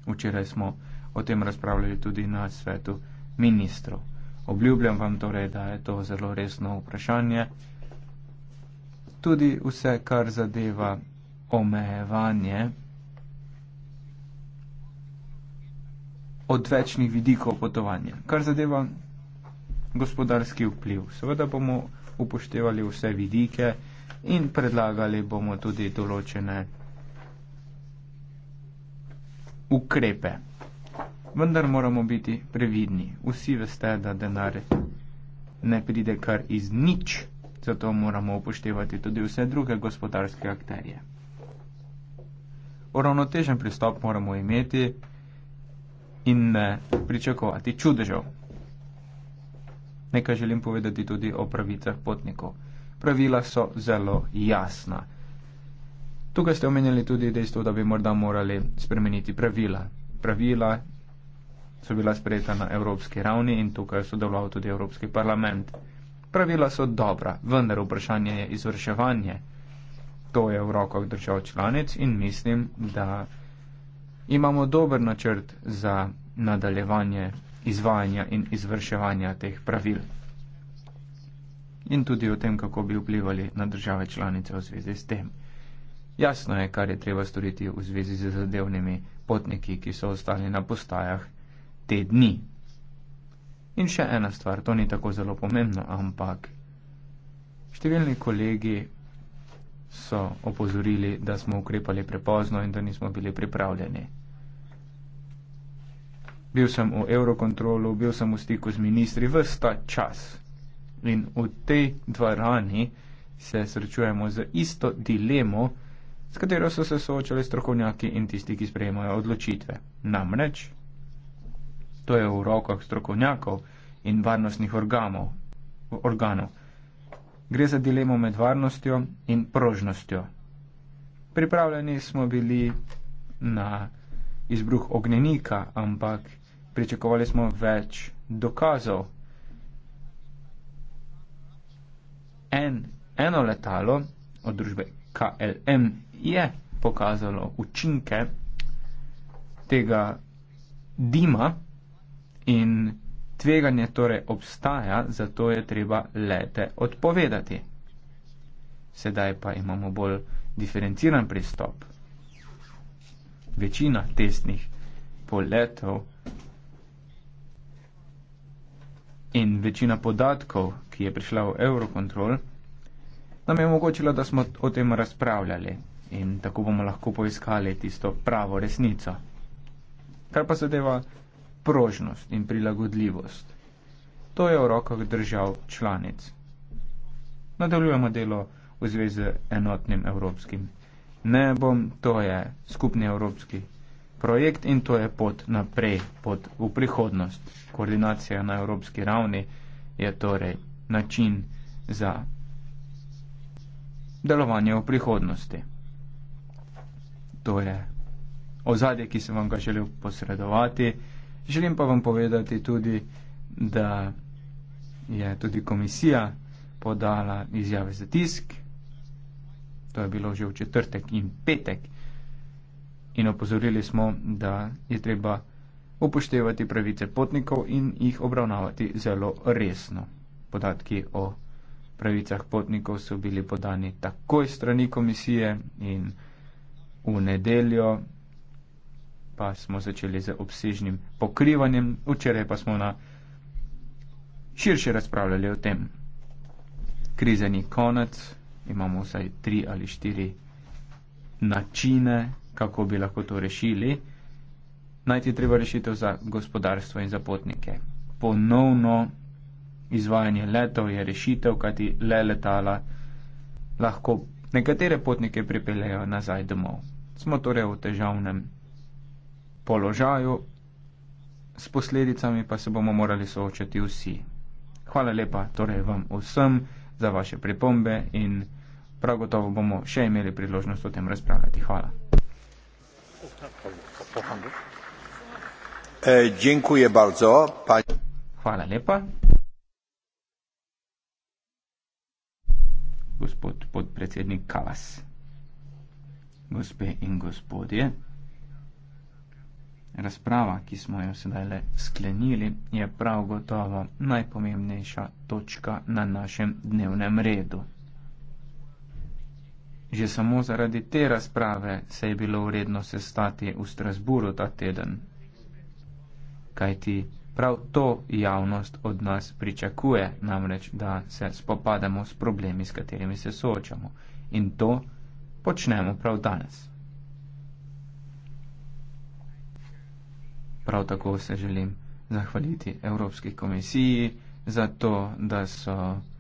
Včeraj smo o tem razpravljali tudi na svetu ministrov. Obljubljam vam torej, da je to zelo resno vprašanje. Tudi vse, kar zadeva omejevanje odvečnih vidikov potovanja, kar zadeva gospodarski vpliv. Seveda bomo upoštevali vse vidike in predlagali bomo tudi določene ukrepe. Vendar moramo biti previdni. Vsi veste, da denar ne pride kar iz nič, zato moramo upoštevati tudi vse druge gospodarske akterje. Uravnotežen pristop moramo imeti in ne pričakovati čudežev. Nekaj želim povedati tudi o pravicah potnikov pravila so zelo jasna. Tukaj ste omenjali tudi dejstvo, da bi morda morali spremeniti pravila. Pravila so bila sprejeta na evropski ravni in tukaj je sodeloval tudi Evropski parlament. Pravila so dobra, vendar vprašanje je izvrševanje. To je v rokah držav članic in mislim, da imamo dober načrt za nadaljevanje izvajanja in izvrševanja teh pravil in tudi o tem, kako bi vplivali na države članice v zvezi s tem. Jasno je, kar je treba storiti v zvezi z zadevnimi potniki, ki so ostali na postajah te dni. In še ena stvar, to ni tako zelo pomembno, ampak številni kolegi so opozorili, da smo ukrepali prepozno in da nismo bili pripravljeni. Bil sem v Eurocontrolu, bil sem v stiku z ministri vsta čas. In v tej dvorani se srečujemo z isto dilemo, s katero so se soočali strokovnjaki in tisti, ki sprejemajo odločitve. Namreč, to je v rokah strokovnjakov in varnostnih organov. organov. Gre za dilemo med varnostjo in prožnostjo. Pripravljeni smo bili na izbruh ognjenika, ampak pričakovali smo več dokazov, en, eno letalo od družbe KLM je pokazalo učinke tega dima in tveganje torej obstaja, zato je treba lete odpovedati. Sedaj pa imamo bolj diferenciran pristop. Večina testnih poletov in večina podatkov, je prišla v Eurocontrol, nam je omogočila, da smo o tem razpravljali in tako bomo lahko poiskali tisto pravo resnico. Kar pa zadeva prožnost in prilagodljivost. To je v rokah držav članic. Nadaljujemo delo v zvezi z enotnim evropskim nebom, to je skupni evropski projekt in to je pot naprej, pot v prihodnost. Koordinacija na evropski ravni je torej način za delovanje v prihodnosti. To je ozadje, ki sem vam ga želel posredovati. Želim pa vam povedati tudi, da je tudi komisija podala izjave za tisk, to je bilo že v četrtek in petek, in opozorili smo, da je treba upoštevati pravice potnikov in jih obravnavati zelo resno podatki o pravicah potnikov so bili podani takoj strani komisije in v nedeljo pa smo začeli z obsežnim pokrivanjem, včeraj pa smo na širše razpravljali o tem. Kriza ni konec, imamo vsaj tri ali štiri načine, kako bi lahko to rešili. Najti treba rešitev za gospodarstvo in za potnike. Ponovno Izvajanje letov je rešitev, kajti le letala lahko nekatere potnike pripeljejo nazaj domov. Smo torej v težavnem položaju, s posledicami pa se bomo morali soočati vsi. Hvala lepa torej vam vsem za vaše pripombe in prav gotovo bomo še imeli priložnost o tem razpravljati. Hvala. E, Hvala lepa. gospod podpredsednik Kalas. Gospe in gospodje, razprava, ki smo jo sedaj le sklenili, je prav gotovo najpomembnejša točka na našem dnevnem redu. Že samo zaradi te razprave se je bilo vredno sestati v Strasburu ta teden, kajti Prav to javnost od nas pričakuje, namreč da se spopadamo s problemi, s katerimi se soočamo. In to počnemo prav danes. Prav tako se želim zahvaliti Evropski komisiji za to, da so.